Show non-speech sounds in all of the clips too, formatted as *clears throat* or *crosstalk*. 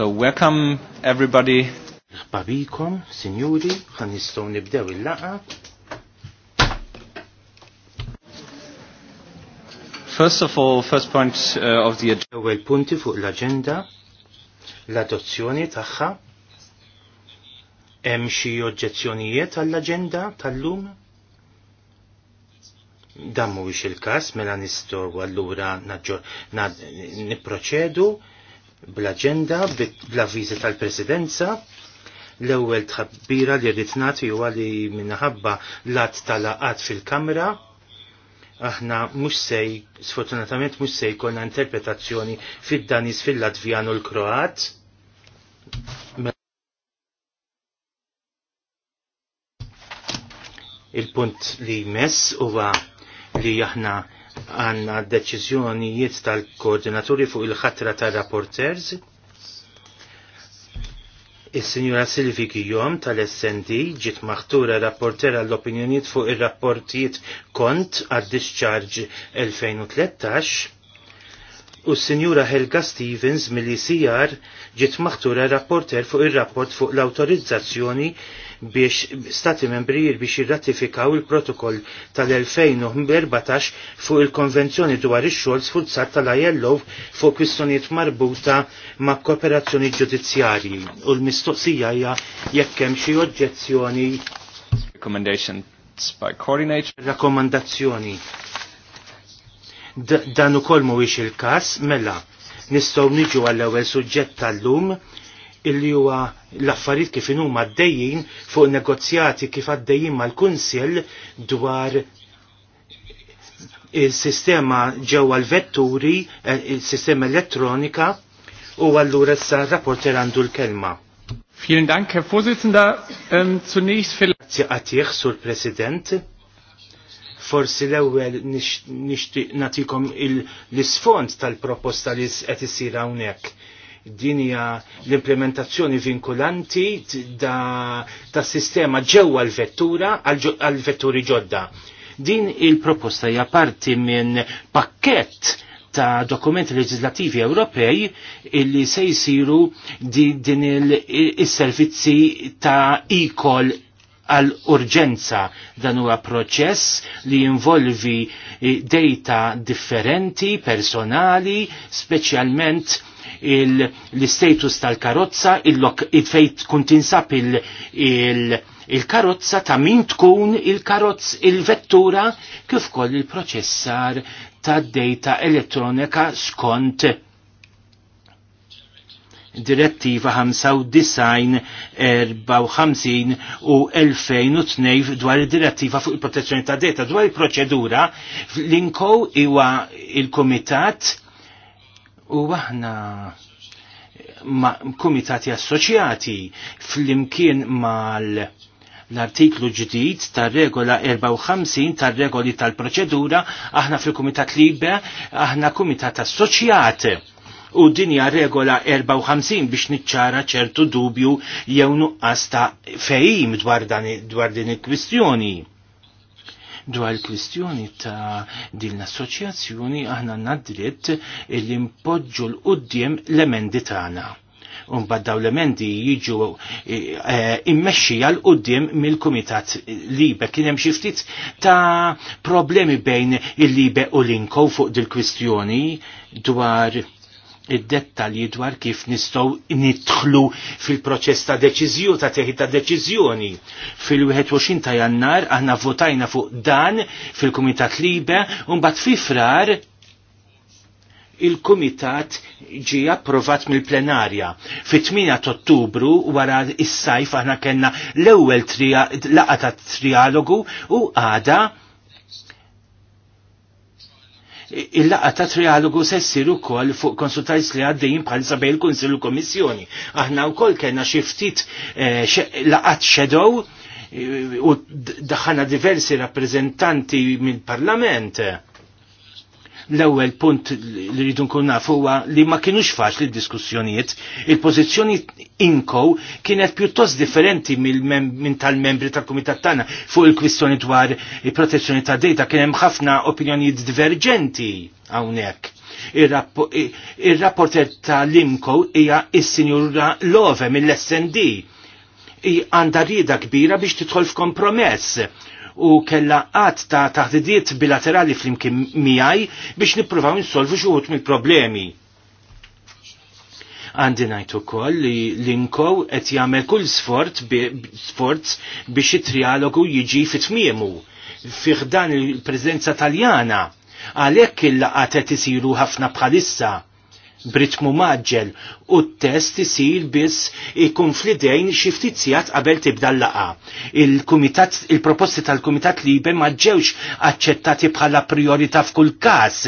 So welcome everybody. Babikom, signori, għan nistaw nibdew il-laqa. First of all, first point uh, of the agenda. Ewwel punti fuq l-agenda, l-adozzjoni taħħa. Hemm xi oġġezzjonijiet għall-aġenda tal-lum? Dan mhuwiex il-każ mela nistgħu allura nipproċedu. Na, bl-agenda, bl-avviżi tal-presidenza, l-ewwel tħabbira li rrid nagħti huwa li minħabba lat tal-laqat fil-kamra, aħna mhux sej, sfortunatament mhux se jkollna interpretazzjoni fid-Danis fil-Latvijan u l-Kroat. Il-punt li jmess huwa li aħna għanna deċiżjonijiet tal-koordinaturi fuq il-ħatra tal-rapporters. Is-Sinjura Silvi Kijom tal-SND ġiet maħtura rapporter għall-opinjoniet fuq ir-rapportijiet kont għad discharġ 2013 u s-Sinjura Helga Stevens mill-ICR ġiet maħtura rapporter fuq ir-rapport fuq l-autorizzazzjoni biex stati membri biex jirratifikaw il-protokoll tal-2014 fuq il-konvenzjoni dwar ix-xogħol sfurzat tal-ILO fuq kwistjonijiet marbuta ma' kooperazzjoni ġudizzjarji u l-mistoqsija hija jekk hemm xi oġġezzjoni by coordinator rakkomandazzjoni dan ukoll mhuwiex il-każ mela nistgħu niġu għall-ewwel suġġett tal-lum illi huwa l-affarijiet kif huma għaddejjin fuq negozjati kif għaddejjin mal-Kunsill dwar il-sistema ġewwa l-vetturi, eh, il-sistema elettronika u allura issa rapporter għandu l-kelma. Vielen Dank, Herr Vorsitzender. Ähm, zunächst vielleicht. Għatieħ, Sur President. Forsi l-ewel nixtieq natikom l-isfond tal-proposta li qed isir hawnhekk dinja l-implementazzjoni vinkulanti da, da sistema ġewwa l-vettura għal vetturi ġodda. Din il-proposta hija parti minn pakkett ta' dokumenti leġislativi Ewropej illi se jisiru di, din il-servizzi ta' ikol għal urġenza dan huwa proċess li jinvolvi eh, data differenti, personali, speċjalment l-status tal-karozza, il-fejt tkun tinsab il-karozza ta' min tkun il karozza il-vettura kif koll il-proċessar ta' data elettronika skont direttiva 95-54 u 2002 dwar direttiva fuq il-protezzjoni ta' data dwar il-proċedura l-inkow iwa il-komitat U aħna ma' kumitati assoċjati fl-imkien mal l-artiklu ġdid tar-regola 54 tar-regoli tal-proċedura aħna fil-Kumitat Libe aħna Kumitat Assoċjat u dinja regola 54 biex niċċara ċertu dubju jew nuqqas ta' fejim dwar, dwar din il-kwistjoni dwar il-kwistjoni ta' din l-assoċjazzjoni aħna nadrit li impoġġu l-qudiem l-emendi tagħna. Unbad daw l-emendi jiġu eh, eh, immexxija l qudiem mill-Kumitat Libe. Kien hemm xi ftit ta' problemi bejn il-Libe u l inkow fuq dil-kwistjoni dwar id-dettalji dwar kif nistgħu nidħlu fil-proċess ta' deċiżju ta' teħid ta' deċiżjoni. Fil-21 ta' Jannar aħna votajna fuq dan fil-Kumitat Libe u mbagħad fifrar il-Kumitat ġi approvat mill-plenarja. Fit-8 ta' Ottubru wara is-sajf aħna kellna l-ewwel laqgħa ta' trialogu u għada il laqqa ta' trialogu se ssir ukoll fuq konsultajs li għaddejjin bħal bejn il-Kunsill u Kommissjoni. Aħna wkoll kellna xi ftit eh, laqqat xedow eh, u daħħana diversi rappreżentanti mill-Parlament l-ewwel punt li rridu nkun nafu huwa li ma kinux faċli d-diskussjonijiet. Il-pożizzjoni inkow kienet pjuttost differenti minn tal-membri tal-kumitat tagħna fuq il-kwistjoni dwar il-protezzjoni ta' data kien hemm ħafna opinjonijiet diverġenti hawnhekk. Il-rapporter tal-Imko hija s sinjura Love mill-SND għandha rieda kbira biex tidħol f'kompromess u kella għat ta' taħdidiet bilaterali fl-imkien miħaj biex nippruvaw nsolvu xuħut mill-problemi. Għandi ngħid ukoll li l-inkow qed jagħmel kull sforz biex it-trialogu jiġi fit-tmiemu fih dan il prezenza Taljana għalhekk il-laqgħat qed isiru ħafna bħalissa britmu maġġel u t-test isir biss ikun flidejn xi ftit sigħat qabel tibda l-laqa. il il-proposti tal-Kumitat Libe ma ġewx aċċettati bħala priorità f'kull każ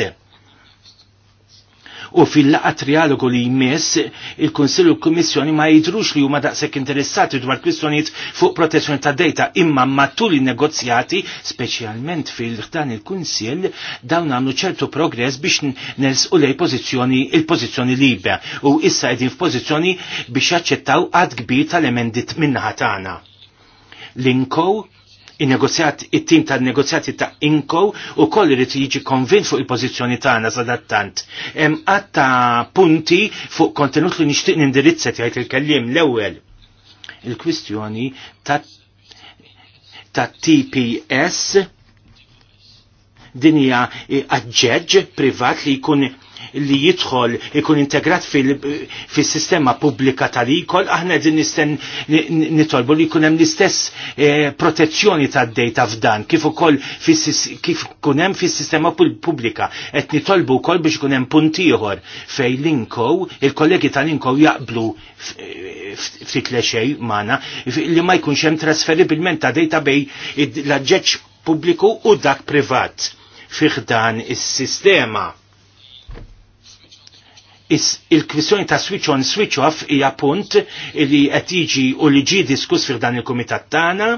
u fil-laqa trialogu li jmiss il-Konsil u l-Kommissjoni ma jidrux li huma daqshekk interessati dwar kwistjonijiet fuq protezzjoni ta' data imma matul in-negozjati speċjalment fil-ħdan il-Kunsill dawn għamlu ċertu progress biex nelsqu lej pożizzjoni il-pożizzjoni libe u issa qegħdin f'pożizzjoni biex jaċċettaw għad kbir tal-emendit minnaħat tagħna. Linkow il-negozjat, il-tim ta' negozjati ta' Inko u koll li jiġi konvint fuq il-pozizjoni tagħna sadattant. Hemm ta' punti fuq kontenut li nixtieq nindirizza jgħid il-kelliem l-ewwel. Il-kwistjoni ta' ta' TPS dinja għadġeġ privat li jkun li jidħol ikun integrat fil-sistema pubblika tal-ikol, aħna din nisten nitolbu li jkun hemm l-istess eh, protezzjoni tad-dejta f'dan, kif ukoll kif kunem hemm fis-sistema pubblika. Qed nitolbu wkoll biex ikun hemm punt ieħor fejn l-inkow, il-kollegi tal-inkow jaqblu ftit xej magħna li ma jkunx hemm trasferibilment ta' dejta bej l-aġġeġġ pubbliku u dak privat fiħdan is-sistema il-kwissjoni ta' switch on switch off hija punt li qed jiġi u li ġi diskuss fil dan il-kumitat tagħna.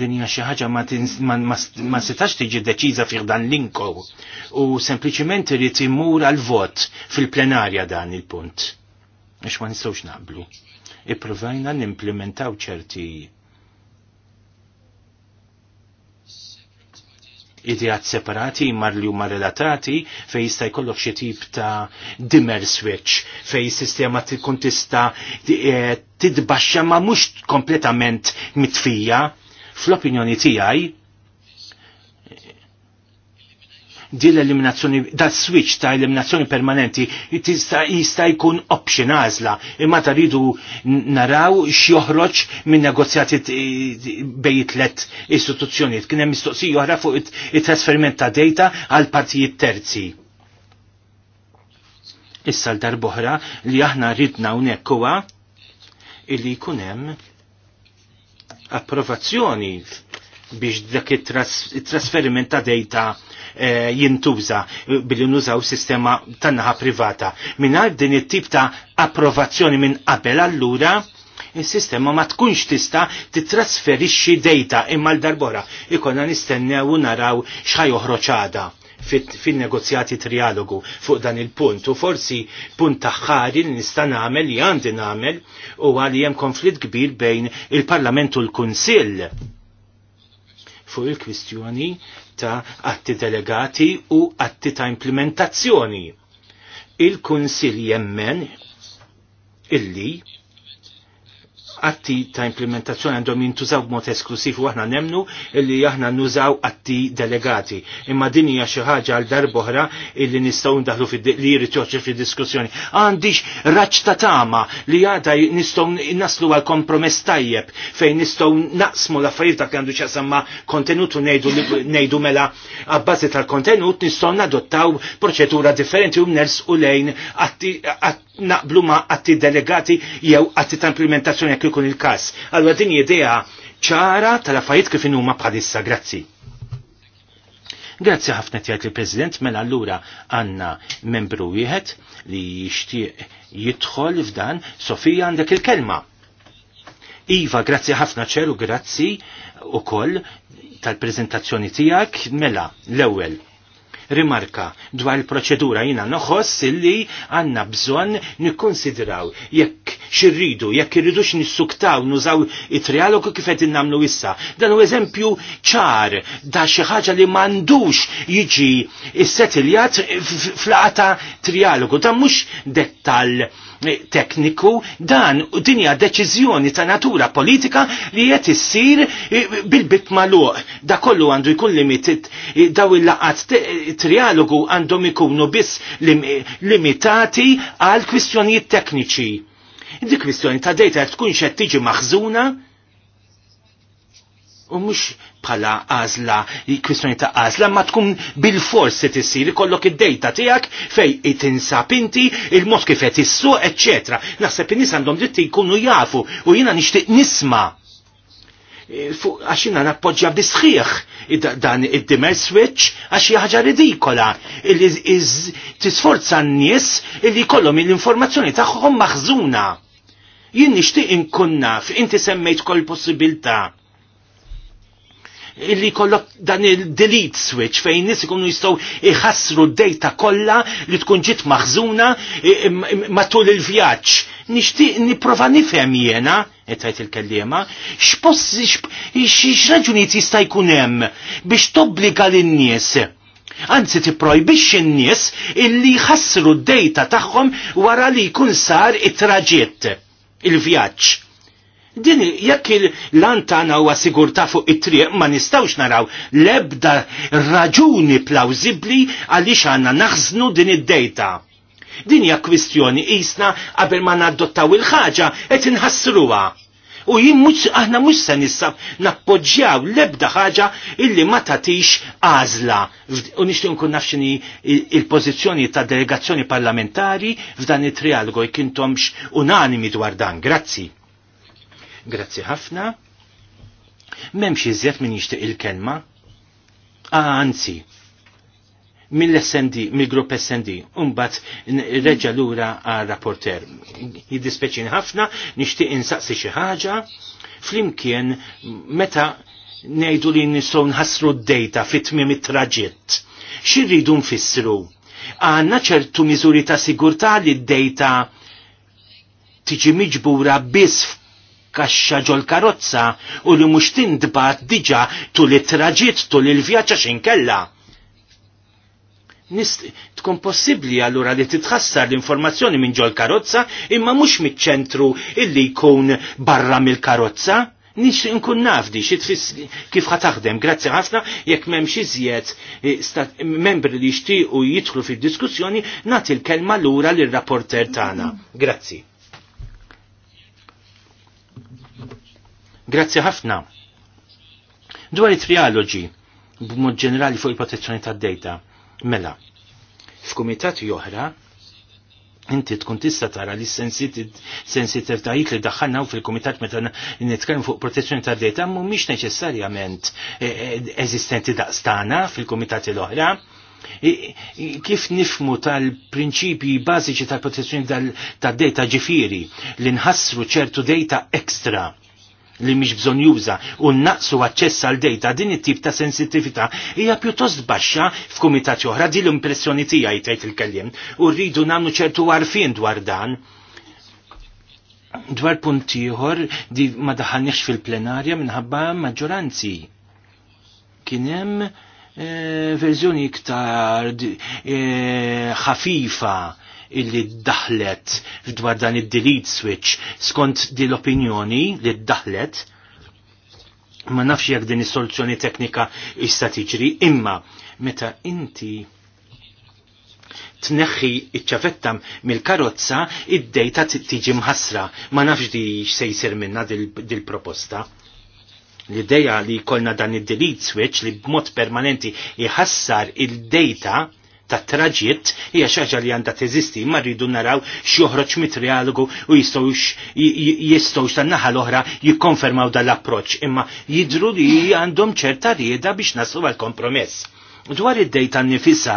Din hija xi ħaġa ma setax tiġi deċiża fih dan l-inkow u sempliċiment irid imur għal vot fil-plenarja dan il-punt. Għax ma nistgħux naqblu. Ippruvajna nimplementaw ċerti idejat separati mar li huma relatati fej jista' jkollok xi tip ta' dimmer switch fej sistema tkun tista' e, tidbaxxa ma mhux kompletament mitfija fl-opinjoni tiegħi Din l-eliminazzjoni, da switch ta' eliminazzjoni permanenti jista' jkun option għażla imma ta' ridu naraw x'joħroġ minn negozjati bej tlet istituzzjonijiet. Kien hemm mistoqsija oħra fuq it-trasferiment ta' data għal partijiet terzi. Issa l-darboħra li aħna ridna hawnhekk huwa illi jkun hemm approvazzjoni biex dak it-trasferiment ta' data Eh, jintuża billi nużaw sistema tan-naħa privata. Mingħajr din it-tip ta' approvazzjoni minn qabel allura il-sistema ma tkunx tista titrasferixxi data imma l-darbora. Ikonna nistennew naraw xħaj oħroċada fin-negozjati trialogu fuq dan il-punt u forsi punt taħħari li nista' nagħmel li għandi nagħmel u għalli hemm konflitt kbir bejn il-Parlament u l-Kunsill fuq il-kwistjoni ta' atti delegati u atti ta' implementazzjoni. Il-Kunsil jemmen illi atti ta' implementazzjoni għandhom jintużaw b'mod esklusiv u aħna nemnu illi aħna nużaw atti delegati. Imma din hija xi ħaġa għal darboħra illi nistgħu ndaħlu li jrid joħroġ fid-diskussjoni. Għandix raġġ ta' tama li għada nistgħu naslu għal kompromess tajjeb fejn nistgħu naqsmu l-affarijiet dak għandu x'jaqsam ma' kontenut u ngħidu mela għabbażi tal-kontenut nistgħu nadottaw proċedura differenti u ners u lejn naqblu ma' atti delegati jew atti ta' implementazzjoni ikun il-każ. Allora din idea ċara tal affajiet kif huma bħalissa, grazzi. Grazzi ħafna tiegħek il-President, mela allura għandna membru wieħed li jixtieq jidħol f'dan, Sofija għandek il-kelma. Iva, grazzi ħafna ċeru, grazzi u koll tal-prezentazzjoni tijak, mela, l-ewel, rimarka dwar il-proċedura jina noħoss illi għanna bżon nikkonsidraw jekk xirridu, jekk irridu nissuktaw nużaw it-trialogu kif qed innamlu issa. Dan u eżempju ċar da xi ħaġa li m'għandux jiġi s-setiljat fl-qata trialogu. Dan mhux dettal tekniku dan u dinja deċiżjoni ta' natura politika li qed issir e, bil-bit maluq. Da kollu għandu jkun limitit e, daw il-laqat trialogu għandhom ikunu biss lim limitati għal kwistjonijiet tekniċi. Dik kwistjoni ta' dejta tkun xed tiġi maħżuna U mux bħala għazla, kwistjoni ta' għazla, ma tkun bil-fors se tissir, kollok id-dejta tijak fej it-insab inti, il-mod kif qed issu, eċċetra. Naħseb in-nies għandhom dritti jkunu jafu u jiena nixtieq nisma' e, għax jiena nappoġġja bisħiħ dan id-dimer switch għax ħaġa ridikola illi tisforza n-nies li kollhom il informazzjoni tagħhom maħżuna. Jien nixtieq inkun naf, inti semmejt kol possibilità illi kollok dan il-delete switch fejn nis ikunu jistgħu iħassru d-data kollha li tkun ġiet maħżuna matul il-vjaġġ. Nixtieq nipprova nifhem jiena etajt tgħid il-kelliema, x'raġunijiet jista' jkun hemm biex tobbliga lin-nies Anzi tipprojbix n nies illi jħassru d-dejta tagħhom wara li jkun sar it traġiet il-vjaġġ Din jekk il lantana huwa sigurtà fuq it-triq ma nistgħux naraw l-ebda raġuni plawzibbli għaliex għandna naħżnu din id-dejta. Din hija kwistjoni qisna qabel ma nadottaw il-ħaġa qed inħassruha. U jien mhux aħna mhux se nissab nappoġġjaw l-ebda ħaġa illi ma tagħtix għażla. U nixtieq nkun naf x'inhi il-pożizzjoni ta' delegazzjoni parlamentari f'dan it-trialgo intomx unanimi dwar dan. Grazzi. Grazzi ħafna. Memx iżjed min jixtieq il-kelma. Ah, anzi, mill-SND, mill-grupp SND, unbat reġa lura għal rapporter. Jiddispeċin ħafna, nixtieq insaqsi xi ħaġa, flimkien meta ngħidu li nistgħu nħassru d-dejta fit-tmiem it-traġitt. Xirridu nfissru? Għanna ċertu miżuri ta' sigurtà li d-dejta tiġi miġbura biss kaxxa ġol karozza u li mhux tindbat diġà tul it traġit tul il vjaċa x'inkella. Nist tkun possibbli allura li titħassar l-informazzjoni minn ġol karozza imma mhux miċ-ċentru illi jkun barra mill-karozza nix nkun nafdi xi tfiss kif ħataħdem. Grazzi ħafna jekk m'hemmx iżjed eh, membri li jixtiequ jidħlu fid-diskussjoni nagħti l-kelma lura lir-rapporter tagħna. Grazzi. Grazzi ħafna. Dwar it-trialogi, b'mod ġenerali fuq il-protezzjoni tad-data, mela, f'kumitati oħra, inti tkun tista' tara li sensitivitajiet li daħħalna fil-kumitat meta nitkellmu fuq protezzjoni tad data mhumiex neċessarjament e, e, eżistenti daqstana fil-kumitati l-oħra. Kif nifmu tal-prinċipji bażiċi tal-protezzjoni tad data ġifieri li nħassru ċertu data ekstra li mhix bżonn juża u naqsu aċċess għal dejta din it-tip ta' sensittività hija pjuttost baxxa f'kumitat oħra din l-impressjoni tiegħi tgħid il-kelliem u rridu nagħmlu ċertu għarfien dwar dan dwar punt ieħor di ma daħalniex fil-plenarja minħabba maġġoranzi. Kien hemm eh, verżjoni iktar eh, ħafifa e, illi daħlet f'dwar dan id-delete switch skont din l-opinjoni li daħlet ma nafx jekk din is-soluzzjoni teknika issa tiġri imma meta inti tneħħi iċ-ċavetta mill-karozza id-dejta tiġi mħassra. Ma nafx di se jsir minna dil-proposta. L-ideja li kolna dan id-delete switch li b'mod permanenti jħassar il-dejta ta' traġiet hija xi ħaġa li għandha teżisti, ma rridu naraw x'joħroġ mit-trialogu u jistgħux jistgħux tan-naħa l-oħra jikkonfermaw dal-approċċ, imma jidru li għandhom ċerta rieda biex naslu għal kompromess. Dwar id tan nifisa,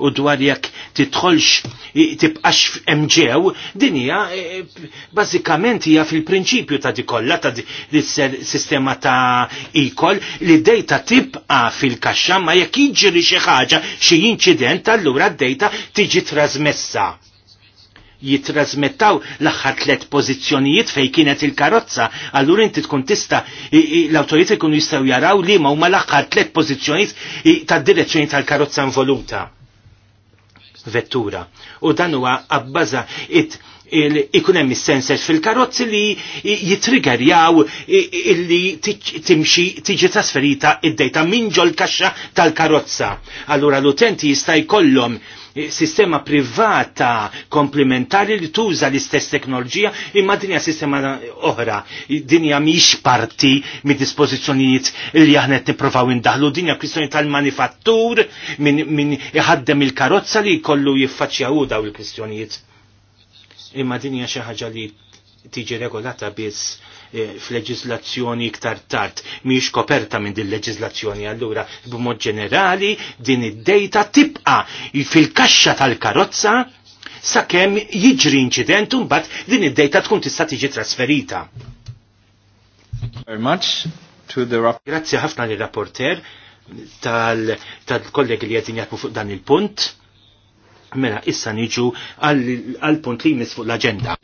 u dwar jekk titħolx tibqax emġew, din hija e, e, bażikament hija fil-prinċipju ta' dikolla kollha ta' sistema ta' ikol li d-dejta tibqa fil-kaxxa ma jekk jiġri xi ħaġa xi inċident allura d-dejta tiġi trasmessa jitrasmettaw l-axħar tlet pozizjonijiet fej kienet il-karozza, allura inti tkun tista l-autoritet ikunu jistaw jaraw li ma huma l-axħar tlet pozizjonijiet tad direzzjoni tal-karozza involuta vettura. U dan huwa abbaża it ikun hemm is-sensors fil-karozzi li jitrigerjaw illi timxi tiġi trasferita id-dejta minn ġol kaxxa tal-karozza. Allura l-utenti jista' jkollhom Eh, sistema privata komplementari li tuża l-istess teknoloġija imma dinja sistema oħra. Dinja miex parti mid dispożizzjonijiet li aħna qed nippruvaw indaħlu, dinja kwistjoni tal-manifattur minn min iħaddem il-karozza li jkollu jiffaċċjaw daw il-kwistjonijiet. Imma dinja xi ħaġa li tiġi regolata biss Eh, f'leġislazzjoni iktar tard miex koperta minn din leġislazzjoni allura b'mod ġenerali din id-dejta tibqa fil-kaxxa tal-karozza sakemm jiġri inċident u mbagħad din id-dejta tkun tista' tiġi trasferita. Very Grazzi ħafna lir rapporter tal-kollegi li qed fuq dan il-punt Mela, issa niġu għal-punt li jmiss fuq l-agenda.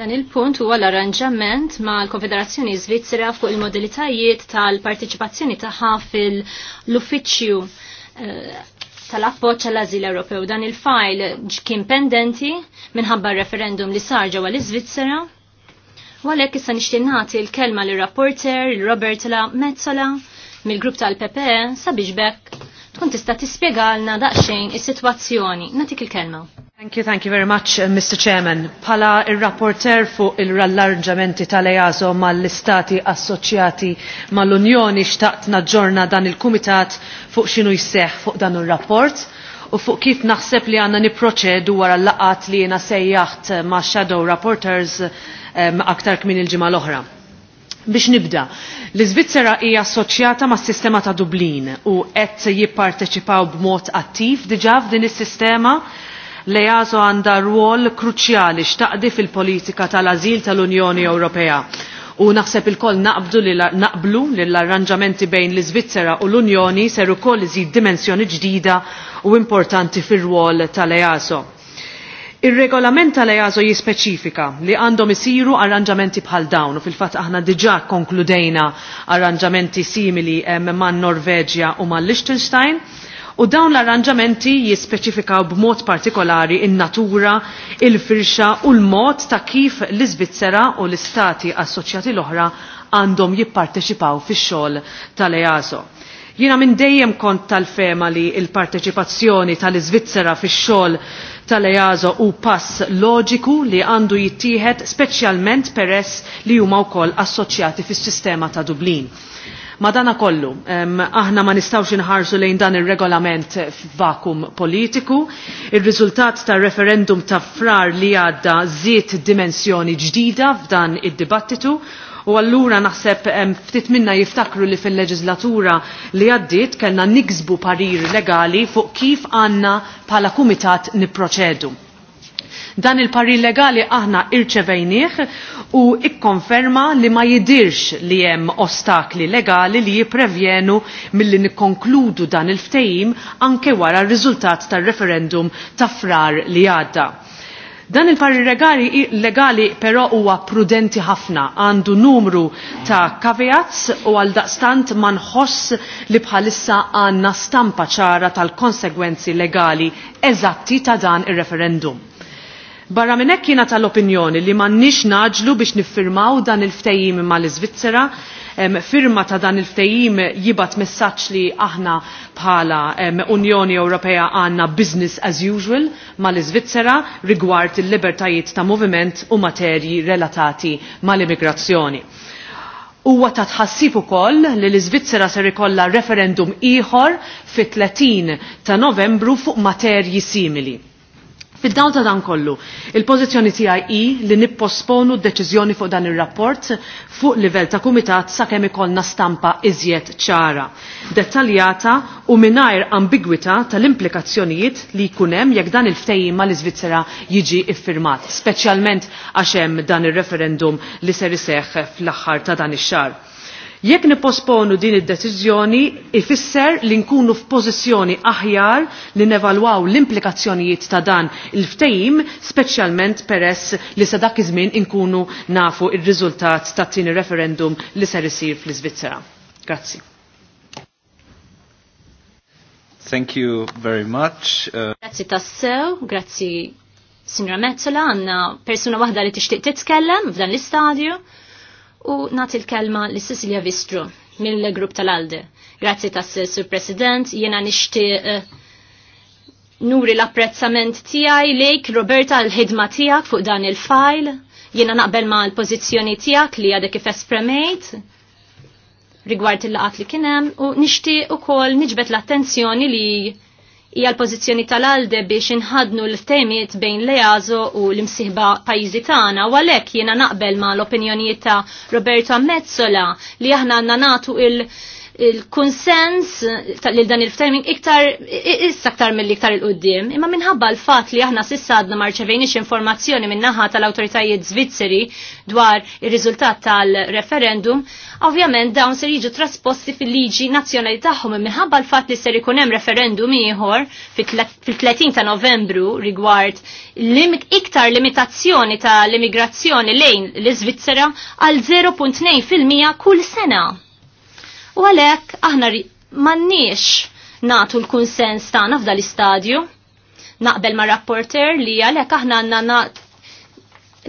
Dan il-punt huwa l-arranġament ma' l-Konfederazzjoni Svizzera fuq il-modalitajiet tal parteċipazzjoni tagħha fil-uffiċċju eh, tal appoċċa għall-Azil Ewropew. Dan il-fajl kien pendenti minħabba referendum li sar ġewwa l-Iżvizzera. Walek issa nixtieq nagħti l-kelma lir rapporter il-Robert La Mezzola mill-grupp tal-PPE sabiex bekk tkun tista' tispjegalna daqsxejn is-sitwazzjoni. Natik il-kelma. Thank you, thank you very much, uh, Mr. Chairman. Pala il-rapporter fuq il-rallarġamenti tal-EASO mal-istati assoċjati mal-Unjoni xtaqt naġġorna dan il-Kumitat fuq xinu jisseħ fuq dan il-rapport u fuq kif naħseb li għanna niproċedu wara l-laqat li jena sejjaħt ma' shadow rapporters um, aktar kmin il-ġimma l-oħra. Biex nibda, l-Iżvizzera hija assoċjata mas sistema ta' Dublin u qed jipparteċipaw b'mod attiv diġà f'din is-sistema li jazo għanda rwol kruċjali xtaqdi fil-politika tal-azil tal-Unjoni Ewropea. U naħseb il-koll naqbdu li naqblu li l-arranġamenti bejn l-Iżvizzera u l-Unjoni ser ukoll iżid dimensjoni ġdida u importanti fir-rwol tal-EASO. Ir-regolament tal-EASO jispeċifika li għandhom isiru arranġamenti bħal dawn u fil-fatt aħna diġà konkludejna arranġamenti simili man Norveġja u man Liechtenstein u dawn l-arranġamenti jispeċifikaw b'mod partikolari in-natura, il firxa u l-mod ta' kif l-Iżvizzera u l-istati assoċjati l-oħra għandhom jipparteċipaw fix-xogħol tal-EASO. Jiena minn dejjem kont tal-fema li l-parteċipazzjoni tal-Iżvizzera fix-xogħol tal-EASO u pass loġiku li għandu jittieħed speċjalment peress li huma wkoll assoċjati fis-sistema ta' Dublin. Madana kollu, aħna ma nistawx inħarsu lejn dan il-regolament f'vakum politiku. Il-riżultat ta' referendum ta' frar li għadda zit dimensjoni ġdida f'dan id-dibattitu U allura naħseb ftit minna jiftakru li fil-leġislatura li għaddiet kellna niksbu parir legali fuq kif għanna pala kumitat niproċedu. Dan il parir legali aħna irċevejnieħ u ikkonferma li ma jidirx li hemm ostakli legali li jiprevjenu milli nikkonkludu dan il-ftejim anke wara r-riżultat tar-referendum ta' frar li għadda. Dan il-parri regali legali però huwa prudenti ħafna, għandu numru ta' kavijats u għal daqstant ma nħoss li bħalissa għanna stampa ċara tal-konsegwenzi legali eżatti ta' dan il-referendum. Barra minn hekk jiena tal-opinjoni li m'għandniex naġlu biex niffirmaw dan il ma' mal-Iżvizzera firma ta' dan il-ftejim jibat messaċ li aħna bħala Unjoni Ewropea għanna business as usual mal-Iżvizzera rigward il-libertajiet ta' moviment u materji relatati mal-immigrazzjoni. Huwa ta' tħassib ukoll li l-Iżvizzera ser ikollha referendum ieħor fit-30 ta' Novembru fuq materji simili Fid-dawn ta' dan kollu, il-pożizzjoni tiegħi hi li nipposponu d-deċiżjoni fuq dan ir-rapport fuq livell ta' kumitat sakemm ikollna stampa iżjed ċara, dettaljata u mingħajr ambigwità tal-implikazzjonijiet li jkun hemm jekk dan il-ftehim mal-Iżvizzera jiġi iffirmat, speċjalment għax hemm dan ir-referendum li ser iseħħ fl-aħħar ta' dan ix-xahar. Jekk niposponu din id-deċiżjoni ifisser li nkunu f'pożizzjoni aħjar li nevalwaw l-implikazzjonijiet ta' dan il ftejim speċjalment peress li sa dak iż-żmien inkunu nafu ir-riżultat ta' tieni referendum li ser isir fl-Iżvizzera. Grazzi. Thank you very much. Uh, grazzi tassew, grazzi Signora Mezzola, għanna persuna wahda li tixtieq titkellem f'dan l-istadju u nati l kelma li Cecilia Vistru mill-grupp tal-Alde. Grazzi tas sur President, jena nishti uh, eh, nuri l-apprezzament tijaj lejk Roberta l-ħidma tijak fuq dan il-fajl, jena naqbel ma l-pozizjoni tijak li għadek kif espremejt rigward il-laqat li kienem u nishti u kol nġbet l-attenzjoni li hija l-pożizzjoni tal-alde biex inħadnu l temiet bejn l u l-imsiħba pajjiżi tagħna u għalhekk jiena naqbel ma' l-opinjonijiet ta' Roberto Mezzola li aħna għandna nagħtu il- il-konsens lil dan il-ftaming iktar, issa iktar mill-iktar il-qoddim. Imma minħabba l-fat li aħna sissa għadna marċevejniex informazzjoni minnaħa tal-autoritajiet Zvizzeri dwar il-riżultat tal-referendum, ovvjament dawn ser jiġu trasposti fil-liġi nazzjonali tagħhom minħabba l-fat li ser ikun hemm referendum ieħor fil-30 ta' Novembru rigward iktar limitazzjoni tal immigrazzjoni lejn l-Iżvizzera għal 0.2% kull sena. U għalhekk aħna m'għandniex nagħtu l-kunsens tagħna f'dal istadju. Naqbel ma' rapporter li għalhekk aħna għandna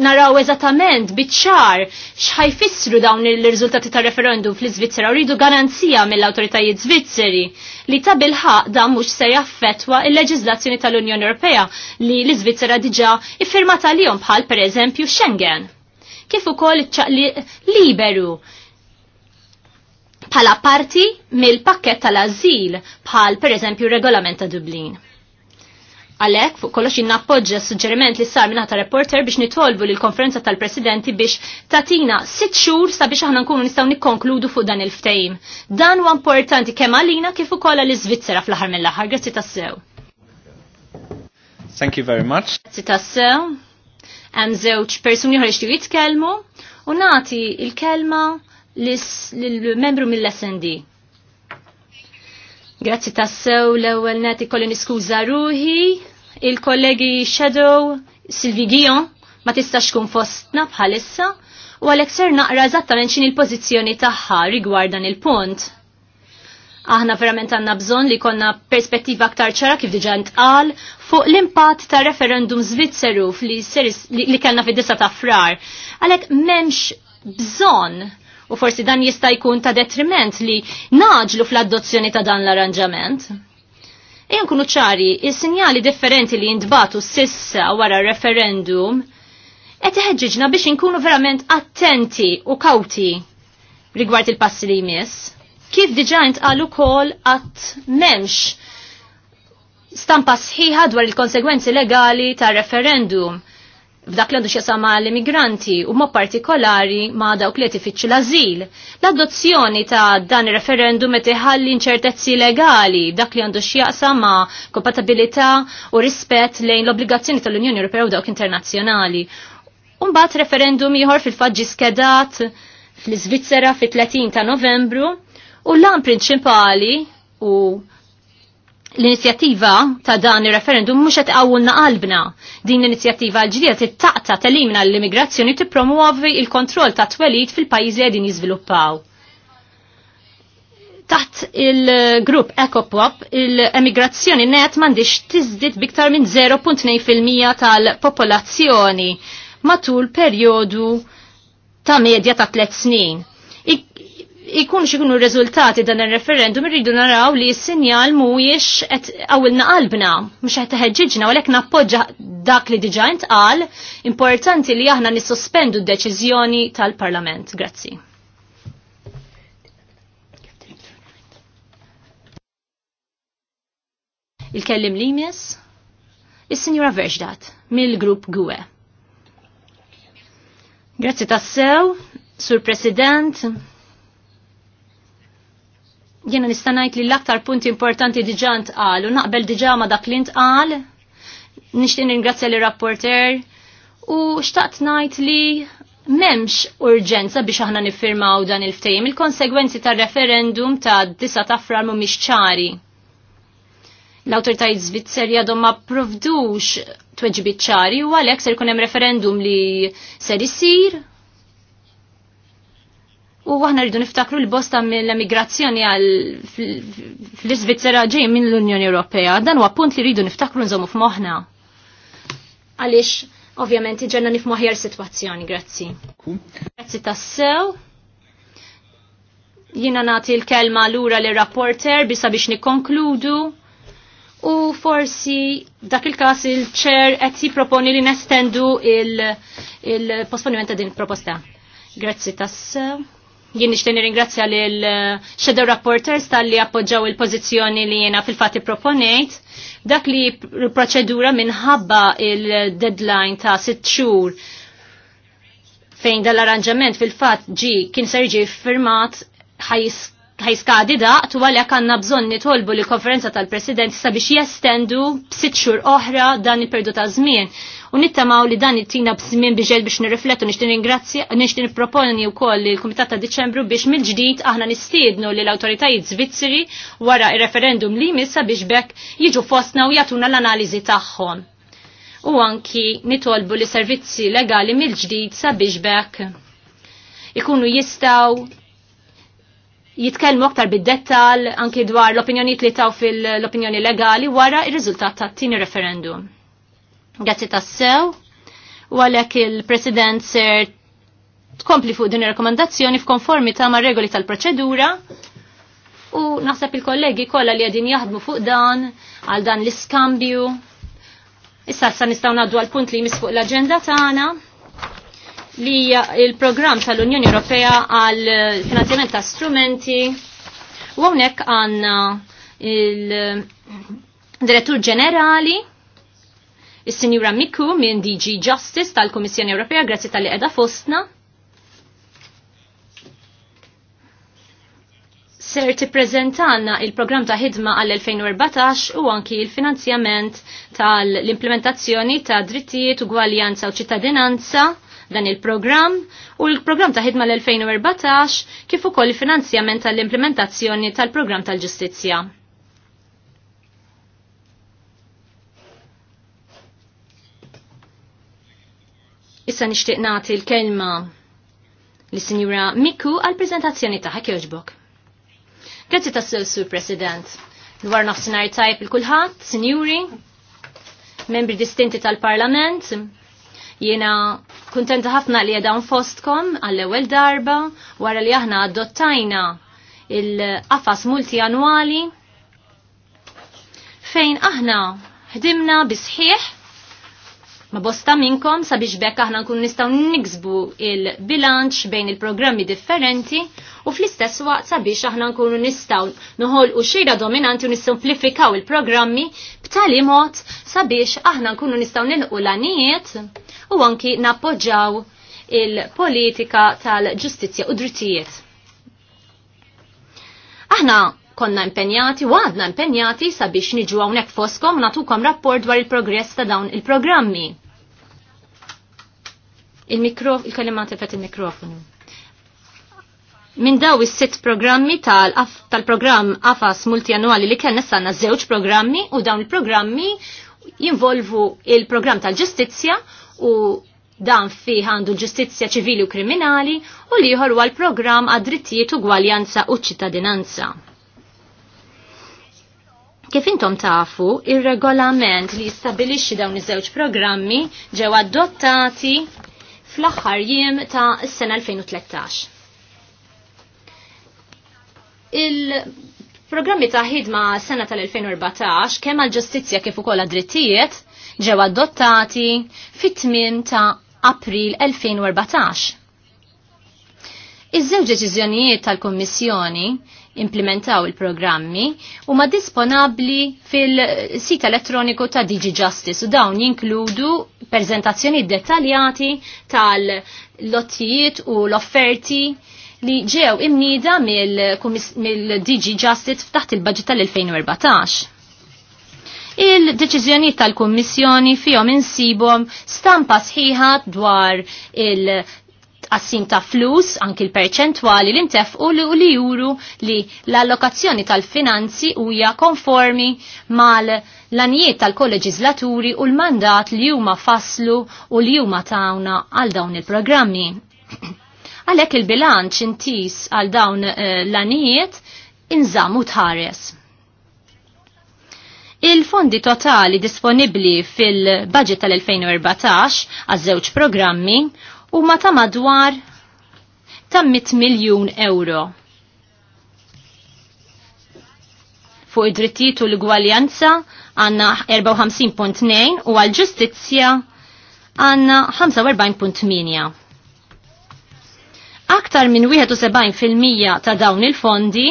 naraw eżattament biċċar xħajfissru dawn il-riżultati ta' referendum fl-Iżvizzera u rridu garanzija mill-awtoritajiet Zvizzeri li ta' bilħaq da' mhux se jaffetwa il leġizlazzjoni tal-Unjoni Ewropea li l-Iżvizzera diġà iffirmata lihom bħal pereżempju Schengen. Kif ukoll ċaqli liberu bħala parti mill-pakket tal-azil bħal per eżempju regolament ta' Dublin. Għalek, fuq kollox jinnappoġġa suġġeriment li sar minata reporter biex nitolbu l konferenza tal-presidenti biex tatina sitt xhur sabiex aħna nkunu nistgħu nikkonkludu fuq dan il-ftehim. Dan huwa importanti kemm għalina kif ukoll l-Iżvizzera fl-aħħar mill-aħħar. Grazzi tassew. Thank you very much. Grazzi tassew. Hemm żewġ persuni ħarġtu jitkellmu u nagħti il-kelma l-membru mill-SND. Grazzi tassew l-ewel nati kollin iskuza ruħi, il-kollegi Shadow, Silvi Gion, ma tistax kun fostna bħalissa, u għal ser naqra eżattament xin il-pozizjoni taħħa rigwardan il-punt. Aħna verament għanna bżon li konna perspettiva aktar ċara kif diġa ntqal fuq l-impatt ta' referendum Zvizzeru li, li, li kellna fid-disa ta' frar. Għalek memx bżon U forsi dan jista' jkun ta' detriment li naġlu fl-adozzjoni ta' dan l-arranġament. Ej nkunu ċari, is-sinjali differenti li jintbatu sissa wara referendum qed iħeġġiġna biex inkunu verament attenti u kawti rigward il-passi li jmiss. Kif diġà intqal ukoll qatt m'hemmx stampa sħiħa dwar il-konsegwenzi legali ta' referendum f'dak li għandu xesama l-immigranti u ma partikolari ma dawk li tifittxu l-azil. L-adozzjoni ta' dan il-referendum et iħalli inċertezzi legali b'dak li għandu x'jaqsama kompatibilità u rispett lejn l-obbligazzjoni tal-Unjoni Ewropea u dawk internazzjonali. Umbat referendum ieħor fil-faġġi skedat fl svizzera fit-30 ta' Novembru u l-lan prinċipali u l-inizjattiva ta' dan il-referendum mux għet għawunna qalbna. Din l-inizjattiva taqta tal telimna l-immigrazzjoni tippromuovi il-kontroll ta' twelid fil-pajizi għedin jizviluppaw. Taħt il-grupp Ecopop, il-emigrazzjoni net mandiċ tizdit biktar minn 0.2% tal-popolazzjoni matul periodu ta' medja ta' tlet snin ikun xikunu rezultati dan il-referendum irridu naraw li s-sinjal mujiex qed għawilna qalbna, mux qed teħġiġna, għalek nappoġġa dak li diġajnt għal, importanti li aħna nissospendu d-deċiżjoni tal-Parlament. Grazzi. Il-kellim li jmiss? Is-Sinjura Verġdat, mill-Grupp GUE. Grazzi tassew, Sur President, jena nistanajt li l-aktar punti importanti diġant għal u naqbel diġa ma dak li għal nishtin ringrazzja li rapporter u xtaqt najt li memx urġenza biex aħna nifirmaw dan il ftejm Il-konsegwenzi tar referendum ta' disa ta' frar mumiex ċari. L-autoritajt Zvizzer jadom ma provdux tweġbit ċari u għalhekk ser jkun hemm referendum li ser isir U aħna rridu niftakru l-bosta mill-emigrazzjoni għal fl svizzera ġej minn l-Unjoni Ewropea. Dan huwa punt li rridu niftakru nżommu f'moħħna. Għaliex ovvjament ġenna nifmu situazzjoni, sitwazzjoni, grazzi. Grazzi tassew. Jina nati l-kelma lura lir rapporter bisa biex nikkonkludu. U forsi dak il-kas il-ċer qed jipproponi li nestendu il-posponiment il ta' din il-proposta. Grazzi tassew. Jien nixtieq nirringrazzja lil eh, Shadow Rapporters tal-li appoġġaw il-pożizzjoni li jiena fil-fatt proponejt. Dak li proċedura minħabba il-deadline ta' sitt xhur fejn dal-arranġament fil-fatt ġi kien ser ġi firmat ħajis ħajskadi daqt u għalek għanna bżon nitolbu li konferenza tal-president sabiex jestendu b'sitt xhur oħra dan il-perdu ta' żmien. U nittamaw li dan it-tina b'żmien biġel biex nirriflettu nixtin ringrazzja nixtin proponi wkoll il kumitat ta' Diċembru biex mill-ġdid aħna nistiednu li l-awtoritajiet Zvizzeri wara il referendum li jmiss sabiex bekk jiġu fostna u jagħtuna l-analiżi tagħhom. U anki nitolbu li servizzi legali mill-ġdid sabiex bekk ikunu jistaw jitkellmu aktar bid-dettal anki dwar l-opinjonijiet li taw fil-opinjoni legali wara ir-riżultat tat-tieni referendum. Grazzi tassew, u għalhekk il-President ser tkompli fuq din ir-rekomandazzjoni f'konformità ma' regoli tal-proċedura u naħseb il-kollegi kollha li qegħdin jaħdmu fuq dan għal dan l-iskambju. Issa sa nistgħu ngħaddu għal punt li jmiss fuq l-aġenda tagħna li il-programm tal-Unjoni Ewropea għal eh, finanzjament ta' strumenti u hawnhekk għandna il-Direttur eh, Ġenerali il sinjura Miku minn DG Justice tal-Kummissjoni Ewropea, grazzi tal-li edha fostna. ser prezentanna il-programm ta' ħidma għall-2014 u anki il-finanzjament tal-implementazzjoni ta' drittijiet, u Gwaljanza u ċittadinanza dan il-programm u l-programm ta' ħidma l-2014 kif ukoll il finanzjament tal-implementazzjoni tal-programm tal-ġustizzja. Issa nixtieq nagħti l-kelma lis-Sinjura Miku għall-preżentazzjoni tagħha kjoġbok. Grazzi tas-sew Sur President. Dwar nofsinari tajb il kulħadd, Sinjuri, membri distinti tal-Parlament, jiena Kuntenta ħafna li għedan fostkom għall-ewel darba wara li aħna adottajna il-qafas multianwali fejn aħna ħdimna bisħiħ ma bosta minnkom sabiex bekk aħna nkun nistaw niksbu il-bilanċ bejn il-programmi differenti u fl-istess waqt sabiex aħna nkunu nistaw nħol u xira dominanti u nissimplifikaw il-programmi b'tali mod sabiex aħna nkunu nistaw nilqu l-anijiet u anki nappoġġaw il-politika tal-ġustizja u drittijiet. Aħna konna impenjati, u għadna impenjati sabiex niġu għawnek foskom natukom rapport dwar il-progress ta' dawn il-programmi Il-mikrof, il-kalimat il il-mikrofonu. Min daw is-sitt programmi tal-programm tal AFAS multianwali li kellna sanna żewġ programmi u dawn il-programmi jinvolvu il-programm tal-ġustizzja u dan fi għandu ġustizzja ċivili u kriminali u li huwa l-programm għad-drittijiet gwaljanza u ċittadinanza. Kif intom tafu, il regolament li jistabilixxi dawn iż-żewġ programmi ġew adottati fl-aħħar jiem ta' s-sena 2013. Il-programmi ta' ħidma s-sena tal-2014 kemm għal-ġustizzja kif ukoll għad-drittijiet ġew adottati fit-tmiem ta' April 2014. Iż-żewġ deċiżjonijiet tal-Kommissjoni implementaw il-programmi huma disponabbli fil-sit elettroniku ta' Digi Justice u dawn jinkludu prezentazzjoni dettaljati tal-lottijiet u l-offerti li ġew imnida mill digi Justice f'taħt il-budget tal-2014. Il-deċizjoni tal-Kommissjoni fihom insibhom stampa sħiħa dwar il- tqassim ta' flus, anki l-perċentwali li ntefqu li juru li l-allokazzjoni tal-finanzi huja konformi mal-lanijiet tal-kolleġislaturi u l-mandat li huma faslu u li huma tawna għal dawn il-programmi. *clears throat* Għalhekk il-bilanċ intis għal dawn eh, l-lanijiet u tħares. Il-fondi totali disponibli fil-budget tal-2014 għaż-żewġ programmi u ma ta' madwar ta' 100 miljun euro. Fuq id-drittijiet u l-gwaljanza għanna 54.2 u għal-ġustizzja għanna 45.8. Aktar minn 71% ta' dawn il-fondi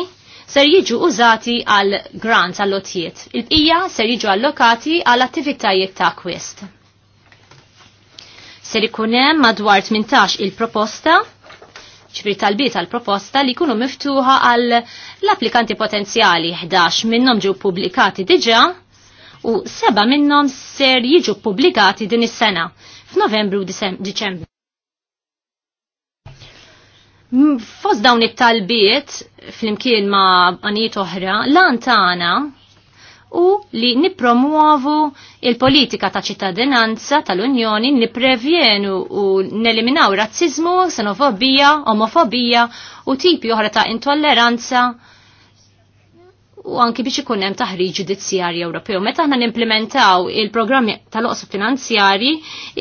ser jiġu użati għal grants għall-lotijiet. Il-qija ser jiġu allokati għal attivitajiet ta' kwist ser ikunem hemm madwar 18 il-proposta tal talbiet għal proposta li kunu miftuħa għal l-applikanti potenzjali 11 minnom ġew publikati diġa u 7 minnom ser jiġu publikati din is-sena f'Novembru u Diċembru. Fost dawn it-talbiet fl-imkien ma' għanijiet oħra, lan tagħna u li nipromuovu il-politika ta' ċittadinanza tal-Unjoni niprevjenu u neliminaw razzizmu, xenofobija, omofobija u tipi oħra ta' intolleranza u anki biex ikun hemm taħriġ ġudizzjarji Ewropew. Meta aħna nimplementaw il-programmi tal-oqsu finanzjarji,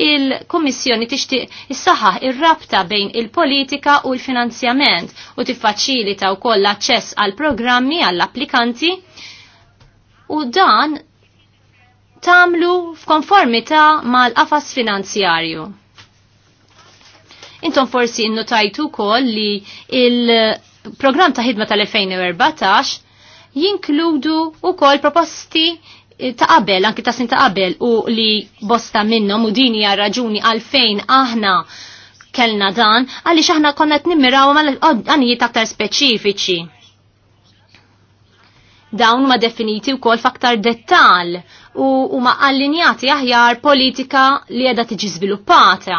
il-Kummissjoni tixtieq issaħħaħ ir-rabta bejn il-politika u l-finanzjament u tiffaċilita wkoll l-aċċess għal programmi għall-applikanti u dan tamlu f'konformità mal-qafas finanzjarju. Intom forsi tajtu kol li il-program ta' ħidma tal-2014 jinkludu u kol proposti ta' qabel, anki ta' sin ta' qabel u li bosta minnom u dini hija raġuni għalfejn aħna kellna dan, għaliex aħna konna qed nimmiraw għanijiet aktar speċifiċi dawn ma definiti u kol faktar dettal u huma allinjati aħjar politika li edha tiġi sviluppata.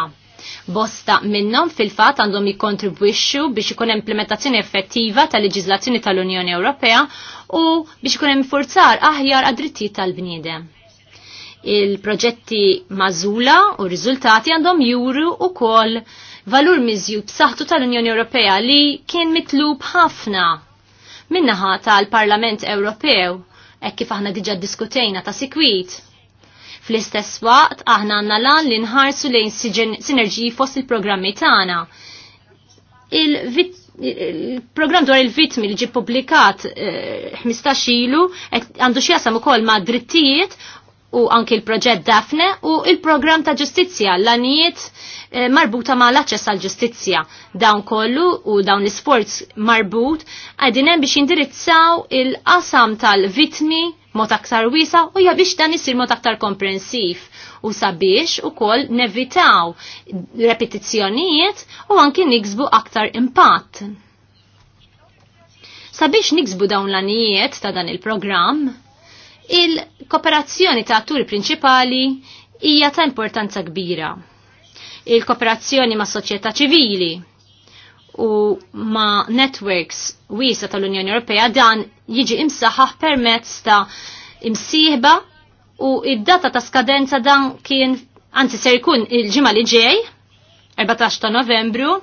Bosta minnhom fil-fatt għandhom jikkontribwixxu biex ikun implementazzjoni effettiva tal-leġiżlazzjoni tal-Unjoni Ewropea u biex ikun hemm forzar aħjar għad-drittijiet tal-bniedem. Il-proġetti mażula u riżultati għandhom juru u kol valur miżjud b'saħħtu tal-Unjoni Ewropea li kien mitlub ħafna minnaħa tal-Parlament Ewropew, hekk kif aħna diġà diskutejna ta' sikwit. Fl-istess waqt aħna għanna lan li nħarsu lejn sinerġiji fost il-programmi tagħna. Il-programm dwar il-vitmi li ġi publikat 15 eh, ilu għandu xjasam ukoll ma' drittijiet u anki il-proġett Dafne u il-programm ta' ġustizzja l-anijiet eh, marbuta ma' l-aċċess għal ġustizzja dawn kollu u dawn l-sports marbut għadinem biex indirizzaw il-qasam tal-vitmi mod aktar wisa u ja biex dan isir mod aktar komprensiv u sabiex u koll nevitaw repetizzjonijiet u anki niksbu aktar impatt. Sabiex niksbu dawn l-anijiet ta' dan il-programm, Il-kooperazzjoni ta' atturi prinċipali hija ta' importanza kbira. Il-kooperazzjoni ma' soċjetà ċivili u ma' networks wiesa tal-Unjoni Ewropea dan jiġi imsaħħaħ permezz ta' imsieħba u id-data ta' skadenza dan kien anzi ser jkun il-ġimgħa li ġej 14 ta' Novembru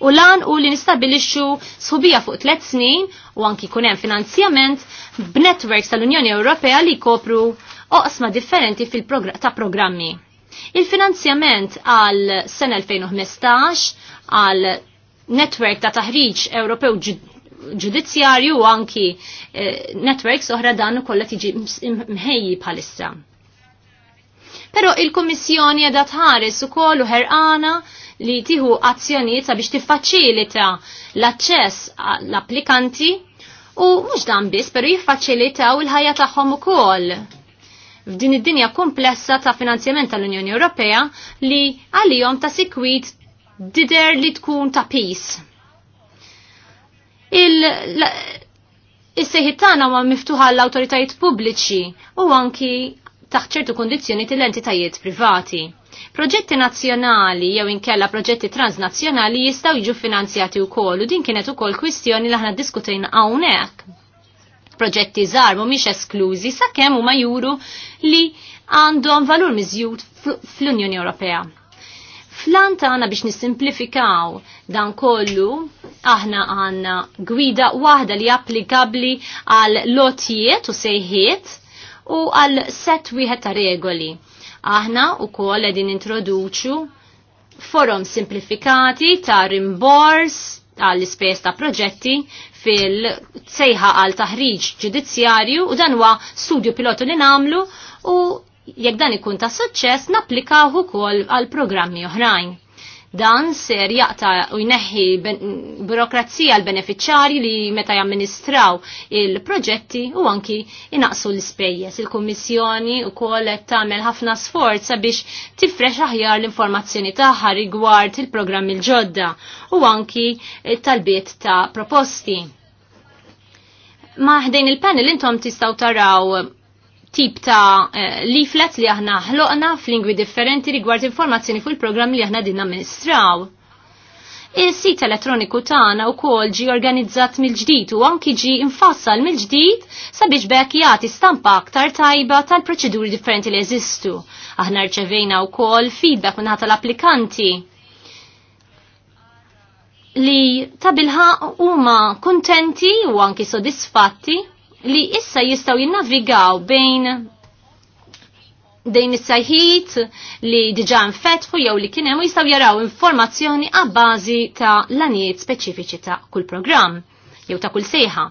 u lan u li nistabilixxu sħubija fuq tliet snin u anki jkun hemm finanzjament b'networks tal-Unjoni Ewropea li jkopru oqsma differenti fil ta' programmi. Il-finanzjament għal sena 2015 għal netwerk ta' taħriġ Ewropew ġudizzjarju u anki eh, networks oħra dan ukollha tiġi mħejji bħalissa. Pero il-Kommissjoni edha tħares u kollu ħerqana li tiħu azzjonijiet sabiex tiffaċilita l-aċċess l-applikanti u mhux dan biss, però jiffaċilitaw il-ħajja tagħhom ukoll f'din id-dinja komplessa ta' finanzjament tal-Unjoni Ewropea li għalihom ta' sikwit dider li tkun ta' peace. Is-seħit tagħna ma miftuħa l-awtoritajiet pubbliċi u anki taħt ċertu kundizzjoni tal-entitajiet privati. Proġetti nazzjonali jew inkella proġetti transnazzjonali jistgħu jiġu finanzjati wkoll u din kienet ukoll kwistjoni li aħna ddiskutejna hawnhekk. Proġetti żgħar mhumiex esklużi sakemm huma juru li għandhom valur miżjud fl-Unjoni Ewropea. Flan tagħna biex nissimplifikaw dan kollu, aħna għandna gwida waħda li applikabli għal lotijiet u sejħiet u għal set wieħed ta' regoli. Aħna u kol edin introduċu forum simplifikati ta' rimbors għall ispejs ta' proġetti fil-sejħa għal taħriġ ġudizzjarju u dan huwa studju pilotu li namlu u jekk dan ikun ta' suċċess napplikaw ukoll għal programmi oħrajn. Dan ser jaqta u jneħħi burokrazija l beneficjari li meta jamministraw il-proġetti u anki inaqsu l-ispejjeż. Il-Kummissjoni wkoll qed tagħmel ħafna sforza sabiex tifreċ aħjar l-informazzjoni tagħha rigward il-programm il-ġodda u anki tal-biet ta' proposti. Maħdejn il-panel intom tistaw taraw tip ta' eh, leaflet li aħna ħloqna f'lingwi differenti rigward informazzjoni fuq il-programm li aħna din amministraw. Il-sit elettroniku tagħna wkoll ġi organizzat mill-ġdid u anki ġi infassal mill-ġdid sabiex bekk jagħti stampa aktar tajba tal-proċeduri differenti li jeżistu. Aħna rċevejna wkoll feedback minn tal-applikanti li ta' bilħa huma kuntenti u anki sodisfatti li issa jistaw jinnavigaw bejn dejn is-sajħit li diġa nfetħu jew li kienem hemm jistaw jaraw informazzjoni għabbażi ta' lanijiet speċifiċi ta' kull programm jew ta' kull sejħa.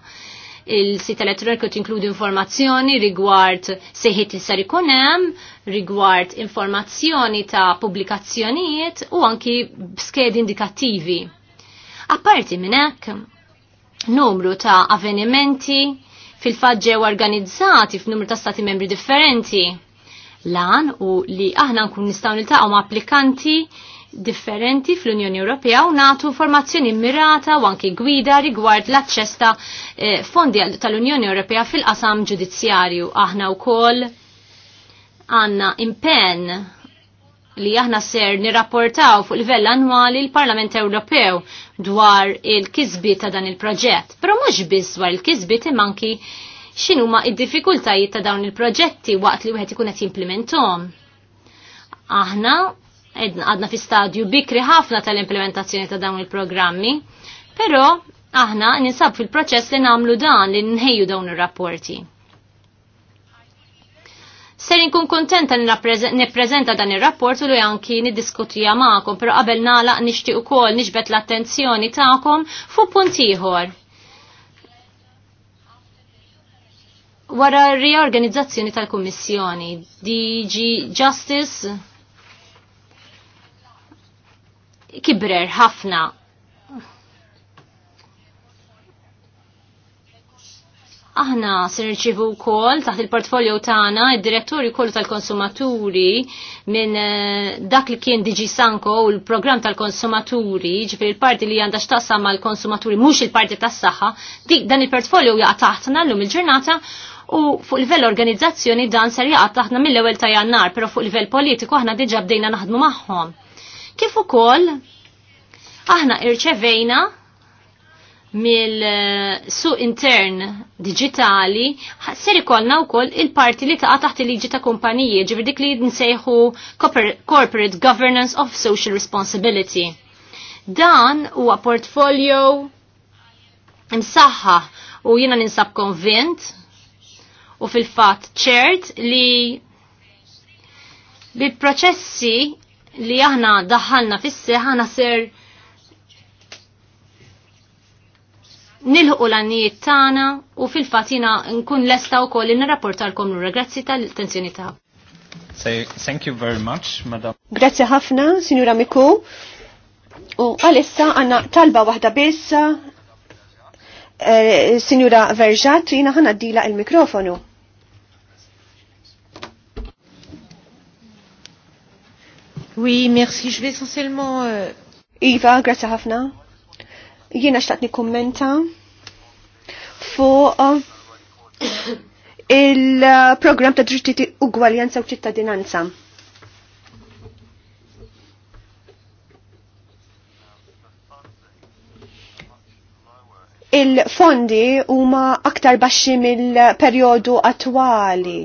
Il-sit elettroniku tinkludi informazzjoni rigward sejħiet li sar ikun hemm, rigward informazzjoni ta' pubblikazzjonijiet u anki skedi indikattivi. Apparti minn hekk, numru ta' avvenimenti fil-fatt ġew organizzati f'numru ta' stati membri differenti. Lan u li aħna nkun nistgħu niltaqgħu ma' applikanti differenti fl-Unjoni Ewropea u nagħtu informazzjoni mirata u anki gwida rigward l-aċċess ta' eh, fondi tal-Unjoni Ewropea fil-qasam ġudizzjarju. Aħna wkoll għandna impenn li aħna ser nirrapportaw fuq livell annwali l-Parlament Ewropew dwar il-kizbi ta' dan il-proġett. Però mhux biss dwar il-kizbi timanki x'inhuma id-diffikultajiet ta' dawn il-proġetti waqt li wieħed ikun qed jimplementom. Aħna għadna fi stadju bikri ħafna tal-implementazzjoni ta' dawn il-programmi, però aħna ninsab fil-proċess li nagħmlu dan li nħejju dawn ir-rapporti. Ser inkun kontenta nippreżenta dan ir-rapport u li anki niddiskutija magħkom, però qabel nagħlaq nixtieq ukoll niġbed l-attenzjoni tagħkom fuq punt ieħor. Wara riorganizzazzjoni tal-Kummissjoni, DG Justice kibrer ħafna Aħna se nirċivu wkoll taħt il-portfolio tagħna id-direttori kol tal-konsumaturi minn eh, dak li kien Digi Sanko u l-programm tal-konsumaturi, ġifir il-parti li għandha ma l konsumaturi mhux il-parti tas-saħħa, dik dan il-portfolio jaqa' taħtna llum il-ġurnata u fuq livell organizzazzjoni dan ser jaqa' taħtna mill-ewwel ta' Jannar, però fuq livell politiku aħna diġà bdejna naħdmu magħhom. Kif ukoll aħna irċevejna mill-suq intern digitali ser ikollna wkoll il-parti li taqa' taħt il-liġi ta' kumpaniji, ġifier dik li nsejħu Corporate Governance of Social Responsibility. Dan huwa portfolio msaħħa u jiena ninsab konvint u fil-fatt ċert li bil-proċessi li aħna daħħalna fis-seħ aħna ser nilħu l-għannijiet tagħna u fil-fatina nkun lesta wkoll n nirrapportalkom l Grazzi tal-attenzjoni tagħha. Thank you very much, madam. Grazzi ħafna, Signora Miku. U għalissa għanna talba waħda biss, eh, Sinjura Verġat, jina ħana dila il-mikrofonu. Oui, merci, je vais essentiellement... Euh... Iva, grazie ħafna. Jiena xtaqt nikkummenta fuq il-programm ta' dritti ugwaljanza u ċittadinanza. il-fondi huma aktar baxxi mill-perjodu attwali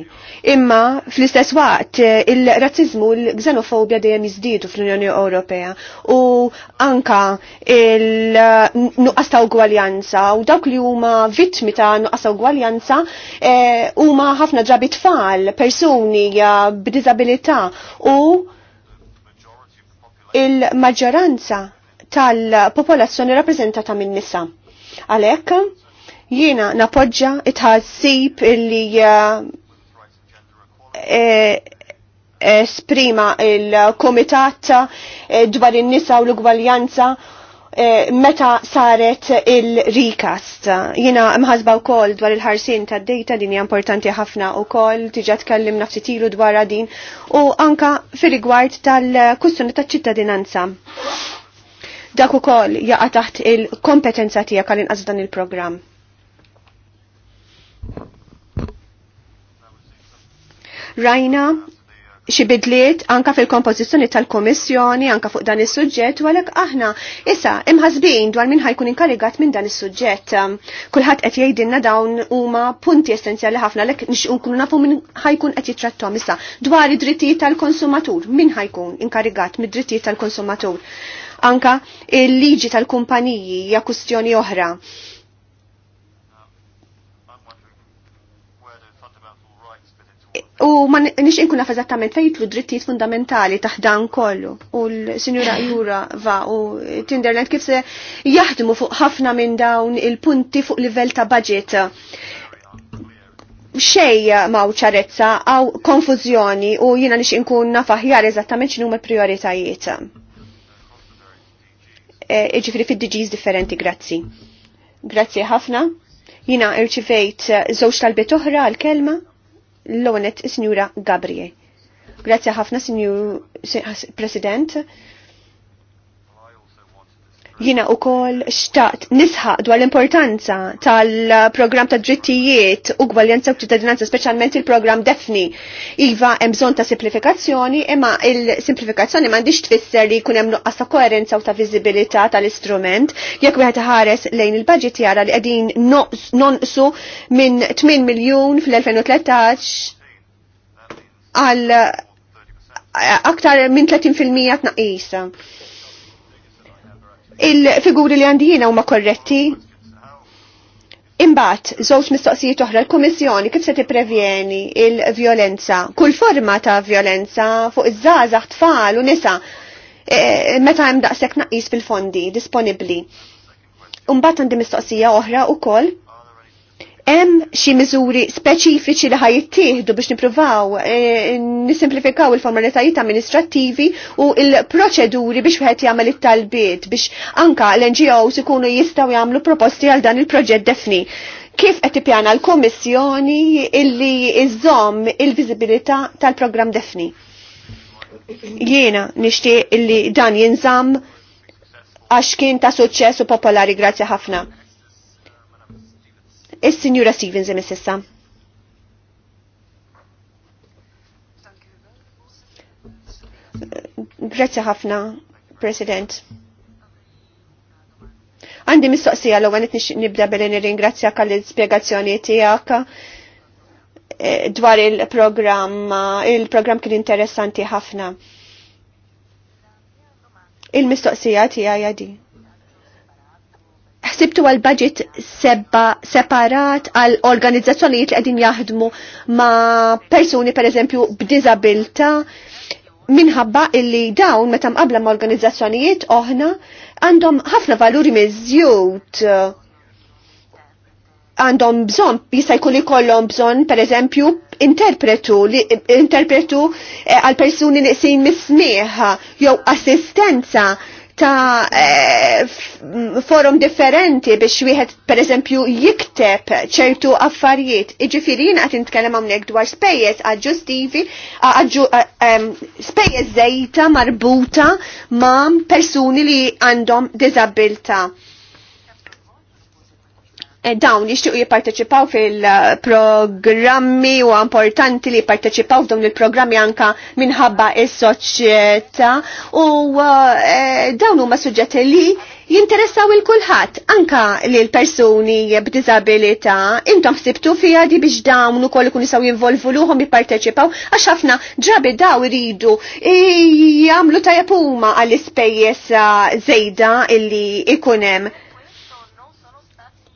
Imma fl-istess waqt eh, il-razzizmu, l-xenofobja dejjem jiżdiedu fl-Unjoni Ewropea u anka il-nuqqas ta' ugwaljanza u dawk li huma vittmi ta' nuqqas ta' ugwaljanza eh, huma ħafna drabi tfal, persuni eh, b'diżabilità u il-maġġoranza tal-popolazzjoni rappresentata minn nisa. Għalhekk jiena napoġġa it-ħassib illi E, esprima il-komitat e, dwar in-nisa u l-gwaljanza e, meta saret il-recast. Jina mħazba u kol dwar il-ħarsin ta' data din importanti ħafna u kol tiġa tkellim nafsi tilu dwar din u anka fil-rigward tal-kussjoni ta' ċittadinanza. Dak u kol jaqa taħt il-kompetenza tijak għal-inqas dan il-program. Rajna xi bidliet anka fil-kompożizzjoni tal-Komissjoni anka fuq dan is-suġġett u għalhekk aħna issa imħasbin dwar min ħajkun inkarigat minn dan is-suġġett. Kulħadd qed jgħidilna dawn huma punti essenzjali ħafna lek nixqu nafu minn ħajkun qed jitrattom issa dwar id-drittijiet tal-konsumatur, min ħajkun inkarigat mid-drittijiet tal-konsumatur. Anka il-liġi tal-kumpaniji hija kwistjoni oħra U ma nix inkuna eżattament fejn jitlu drittijiet fundamentali taħdan kollu. U l-Sinjura *clears throat* Jura va u t-internet kif se jaħdmu fuq ħafna minn dawn il-punti fuq livell ta' budget. Xej maw ċarezza għaw konfuzjoni u jina nix inkun faħjar eżattament x'numa prioritajiet. E, iġifri fid-DGs differenti, grazzi. Grazzi ħafna. Jina irċivejt eh, żewġ talbiet oħra għal-kelma l-onet Signora Gabriel. Grazie ħafna, Signor President jina u kol xtaqt nisħaq dwar l-importanza tal-program ta' drittijiet u gwaljanza u ċittadinanza, specialment il-program defni. Iva, emżon ta' simplifikazzjoni, imma il-simplifikazzjoni mandiġ tfisser li kunem nuqqas ta' koerenza u ta' vizibilità tal-istrument, jekk wieħed ħares lejn il-budget jara li qegħdin nonqsu minn 8 miljun fl-2013 għal aktar minn 30% tnaqisa il-figuri li għandijina huma korretti? Imbat, żewġ mistoqsijiet oħra, l-Kummissjoni kif se tipprevjeni il-vjolenza, kull forma ta' vjolenza fuq iż-żgħażagħ tfal u nisa e, meta hemm daqshekk naqis fil-fondi disponibbli. Imbagħad għandi mistoqsija oħra wkoll Hemm xi miżuri speċifiċi li ħajjittieħdu biex nippruvaw eh, nisimplifikaw il-formalitajiet amministrattivi u il-proċeduri biex wieħed jagħmel it-talbiet biex anka l-NGOs ikunu jistgħu jagħmlu proposti għal dan il-proġett defni. Kif qed tippjana l-Kummissjoni illi iżomm il-viżibilità tal-programm defni? Jiena nixtieq illi dan jinżamm għax kien ta' suċċess u popolari grazzi ħafna. Is-Sinjura Stevens imis issa. Grazzi ħafna, President. Għandi mistoqsija l għanet nibda billi nirringrazzja għall spiegazzjoni tijak eh, dwar il-program. Eh, il-program kien interessanti ħafna. Il-mistoqsija tija jadi. Sibtu għal budget seba separat għal organizzazzjonijiet li għedin jaħdmu ma' persuni per eżempju b'dizabilta minħabba illi dawn meta qabla ma' organizzazzjonijiet oħna għandhom ħafna valuri miżjud għandhom bżon, jista' jkun ikollhom bżon pereżempju interpretu li interpretu eh, għal persuni niqsin mismiħ jew assistenza ta' eh, forum differenti biex wieħed pereżempju jikteb ċertu affarijiet. Iġifieri jien qed nitkellem hawnhekk dwar spejjeż aġġustivi spejjeż żejta marbuta ma' persuni li għandhom diżabilità. Eh, dawn jixtiequ jipparteċipaw fil-programmi u importanti li jipparteċipaw f'dawn il-programmi anka minħabba is-soċjetà u eh, dawn huma suġġetti li jinteressaw il-kulħadd anka lil persuni b'diżabilità intom ħsibtu fiha di biex dawn ukoll ikun jisaw jinvolvu luhom jipparteċipaw għax ħafna ġrabi daw iridu jagħmlu tajjeb huma għall-ispejjeż eh, żejda illi ikun hemm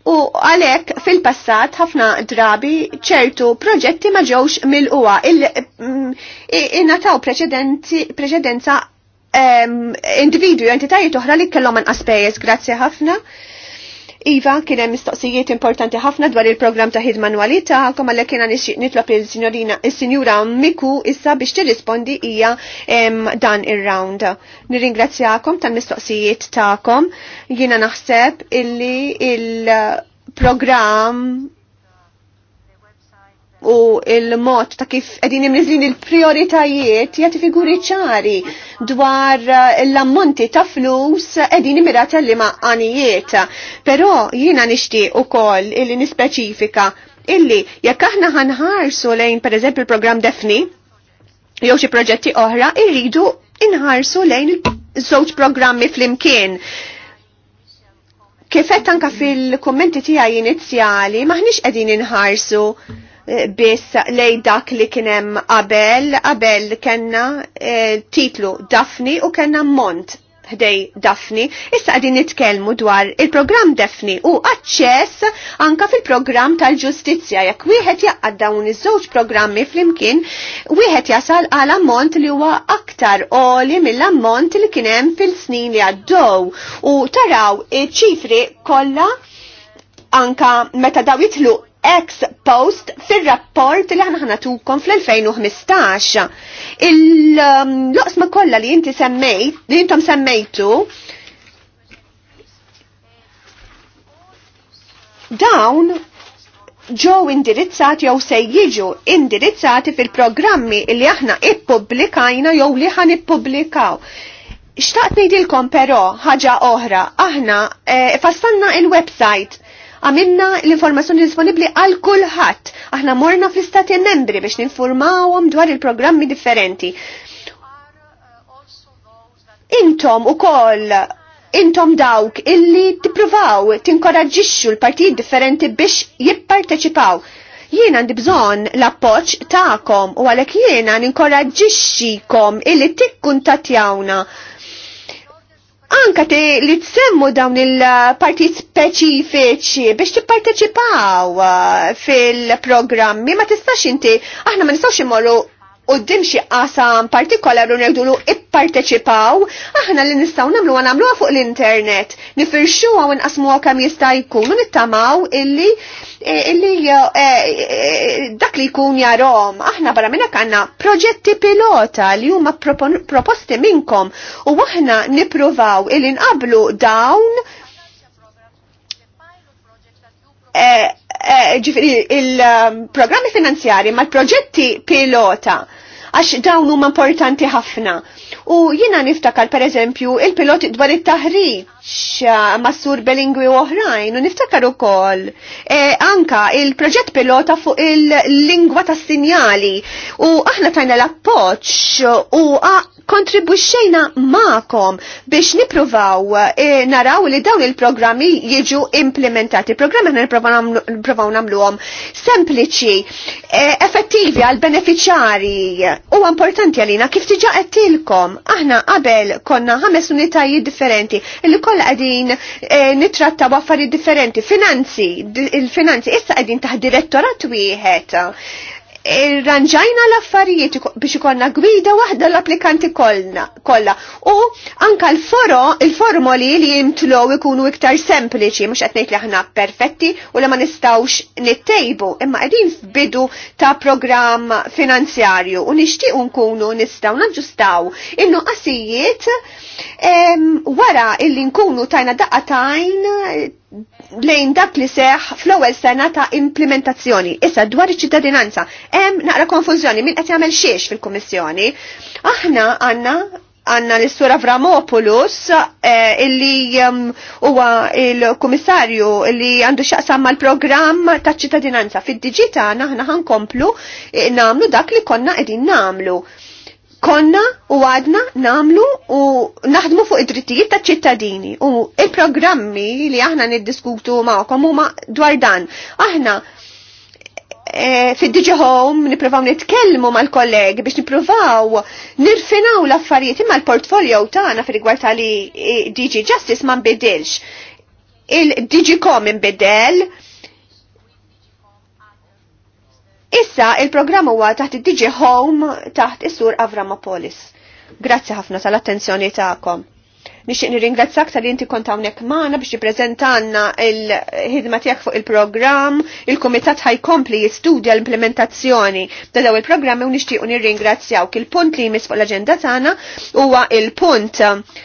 U għalek fil-passat ħafna drabi ċertu proġetti ma ġewx mill-uwa il-nataw mm, preċedenza individu u entitajiet oħra li kellhom anqas pejjeż. Grazzi ħafna. Iva, kien hemm mistoqsijiet importanti ħafna dwar il-programm ta' ħidma nwali tagħkom għalhekk kien nixtieq nitlob il-sinjorina is-sinjura Miku issa biex tirrispondi hija dan ir-round. Nirringrazzjakom tal-mistoqsijiet tagħkom. Jiena naħseb illi il-programm u il-mod ta' kif qegħdin imnizlin il-prioritajiet jagħti figuri ċari dwar eh, l-ammonti ta' flus qegħdin imirati għal-liema għanijiet. Però jiena nixtieq ukoll illi nispeċifika illi jekk aħna ħanħarsu lejn eżempju il-programm Defni jew xi proġetti oħra irridu inħarsu lejn il-żewġ programmi flimkien kifet anka fil-kommenti tiegħi inizjali m'aħniex edin inħarsu Eh, biss lejn dak li kienem qabel, qabel kena eh, titlu Dafni u kena Mont ħdej Dafni. Issa għadin nitkellmu dwar il-programm Dafni u aċċess anka fil-programm tal-ġustizzja. Jek wieħed jaqqad dawn iż-żewġ programmi flimkien, wieħed jasal għal ammont li huwa aktar oli mill-ammont li kien hemm fil-snin li għaddew u taraw iċ-ċifri kollha anka meta daw jitluq ex post fil-rapport li ħana ħana tukom fl-2015. Il-loqsma kolla li inti semmejt, li intom semmejtu, dawn ġew indirizzati jew se jiġu indirizzati fil-programmi li aħna ippubblikajna jew li ħan ippubblikaw. Xtaqt ngħidilkom però ħaġa oħra, aħna e, eh, fassanna il-website għamilna l-informazzjoni disponibli għal kulħadd. Aħna morna fl-istati membri biex ninformawhom dwar il-programmi differenti. Intom ukoll intom dawk illi tippruvaw tinkoraġġixxu l-partijiet differenti biex jipparteċipaw. Jien għandi bżonn l-appoġġ tagħkom u għalhekk jiena ninkoraġġixxikom illi tikkuntattjawna anka te li tsemmu dawn il-partit speċifiċi biex tipparteċipaw uh, fil-programmi ma tistax inti, aħna ma nistax imorru u dimxie qasam partikolar u negdulu ipparteċipaw, aħna li nistaw namlu għan namlu fuq l-internet, nifirxu għaw nqasmu għakam jista' jkun u nittamaw illi Eh, illi eh, eh, dak li jkun jarom, aħna barra minnek għanna proġetti pilota li huma proposti minnkom u aħna nipruvaw illi nqablu dawn ġifiri il-programmi um, finanzjari mal proġetti pilota għax dawn huma importanti ħafna. U jina niftakar per eżempju il-piloti dwar it-taħriġ massur belingwi oħrajn u niftakar ukoll e, anka il-proġett pilota fuq il-lingwa ta' sinjali u aħna tajna l-appoċ u kontribuxxejna ma'kom biex nipruvaw e, naraw li dawn il-programmi jiġu implementati. Il-programmi għan nipruvaw namluhom sempliċi, e, effettivi għal beneficjari u importanti għalina kif tiġa qedtilkom. Aħna qabel konna ħames unitajiet differenti li ukoll qegħdin eh, nittrattaw affarijiet differenti, finanzi, il-finanzi issa qegħdin taħt direttorat wieħed ranġajna l-affarijiet biex ikonna gwida waħda l-applikanti kollha. U anka l-foro, il-formoli li jimtlow ikunu iktar sempliċi, mhux qed ngħid li aħna perfetti u li ma nistgħux nittejbu, imma qegħdin f'bidu ta' programm finanzjarju u nixtiequ nkunu nistgħu naġġustaw innu nuqqasijiet wara illi nkunu tajna daqatajn lejn dak li seħ fl-ewwel sena ta' implementazzjoni. Issa dwar iċ-ċittadinanza hemm naqra konfużjoni min qed jagħmel xiex fil-Kummissjoni. Aħna għandna għanna l-istur Avramopoulos eh, illi um, huwa um, il-komissarju illi għandu xaqsam mal programm ta' ċittadinanza. Fid-digita naħna ħankomplu eh, namlu dak li konna edin namlu konna u għadna namlu u naħdmu fuq id-drittijiet ta' ċittadini u il-programmi li aħna niddiskutu ma'kom huma dwar dan. Aħna e, fid digi Home niprofaw nitkellmu mal-kollegi biex niprofaw nirfinaw l-affarijiet imma l-portfolio tagħna fir-rigward tal-DG e, Justice ma nbidilx. il Com inbidel, Issa il-programm huwa taħt id-Digi Home taħt is-sur Avramopolis. Grazzi ħafna tal-attenzjoni tagħkom. Nixtieq nirringrazzak tal inti kont hawnhekk magħna biex tippreżentanna l ħidma tiegħek fuq il-programm, il-kumitat ħajkompli jistudja l-implementazzjoni ta' daw il-programmi u nixtiequ nirringrazzjawk il-punt li jmiss fuq l-aġenda tagħna huwa il-punt il punt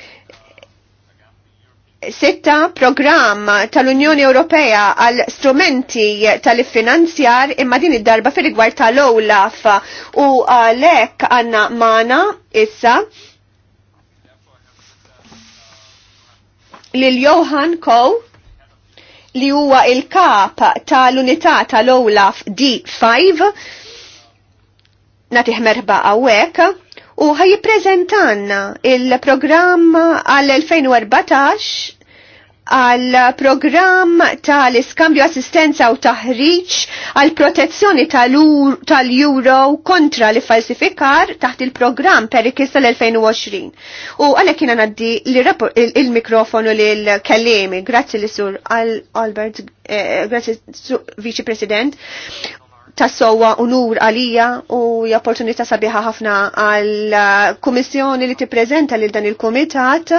Sitta programm tal-Unjoni Ewropea għal strumenti tal-finanzjar imma din id-darba fil gwar tal-OLAF u għalek għanna mana issa lil Johan Kow li huwa il-kap tal-unità tal-OLAF D5 natiħmerba għawek u ħaj prezentanna il-programm għal-2014 għal programm tal-iskambju assistenza u taħriġ għal protezzjoni tal-euro kontra li falsifikar taħt il-programm perikis tal-2020. U għalek kiena naddi il-mikrofonu li l-kalemi, grazzi li sur Albert, eh, grazzi Vice President, tassowa unur għalija u opportunità sabiħa ħafna għal uh, komissjoni li tippreżenta lil dan il-kumitat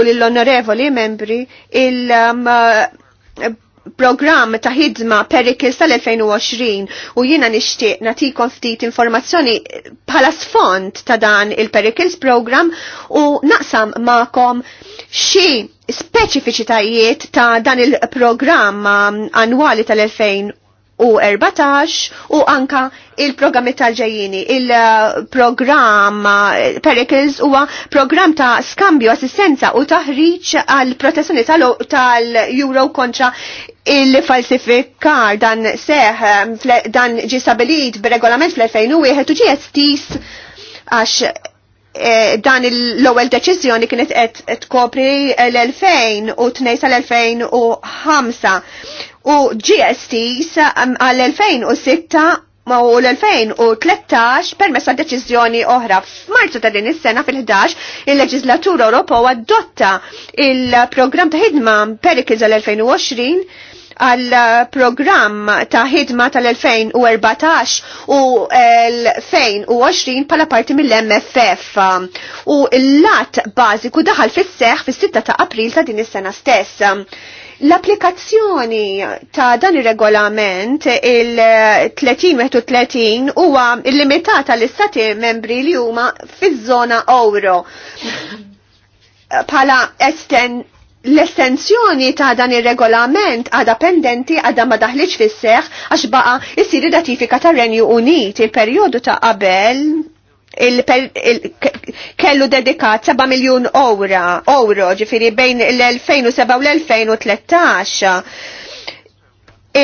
u lill onorevoli membri il um, uh, program ta' ħidma perikil tal-2020 u jiena nixtieq natikom ftit informazzjoni bħala sfond ta' dan il-perikils program u naqsam ma'kom xi speċifiċitajiet ta' dan il-programm um, annwali tal-2020 u 14 u anka il-programmi tal-ġejjini. Il-programm eh, Pericles huwa programm ta' skambju assistenza u taħriġ għal protezzjoni tal-euro kontra il-falsifikar dan seħ dan ġi stabilit b'regolament fl-2001 u ġiet stis għax Eh, dan l-ewwel deċiżjoni kienet qed tkopri l u tnejsa sal-2005 u GST um, għal-2006 ma u l-2013 permessa deċiżjoni oħra. F'Marzu ta' din is-sena fil-11 il-Leġislatura Ewropew adotta il-programm ta' ħidma Perikles l 2020 għal programm ta' ħidma tal-2014 u l-2020 pala parti mill-MFF u l-lat bażiku daħal fis-seħ fis-6 ta' April ta' din is-sena stess. L-applikazzjoni ta' dan il-regolament 30 huwa limitata l-istati membri li huma fiż-żona euro. Pala esten l-estensjoni ta' dan ir-regolament għada pendenti għada ma daħliċ fis-seħ għax baqa jisir ratifika ta' Renju Unit il-perjodu ta' qabel kellu dedikat 7 miljon ewra, euro ġifiri bejn l-2007 u l-2013.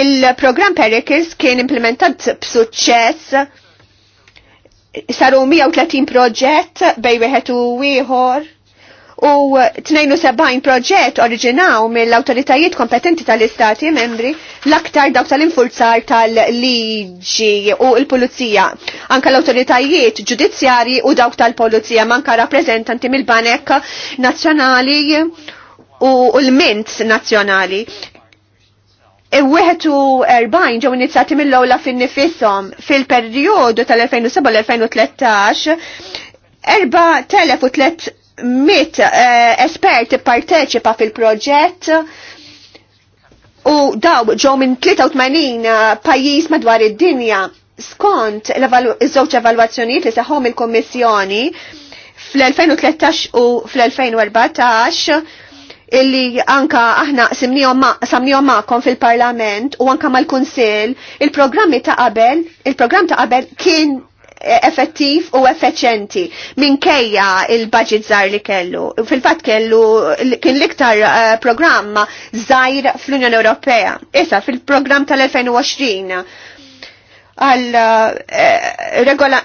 Il-program Perikis kien implementat b'suċċess saru 130 proġett bej wieħed u ieħor u 72 proġett oriġinaw mill-autoritajiet kompetenti tal-istati membri l-aktar dawk tal-infurzar tal-liġi u l-pulizija. Anka l-autoritajiet ġudizzjari u dawk tal-pulizija manka rappresentanti mill-banek nazzjonali u l-mint nazzjonali. Iwieħed u erbajn ġew inizjati mill-ewla fin-nifisom fil-perjodu tal-2007 l-2013 4300 mit eh, espert parteċipa fil-proġett u daw ġew minn 83 eh, pajjiż madwar id-dinja skont iż-żewġ evalwazzjonijiet li saħħom il-Kommissjoni fl-2013 u fl-2014 illi anka aħna samnijom maqom fil-parlament u anka mal-kunsil, il-programmi ta' qabel, il-programm ta' qabel kien effettiv u effeċenti kejja il-budget żgħar li kellu. Fil-fatt kellu kien l-iktar uh, programm zar fl-Unjoni Ewropea. Issa fil-programm tal-2020 għal eh, regola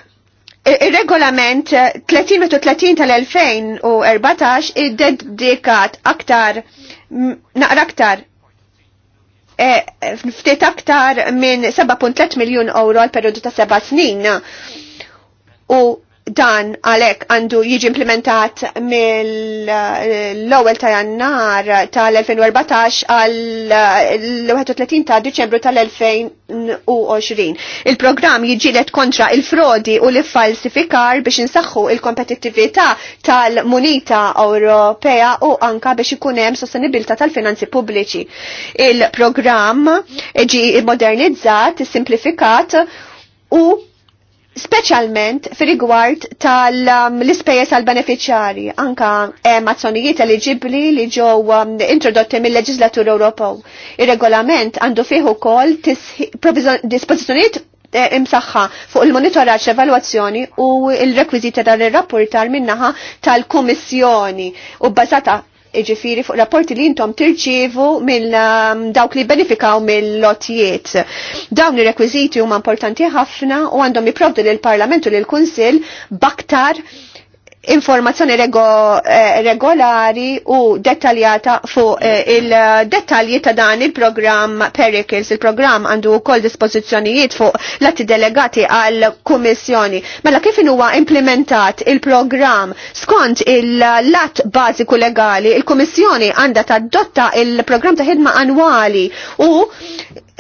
eh, Il-regolament 30-30 tal-2014 id-dedikat aktar, naqra aktar ftit aktar minn 7.3 miljon euro għal periodu ta' seba' snin u dan għalek għandu jiġi implementat mill-ewwel ta' jannar tal-2014 għal l-31 ta' Diċembru tal-2020. Il-programm jiġilet kontra il-frodi u l-falsifikar biex insaħħu il-kompetittività tal-Munita Ewropea u anka biex ikun hemm sostenibilità tal-finanzi pubbliċi. Il-programm ġi modernizzat, simplifikat u specialment fil-rigward tal-ispejjeż um, għal beneficjari anka hemm eh, azzjonijiet eliġibbli li ġew um, introdotti mill-Leġislatur Ewropew. Ir-regolament għandu fih ukoll dispożizzjonijiet eh, imsaħħa fuq il-monitoraġġ evalwazzjoni u il-rekwiżiti tal-rapportar minnaħa tal-Kummissjoni u bbażata iġifiri fuq rapporti li jintom tirċivu mill um, dawk li benefikaw mill-lotijiet. Dawn ir-rekwiżiti huma importanti ħafna u għandhom jiprovdu lill-Parlament u lill-Kunsill baktar informazzjoni rego, eh, regolari u dettaljata fuq eh, il-dettalji ta' dan il-programm Pericles. Il-programm għandu kol dispozizjonijiet fuq lati delegati għal-Kummissjoni. Mela kif huwa implementat il-programm skont il-lat bażiku legali, il-Kummissjoni għandha tadotta il-programm ta' ħidma annwali u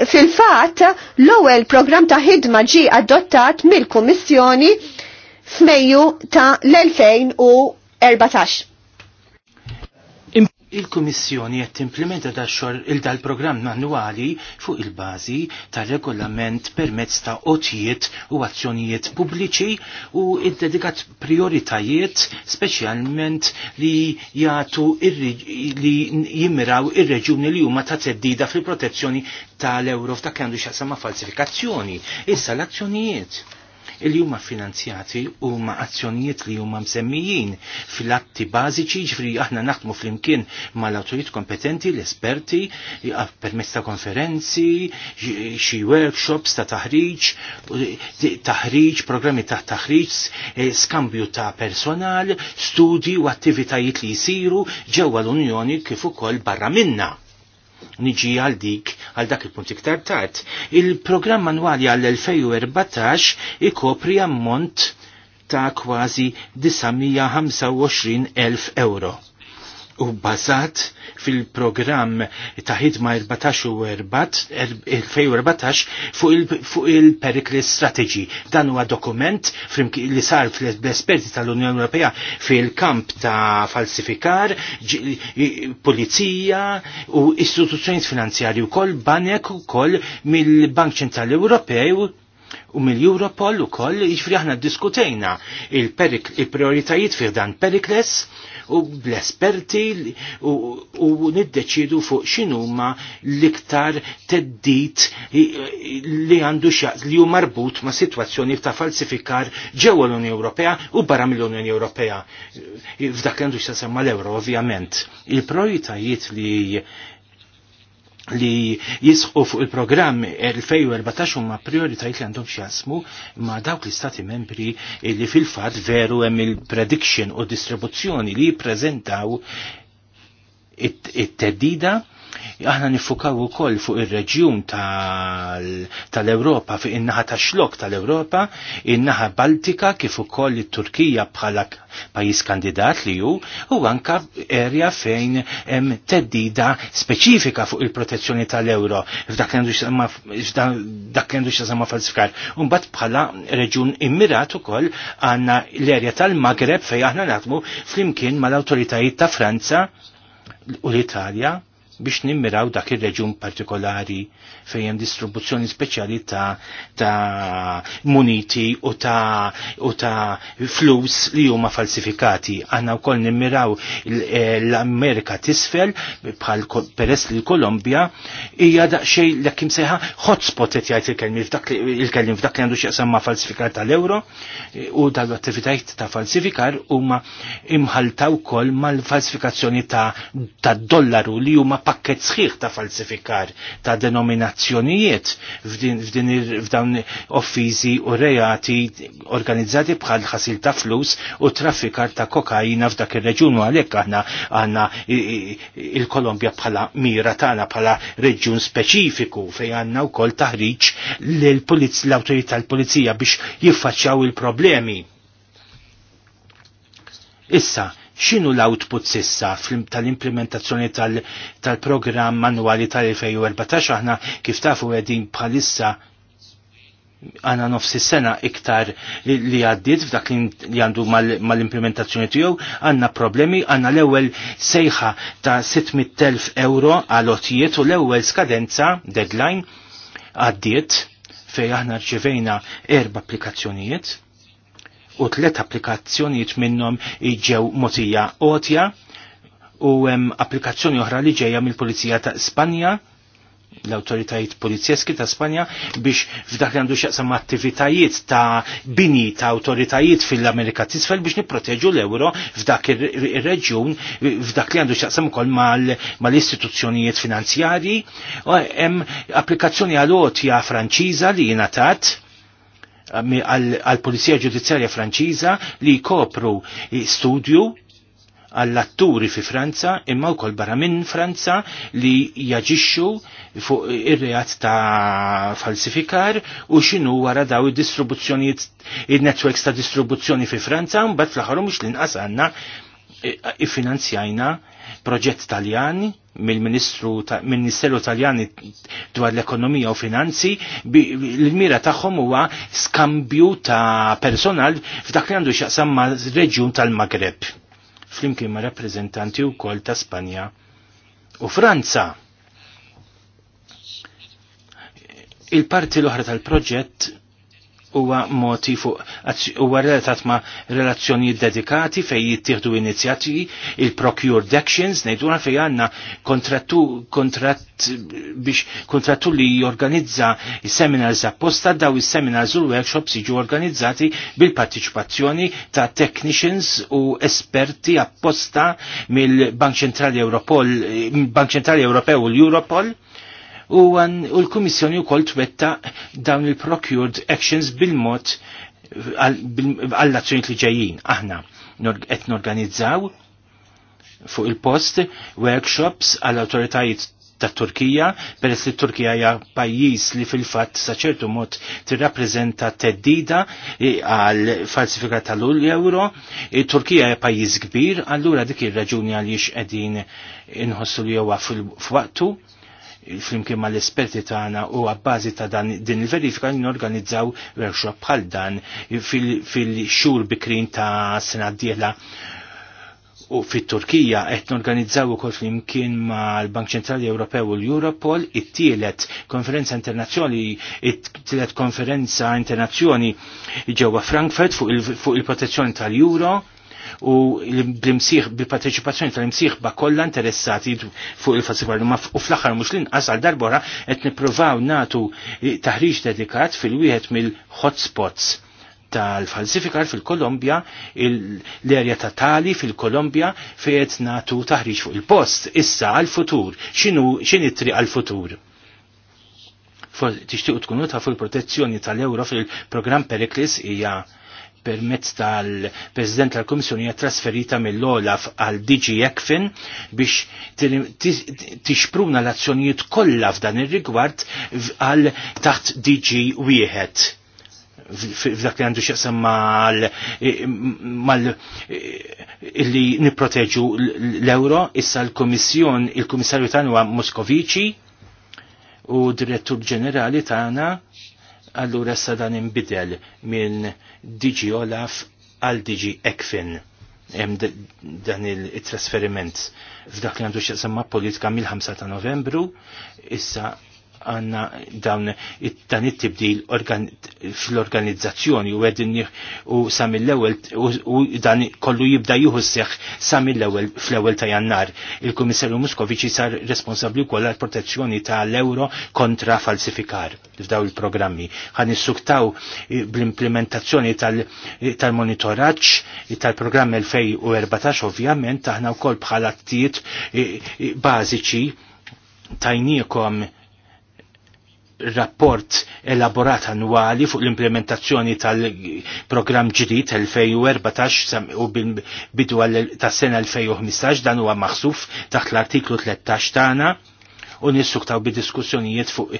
fil-fat l-ewwel programm ta' ħidma ġi adottat mill-Kummissjoni f'Mejju ta' l-2014. Il-Kummissjoni qed timplementa da xogħol il dal programm annwali fuq il-bażi tar-regolament permezz ta' otijiet u azzjonijiet pubbliċi u id-dedikat prioritajiet speċjalment li jagħtu li jimmiraw ir-reġuni li huma ta' teddida fil-protezzjoni tal-Ewrof ta' kandu xaqsama falsifikazzjoni. Issa l-azzjonijiet il huma finanzjati huma azzjonijiet li huma msemmijin fil-atti bażiċi ġifri aħna naħdmu flimkien mal-awtorijiet kompetenti, l-esperti, permezz ta' konferenzi, xi workshops ta' taħriġ, taħriġ, programmi ta' taħriġ, eh, skambju ta' personal, studi u attivitajiet li jisiru ġewwa l-Unjoni kif ukoll barra minna niġi għal dik għal dak il-punt iktar tard. Il-programm manwali għall-2014 ikopri ammont ta' kważi 925.000 euro u bazat fil-programm ta' ħidma 14 er, fuq il-Perikli Strategy. Dan huwa dokument li sar fl-esperti tal-Unjoni Ewropea fil-kamp ta' falsifikar, pulizija u istituzzjoni finanzjarji wkoll banek ukoll mill-Bank Ċentrali Ewropew u mill-Europol u koll iġfri aħna diskutejna il-prioritajiet fiħdan fih dan Perikles u bl-esperti u niddeċidu fuq x'inhuma l-iktar teddit li għandu xaqt li hu marbut ma' situazzjoni ta' falsifikar ġewwa l-Unjoni Ewropea u barra mill-Unjoni Ewropea. F'dak għandu x'tasemma l-Ewro ovvjament. Il-projtajiet li li jisħu fuq il-programm 2014 huma prioritajiet li għandhom xjasmu ma dawk l-istati membri li fil-fat veru hemm il-prediction u distribuzzjoni li jippreżentaw it-teddida it it teddida aħna nifukaw ukoll fuq ir-reġjun tal-Ewropa, fuq in-naħa tax-xlok tal-Ewropa, in-naħa Baltika kif ukoll it-Turkija bħala pajjiż kandidat li hu, u anka erja fejn hemm teddida speċifika fuq il-protezzjoni tal-euro. F'dak kendu x'sama falsifikar. Mbagħad bħala reġjun immirat ukoll għandna l-erja tal-Magreb fejn aħna naħdmu flimkien mal-awtoritajiet ta' Franza u l-Italja biex nimmiraw dak ir-reġun partikolari fejn hemm distribuzzjoni speċjali ta', ta muniti u ta', u ta flus li huma falsifikati. u wkoll nimmiraw eh, l-Amerika t'isfel bħal peress li Kolombja hija daqsxejn l kim seħa hotspot qed jgħid il-kellim f'dak li għandu x'jaqsam ma' falsifikar tal-euro eh, u dal-attivitajiet ta' falsifikar huma imħaltaw wkoll mal-falsifikazzjoni ta' dollaru li huma pakket sħiħ ta' falsifikar ta' denominazzjonijiet f'dawn offizi u reati organizzati bħal ħasil ta' flus u traffikar ta' kokaina f'dak ir reġun u għalhekk aħna għandna il-Kolombja bħala mira tagħna bħala reġjun speċifiku fejn għandna wkoll taħriġ l-awtorità tal-pulizija biex jiffaċċjaw il-problemi. Issa, x'inhu l-output sissa tal-implementazzjoni tal-programm manwali tal-2014 aħna kif tafu għedin bħalissa għana nofsi sena iktar li għaddit f'dak li għandu mal-implementazzjoni tiegħu għanna problemi għanna l-ewwel sejħa ta' 600.000 euro għal-otijiet u l-ewwel skadenza deadline għaddiet fej aħna rċivejna erba' applikazzjonijiet u tlet applikazzjonijiet minnhom ġew motija qotja u hemm applikazzjoni oħra li ġejja mill-Pulizija ta' Spanja l-autoritajiet polizieski ta' Spanja biex f'dak li għandu xaqsam attivitajiet ta' bini ta' autoritajiet fil-Amerika t-isfel biex niproteġu l-euro f'dak il-reġjun f'dak li għandu xaqsam ukoll mal-istituzzjonijiet finanzjari hemm applikazzjoni għal-otja franċiża li ta' għal-Polizija Ġudizzarja Franċiża li kopru studju għall-atturi fi Franza imma wkoll barra minn Franza li jaġixxu fuq ir-reat ta' falsifikar u x'inhu wara daw id-distribuzzjonijiet id-networks ta' distribuzzjoni fi Franza mbagħad fl-aħħar mhux l-inqas għandna eh, iffinanzjajna proġett Taljani mill-Ministru Ministeru Taljani dwar l-Ekonomija u Finanzi l-mira tagħhom huwa skambju ta' personal f'dak li għandu x'jaqsam ma' reġjun tal-Magreb flimkien ma' rappreżentanti wkoll ta' Spanja u Franza. Il-parti l-oħra tal-proġett huwa moti fuq huwa relatat ma' relazzjonijiet dedikati fej jittieħdu inizjattivi il-procure actions ngħiduna fej għandna kontrattu kontratt biex kontrattu li jorganizza seminars apposta daw is-seminars u workshops jiġu organizzati bil-partiċipazzjoni ta' technicians u esperti apposta mill-Bank Ċentrali Europol Bank Ċentrali Ewropew u l-Europol u l-Kummissjoni wkoll twetta dawn il-procured actions bil-mod għall azzjoni li ġejjin. Aħna qed norganizzaw fuq il-post workshops għall autoritajiet ta' Turkija, peress li Turkija hija pajjiż li fil-fatt sa' ċertu mod tirrappreżenta teddida e, għal falsifika tal-euro. E, Turkija hija pajjiż kbir, allura dik ir-raġuni għaliex qegħdin inħossu li huwa fil-waqtu flimkien mal-esperti tagħna u għabbażi ta' dan din il-verifika norganizzaw workshop bħal dan fil-xhur bikrin ta' sena d-dieħla u fit-Turkija qed norganizzaw ukoll flimkien mal-Bank Ċentrali Ewropew u l-Europol it-tielet konferenza internazzjoni it-tielet konferenza internazzjoni ġewwa Frankfurt fuq il-protezzjoni tal-Euro u l imsiħ bil-parteċipazzjoni tal-imsieħba kollha interessati fuq il-festival u fl-aħħar mhux l-inqas għal darbora qed nippruvaw nagħtu eh, taħriġ dedikat fil-wieħed mill-hotspots tal-falsifikar fil-Kolombja, l-erja ta' tali fil-Kolombja fejet natu taħriġ fuq il-post, issa għal-futur, xinu it-triq għal-futur. Tixtiq tkunu ta' fuq il-protezzjoni tal-euro fil-program Pericles hija permezz tal-President tal-Komissjoni hija trasferita mill-Olaf għal DG Ekfin biex tixpruna l-azzjonijiet kollha f'dan ir-rigward għal taħt DG wieħed f'dak li għandu xieqsam mal illi niproteġu l-euro, issa l-Komissjon, il-Komissarju tagħna huwa Moskovici u Direttur Ġenerali tagħna allura sa dan inbidel minn Digi Olaf għal Digi Ekfin hemm dan il-trasferiment f'dak li għandu x'aqsam politika mill-5 ta' Novembru issa għanna dawn dan it-tibdil fl-organizzazzjoni u għedin u samil l-ewel u dan kollu jibda juhu seħ sam l-ewel fl-ewel ta' jannar. Il-Komissarju Muskoviċi sar responsabli kol protezzjoni ta' l-euro kontra falsifikar f'daw il-programmi. Għan suktaw bl-implementazzjoni tal-monitoraċ tal-programm 2014 ovvjament taħna u kol bħala t bażiċi tajniekom rapport elaborat annwali fuq l-implementazzjoni tal-programm ġdid 2014 u bil-bidu tas sena 2015 dan huwa maħsuf taħt l-artiklu 13 tagħna u nissuktaw bi diskussjonijiet fuq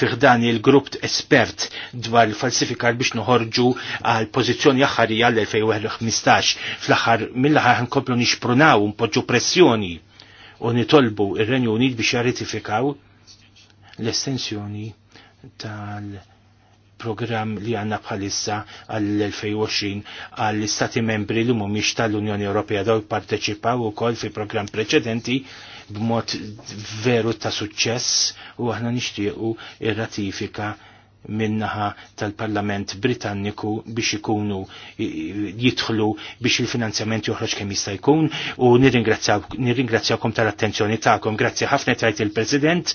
fiħdan il-grupp espert dwar il-falsifikar biex noħorġu għal pożizzjoni aħħarija l-2015 fl-aħħar mill-aħħar nkomplu nixprunaw un pressjoni u nitolbu ir-Renju Unit biex jarritifikaw l-estensjoni tal program li għanna bħalissa għall-2020 għall-istati membri li mumiex tal-Unjoni Ewropea daw parteċipaw u kol fi programm preċedenti b'mod veru ta' suċċess u aħna nixtiequ ir-ratifika minnaħa tal-Parlament Britanniku biex ikunu jidħlu biex il-finanzjament joħroġ kemm jista' jkun u nirringrazzjawkom tal-attenzjoni tagħkom. Grazzi ħafna tajt il-President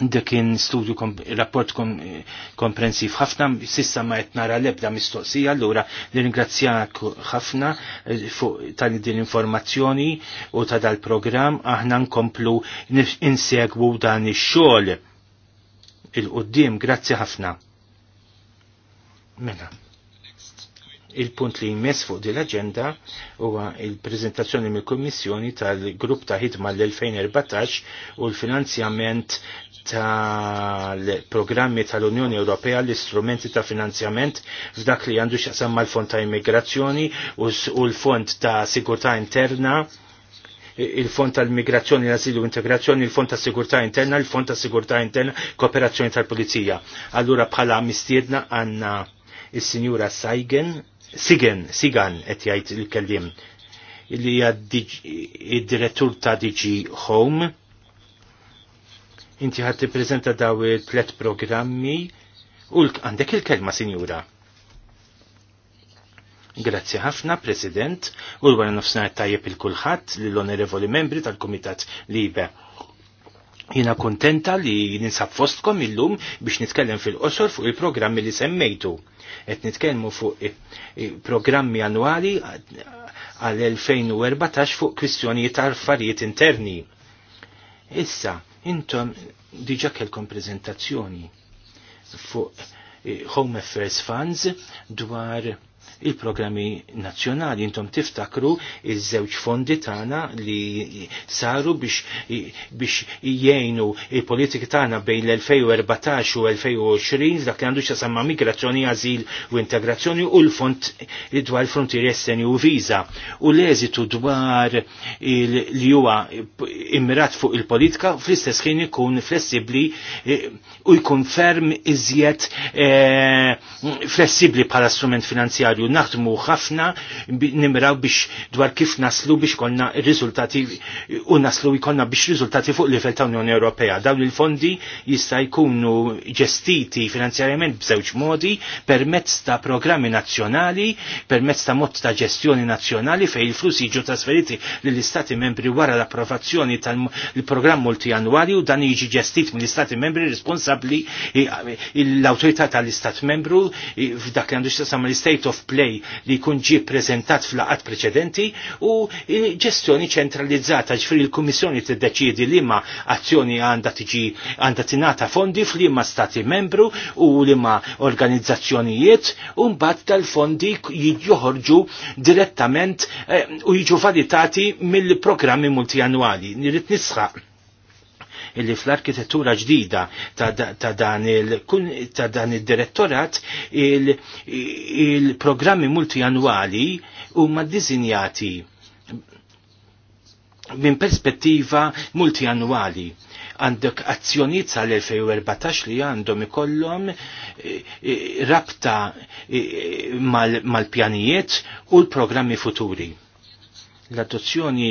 dak kien studju rapport komprensiv ħafna, sissa ma qed nara l-ebda mistoqsija, allura nirringrazzjak ħafna eh, fuq tal din informazzjoni u ta' dal-programm aħna nkomplu insegwu dan ix-xogħol il-qudiem, grazzi ħafna. Mela. Il-punt li jmess fuq din l-aġenda huwa il-preżentazzjoni mill-Kummissjoni tal-Grupp ta' ħidma l-2014 u l-finanzjament tal-programmi tal-Unjoni Ewropea l-istrumenti ta' finanzjament f'dak li għandu xaqsam mal-Fond ta' Immigrazzjoni u l-Fond ta' Sigurtà Interna il-Fond tal-Migrazzjoni, l azilu u Integrazzjoni, il-Fond ta' Sigurtà Interna, il-Fond ta' Sigurtà Interna, Kooperazzjoni tal-Pulizija. Allura bħala mistiedna għanna il-Sinjura Saigen, Sigen, Sigan, et jgħid il-kellim, li hija id-direttur ta' DG Home, Inti ħad tippreżenta daw it-tlet programmi u għandek il-kelma, Sinjura. Grazzi ħafna, President, u l-għara nofsnar tajjeb il-kulħat l-onorevoli membri tal-Komitat Libe. Jina kontenta li ninsab fostkom illum biex nitkellem fil-qosor fuq il-programmi li semmejtu. Et nitkellmu fuq programmi annuali għal-2014 fuq kwistjonijiet tal affarijiet interni. Issa, Intom diġa kelkom prezentazzjoni fuq eh, Home Affairs Funds dwar il-programmi nazzjonali. Intom tiftakru il-żewġ fondi tagħna li saru biex, biex jgħinu il-politika tagħna bejn l-2014 u 2020 dak li għandu xasamma migrazzjoni, azil u integrazzjoni u l-fond dwar frontieri esteni u viza. U l-eżitu dwar li huwa immirat fuq il-politika fl-istess ħin ikun flessibli eh, u jkun ferm iżjed eh, flessibli bħala strument finanzjarju necessarju naħdmu ħafna nimraw biex dwar kif naslu biex konna rizultati u naslu jkollna biex riżultati fuq livell ta' Unjoni Ewropea. Dawn il-fondi jista' jkunu ġestiti finanzjarjament b'żewġ modi permezz ta' programmi nazzjonali, permezz ta' mod ta' ġestjoni nazzjonali fej il-flus jiġu trasferiti lill-Istati membri wara l-approvazzjoni tal-programm multijanwali u dan jiġi ġestit mill-Istati membri responsabbli l-autorità tal-Istat membru f'dak li għandu xtasam l-State of display li jkun ġie prezentat fl-laqat preċedenti u ġestjoni ċentralizzata ġifri l-Kummissjoni tiddeċiedi li ma azzjoni għandha tiġi għandha tingħata fondi f'liema stati membru u liema organizzazzjonijiet u mbagħad tal-fondi joħorġu direttament eh, u jiġu validati mill-programmi multianwali. Nirrid nisħaq illi fl-arkitettura ġdida ta' dan il-direttorat il-programmi multijanwali huma ddisinjati minn perspettiva multijanwali għandek azzjoniet sal-2014 li għandhom ikollhom e, e, rabta e, mal-pjanijiet u l-programmi futuri. L-adozzjoni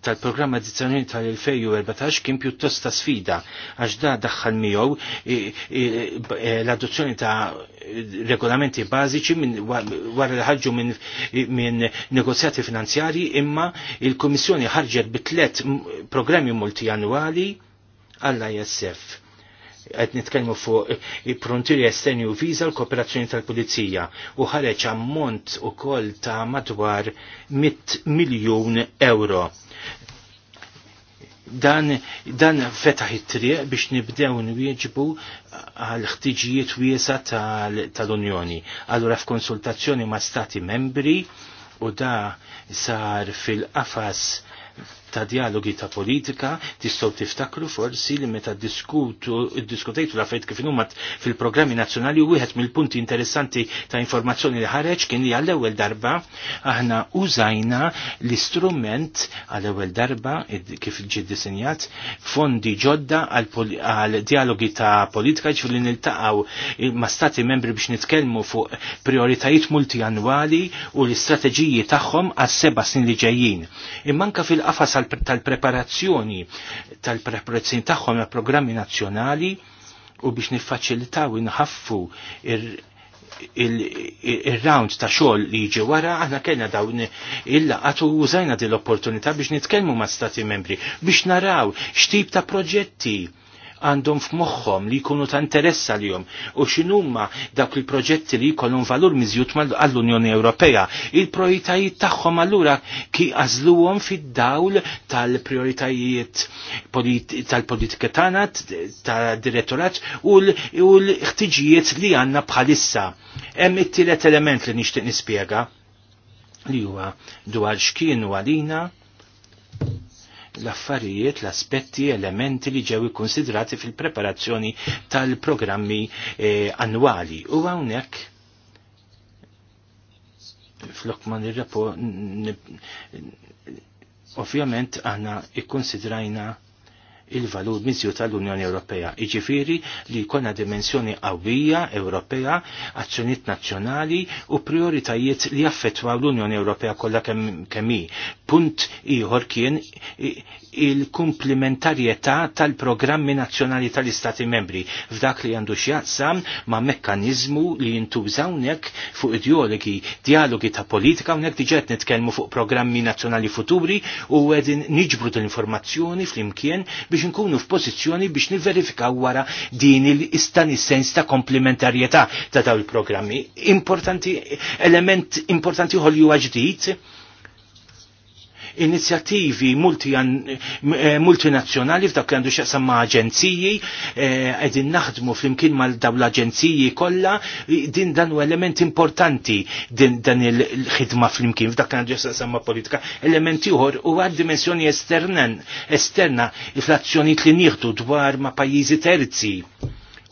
tal-programm addizzjonali tal-2014 kien pjuttost ta' sfida għax da daħħal miegħu l-adozzjoni ta' regolamenti bażiċi wara li ħarġu minn negozjati finanzjari imma il-Kummissjoni ħarġet bi tliet programmi multijanwali għall-ISF għed nitkellmu fuq il-frontieri esterni u viza l-kooperazzjoni tal-Pulizija u ħareġ ammont ukoll ta' madwar 100 miljun euro dan, dan fetaħ it-triq biex nibdew nwieġbu għal ħtiġijiet wiesa tal-Unjoni. Allura f'konsultazzjoni ma' stati membri u da sar fil-qafas ta' dialogi ta' politika tistgħu tiftakru forsi li meta diskutu diskutejtu la fejt kif huma fil-programmi nazzjonali wieħed mill-punti interessanti ta' informazzjoni li ħareġ kien li għall-ewwel darba aħna użajna l-istrument għall-ewwel darba kif ġi disinjat fondi ġodda għal dialogi ta' politika ġifli niltaqgħu ma' stati membri biex nitkellmu fuq prioritajiet multianwali u l-istrateġiji tagħhom għas seba' snin li ġejjin. Immanka fil-qafas tal-preparazzjoni tal-preparazzjoni tagħhom ma' programmi nazzjonali u biex niffaċilitaw inħaffu il-round ta' xogħol li jiġi wara aħna kellna dawn il laqgħat u użajna din l opportunità biex nitkellmu ma' stati membri biex naraw x'tip ta' proġetti għandhom f'moħħhom li jkunu ta' interess għalihom u x'inhuma dawk il-proġetti li jkollhom valur miżjut għall-Unjoni Ewropea. Il-prioritajiet tagħhom allura ki għażluhom fid-dawl tal-prioritajiet tal-politika tagħna tad-direttorat u l-ħtiġijiet li għandna bħalissa. Hemm it-tielet element li nixtieq nispjega li huwa dwar x'kienu għalina l-affarijiet, l-aspetti, elementi li ġew konsidrati fil-preparazzjoni tal-programmi eh, annwali. U hawnhekk flokman il nirrapo ovvjament għana ikkonsidrajna il-valur mizju tal-Unjoni Ewropea. Iġifiri li jkollna dimensjoni qawwija Ewropea, azzjoniet nazzjonali u prioritajiet li affettwaw l-Unjoni Ewropea kollha kemm kemmi. Punt ieħor kien il-komplementarjetà tal-programmi nazzjonali tal-Istati membri f'dak li għandu x'jaqsam ma' mekkaniżmu li jintuża hawnhekk fuq ideologi, dialogi ta' politika hawnhekk diġà qed nitkellmu fuq programmi nazzjonali futuri u għedin niġbru l-informazzjoni flimkien biex nkunu f'pożizzjoni biex niverifikaw wara din il istani sens ta' komplementarjetà ta' dawn il-programmi. Importanti element importanti ħolju ġdid inizjattivi eh, multinazzjonali f'dak li għandu xaqsam ma' aġenziji, eh, qegħdin naħdmu flimkien mal daw l-aġenziji kollha, din dan u element importanti din dan il-ħidma flimkien f'dak li għandu xaqsam ma' politika. Elementi uħor u għad dimensjoni esterna esterna, inflazzjoniet li nieħdu dwar ma' pajjiżi terzi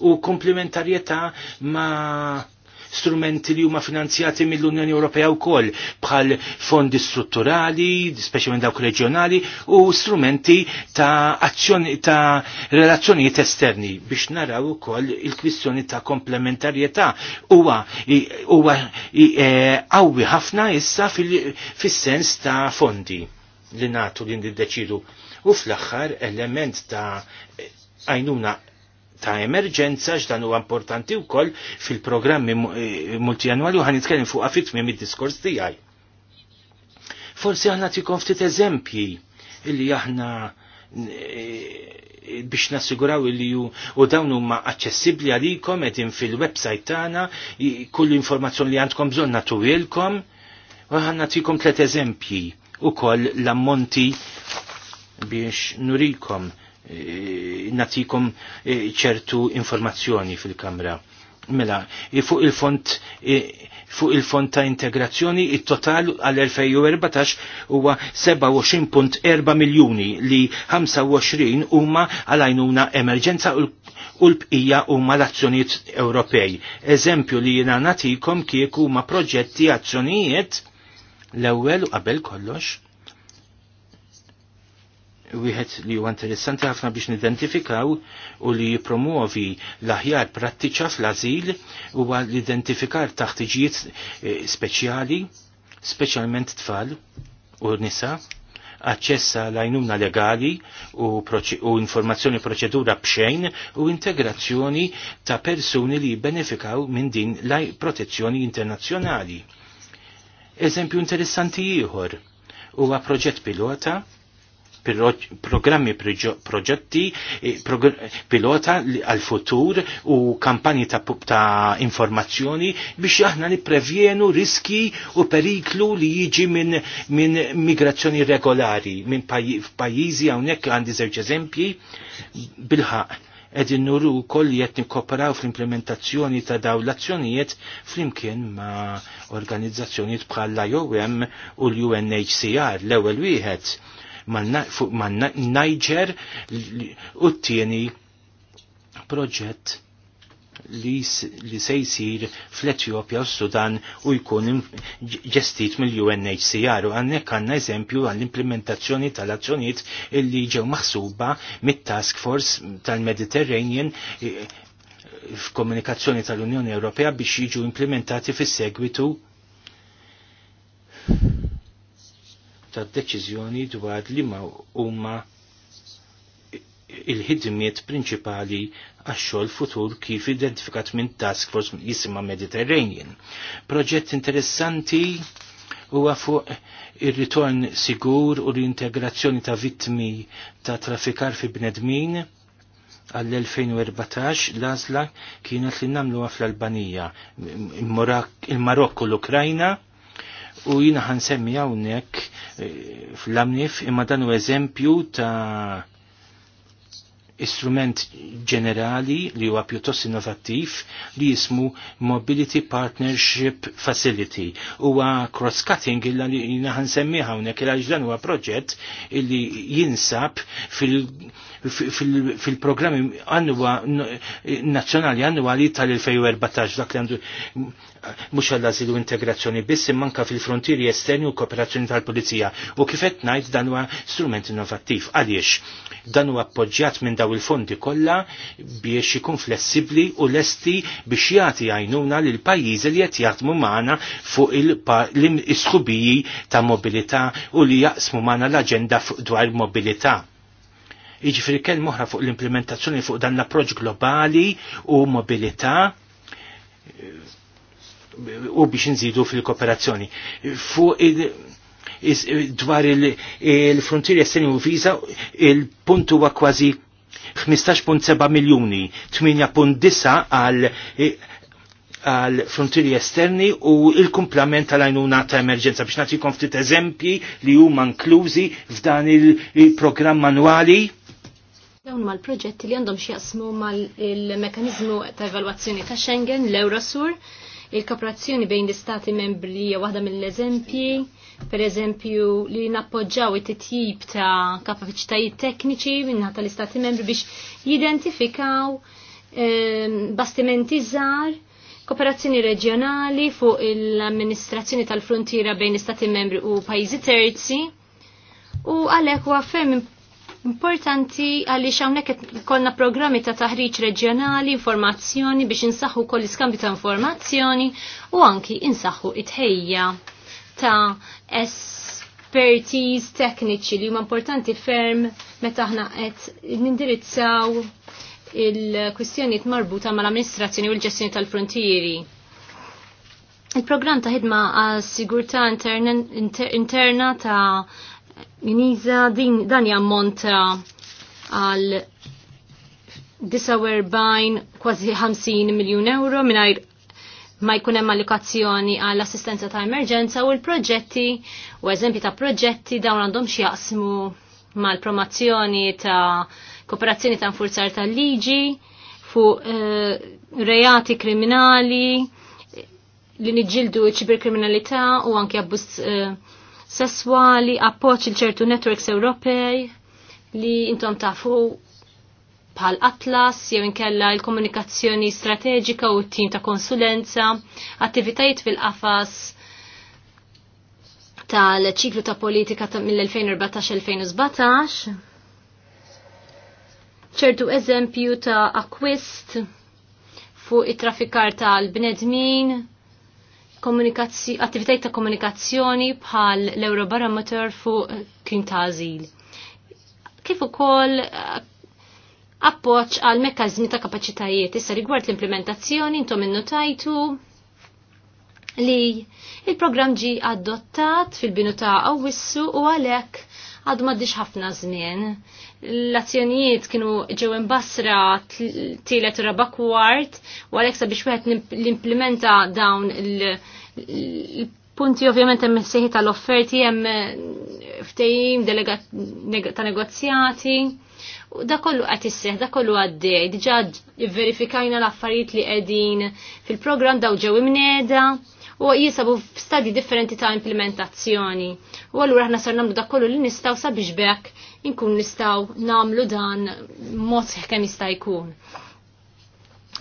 u komplementarjetà ma' strumenti li huma finanzjati mill-Unjoni Ewropea wkoll bħal fondi strutturali, speċi minn dawk reġjonali u strumenti ta' azzjoni ta' relazzjonijiet esterni biex naraw ukoll il-kwistjoni ta' komplementarjetà huwa huwa e, qawwi ħafna issa fis-sens ta' fondi li natu li niddeċidu. U fl aħħar element ta' għajnuna ta' emerġenza x'dan huwa importanti wkoll fil-programmi e, multijanwali u ħan nitkellem fuq fit minn id-diskors tiegħi. Forsi aħna tikon ftit eżempji illi aħna e, biex nassiguraw li ju u dawn huma aċċessibbli għalikom qegħdin fil-website tagħna kull informazzjoni li għandkom bżonn natuwilkom u ħan nagħtikom tliet eżempji koll l-ammonti biex nurikom Eh, natikom eh, ċertu informazzjoni fil-kamra. Mela, eh, fuq il-font fuq il-font ta' integrazzjoni it-total għal-2014 huwa 27.4 miljuni li 25 huma għal-għajnuna emerġenza u l-bqija huma l-azzjonijiet Ewropej. Eżempju li jiena natikom kieku huma proġetti azzjonijiet l-ewwel qabel kollox wieħed li huwa interessanti ħafna biex nidentifikaw u li jipromuovi l-aħjar prattiċa fl-azil huwa l-identifikar taħtiġijiet eh, speċjali, speċjalment tfal u nisa, aċċessa għajnuna legali u, u informazzjoni proċedura bxejn u integrazzjoni ta' persuni li jibbenefikaw minn din la protezzjoni internazzjonali. Eżempju interessanti ieħor huwa proġett pilota programmi proġetti eh, pilota għal-futur u kampanji ta', ta informazzjoni biex aħna niprevjenu riski u periklu li jiġi minn min migrazzjoni regolari minn pajjiżi hawnhekk għandi żewġ eżempji bil-ħaq edin nuru koll jett nikoperaw fl-implementazzjoni ta' daw l-azzjonijiet fl-imkien ma' organizzazzjoniet bħal l-IOM u l-UNHCR l-ewel wieħed man Niger u t-tieni proġett li, li se jisir fl-Etjopja u Sudan u jkun ġestit mill-UNHCR u għannek għanna eżempju għall-implementazzjoni tal-azzjoniet illi ġew maħsuba mit-Task Force tal-Mediterranean f'komunikazzjoni tal-Unjoni Ewropea biex jiġu implementati fis-segwitu tad deċiżjoni dwar li ma huma il-ħidmiet prinċipali għax-xogħol futur kif identifikat minn Task Force jisima Mediterranean. Proġett interessanti huwa fuq ir-ritorn sigur u l-integrazzjoni ta' vittmi ta' trafikar fi bnedmin għall-2014 l kienet li namlu fl-Albanija, il-Marokku l-Ukrajna u jina ħansemmi għawnek eh, fl-amnif imma dan u eżempju ta' istrument ġenerali li huwa pjuttost innovattiv li jismu Mobility Partnership Facility. Huwa cross-cutting illa li naħan semmi hawnhekk il dan huwa proġett illi jinsab fil-programmi annwa nazzjonali annwali tal-2014 dak li għandu mhux għall-ażilu integrazzjoni biss manka fil-frontieri esterni u kooperazzjoni tal-pulizija u kifet ngħid dan huwa strument innovattiv. Għaliex? Dan huwa appoġġjat minn daw il-fondi kollha biex ikun flessibbli u lesti biex jagħti għajnuna lil pajjiżi li qed jaħdmu magħna fuq il isħubiji ta' mobilità u li jaqsmu magħna l-aġenda dwar mobilità. Iġifri kell oħra fuq l-implementazzjoni fuq dan l-approċ globali u mobilità u biex nżidu fil-kooperazzjoni. Fuq Eh, dwar il-frontieri esterni u viza il puntu huwa kważi 15.7 miljuni, 8.9 għal eh, għal frontieri esterni u il-kumplament tal-għajnuna ta' emerġenza biex natikom ftit eżempji li huma inklużi f'dan il-programm manwali. Dawn mal-proġetti li għandhom xjaqsmu mal-mekanizmu ta' evalwazzjoni ta' Schengen, l-Eurosur, il-kooperazzjoni bejn l-istati membri hija waħda mill-eżempji per eżempju li nappoġġaw it-tip ta' kapaċitajiet tekniċi minna tal-istati membri biex jidentifikaw ehm, bastimenti żgħar, kooperazzjoni reġjonali fuq l-amministrazzjoni tal-frontiera bejn istati membri u pajjiżi terzi. U għalhekk huwa ferm importanti għaliex hawnhekk konna programmi ta' taħriġ reġjonali, informazzjoni biex insaħħu kol iskambju ta' informazzjoni u anki insaħħu it-ħejja ta' expertise tekniċi li huma importanti ferm meta aħna qed nindirizzaw il-kwistjonijiet marbuta mal-amministrazzjoni u l-ġestjoni tal-frontieri. Il-programm ta' ħidma għas sigurtà interna, ta' Miniza din dan jammonta għal 49 kważi 50 miljun euro mingħajr ma jkun hemm allokazzjoni għall assistenza ta' emerġenza u l-proġetti u eżempji ta' proġetti dawn għandhom jaqsmu mal-promozzjoni ta' kooperazzjoni ta' nfurzar tal-liġi fuq uh, reati kriminali li niġildu ċiberkriminalità u anke abbuż uh, eh, sessuali, appoċ il-ċertu networks Ewropej li intom tafu bħal Atlas, jew inkella l-komunikazzjoni strateġika u t-tim ta' konsulenza, attivitajiet fil-qafas tal-ċiklu ta' politika mill-2014-2017, ċertu eżempju ta' akwist fuq it-traffikar tal-bnedmin, attivitajt ta' komunikazzjoni bħal l-Eurobarometer fuq kien ta' Kif ukoll appoċ għal mekkazmi ta' kapacitajiet. Issa rigward l-implementazzjoni intom innotajtu li il-programm ġi adottat fil-binu ta' awissu u għalek għadu maddix ħafna żmien. L-azzjonijiet kienu ġew imbasra tielet u raba kwart u għalek sabiex wieħed l-implementa dawn il- punti ovvjament hemm is-seħi tal-offerti hemm ftehim ta' negozjati U da kollu qed da kollu għaddej, diġa' verifikajna l-affarijiet li qegħdin fil-programm daw ġew imneda u jisabu f-stadi differenti ta' implementazzjoni. U allura raħna sar nagħmlu da kollu li nistgħu sabiex bekk inkun nistgħu nagħmlu dan mod kemm jista' jkun.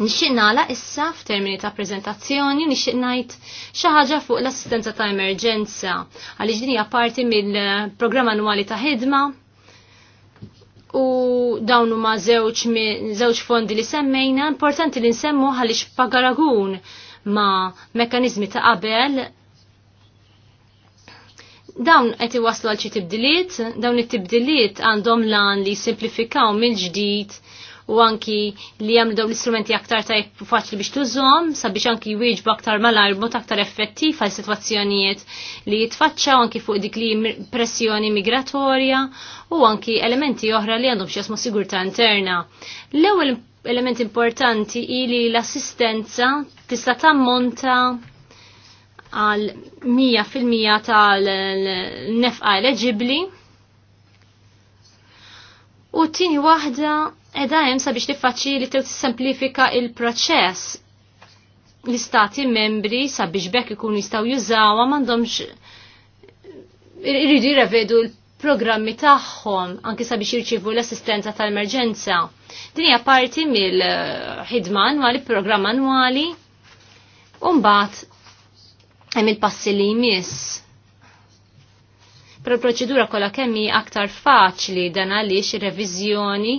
Nixinnala issa issa f'termini ta' preżentazzjoni nixinnajt xaħġa xi ħaġa fuq l-assistenza ta' emerġenza għaliex din hija parti mill-programm annuali ta' ħidma u dawn huma żewġ fondi li semmejna, importanti li nsemmu għaliex pagaragun ma' mekkaniżmi ta' qabel dawn qed iwasslu għal xi tibdiliet, dawn it-tibdiliet għandhom lan li simplifikaw mill-ġdid u anki li jagħmlu dawn l-istrumenti aktar tajb faċli biex tużom, sabiex anki jwieġ aktar malar mod aktar effettiv għal sitwazzjonijiet li u anki fuq dik li pressjoni migratorja u anki elementi oħra li għandhom x'jasmu sigurtà interna. L-ewwel element importanti ili l-assistenza tista' tammonta għal 100% tal-nefqa eleġibli u t-tini wahda edha jem sabiex tiffaċi li tew t-semplifika il-proċess l-istati membri sabiex bekk ikun jistaw jużawa mandomx irridu jirrevedu il-programmi tagħhom anki sabiex jirċivu l-assistenza tal-emerġenza. Din hija parti mill-ħidma annwali, programm annwali, u mbagħad hemm il-passi li jmiss Pero proċedura kolla kemmi aktar faċli dan għaliex revizjoni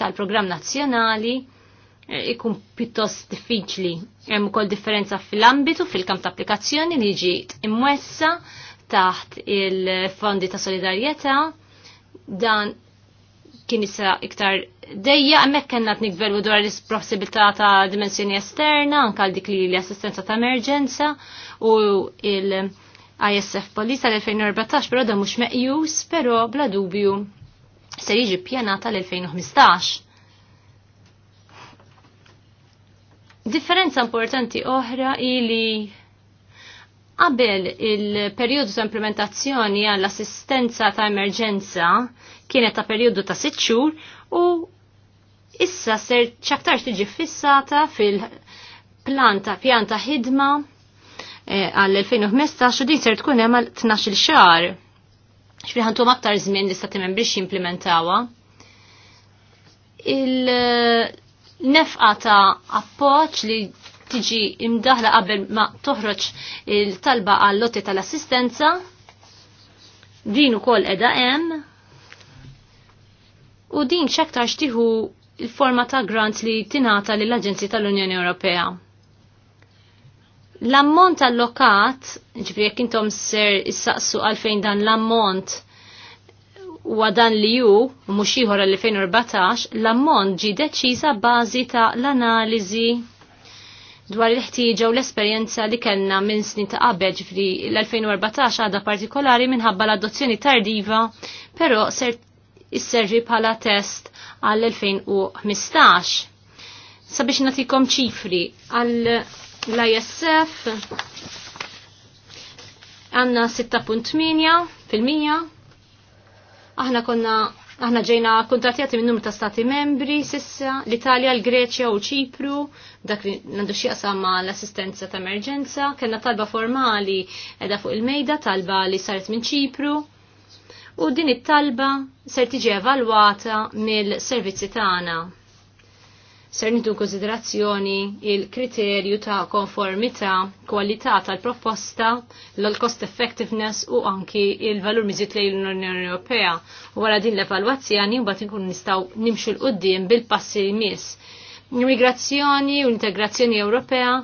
tal-programm nazzjonali eh, ikun pjuttost diffiċli. Hemm ukoll differenza fil-ambitu fil-kamp ta' applikazzjoni li ġiet imwessa taħt il-fondi ta' solidarjetà dan kien issa iktar dejja hemmhekk kellna tnikvelu dwar l-isprossibilità ta' dimensjoni esterna anke għal dik li l-assistenza ta' emerġenza u il- ISF Police tal-2014, pero da mux meqjus, pero bla dubju ser jiġi pjanata l-2015. Differenza importanti oħra ili qabel il-periodu ta' implementazzjoni għall-assistenza ta' emerġenza kienet ta' periodu ta' sitxur u issa ser ċaktar tiġi fissata fil-plan ta' pjan ta' ħidma Eh, għall-2015 u din ser tkun hemm għal 12 xahar. għandhom aktar żmien li stati membri jimplementawha. Il-nefqa eh, ta' appoġġ li tiġi imdaħla qabel ma toħroġ il-talba għall lotti tal-assistenza din ukoll qiegħda hemm u din x'aktar xtieħu il-forma ta' grant li tingħata lill-Aġenzji tal-Unjoni Ewropea L-ammont allokat, ġifri jekk intom ser issaqsu għalfejn dan l-ammont huwa dan li ju mhux ieħor għal 2014 l-ammont ġi deċiża bażi ta' l-analiżi dwar il ħtijġa u l-esperjenza li kellna minn snin ta' qabel ġifri l-2014 għadha partikolari minħabba l-adozzjoni tardiva, però ser isservi bħala test għall-2015. Sabiex natikom ċifri għal l-ISF għanna 6.8 fil-mija aħna konna Aħna ġejna kontatjati minn numru ta' stati membri sissa l-Italja, l-Greċja u ċipru, dak li nandu xieqsam ma' l-assistenza ta' emerġenza, kena talba formali edha fuq il-mejda, talba li saret minn ċipru. U din it-talba ser tiġi evalwata mill-servizzi tagħna ser nidu konsiderazzjoni il-kriterju ta' konformità, kwalità tal-proposta, l-cost effectiveness u anki il-valur miżit li l-Unjoni Ewropea. Wara din l-evalwazzjoni mbagħad inkun nistgħu nimxu l qudiem bil-passi miss. Immigrazzjoni u integrazzjoni Ewropea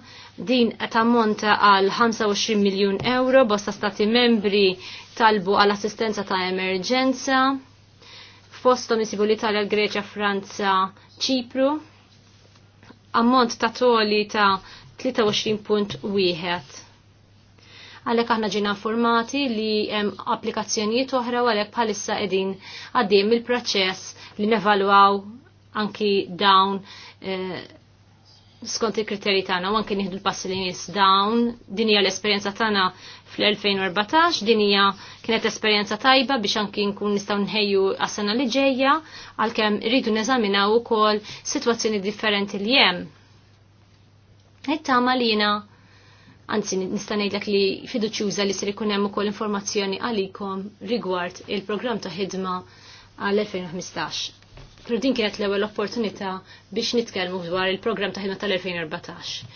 din tammonta għal 25 miljun euro bosta stati membri talbu għal assistenza ta' emerġenza fosto nisibu l-Italja, l-Greċja, Franza, Ċipru ammont ta' toli ta' 23.1. Għalek aħna ġina formati li hemm applikazzjonijiet oħra għalek bħalissa qegħdin għaddim il-proċess li nevalwaw anki dawn eh, skont il-kriterji tagħna u anke nieħdu l-passi li nies dawn, din hija l-esperjenza tagħna fl-2014, din hija kienet esperjenza tajba biex anki nkun nistgħu nħejju għas-sena li ġejja għalkemm rridu neżaminaw ukoll sitwazzjoni differenti li hemm. Ittama li jiena anzi nista' ngħidlek li fiduċjuża li ser ikun hemm ukoll informazzjoni għalikom rigward il-programm ta' ħidma għal 2015. Pero din kienet l-ewwel opportunità biex nitkellmu dwar il-programm ta' ħidma tal-2014.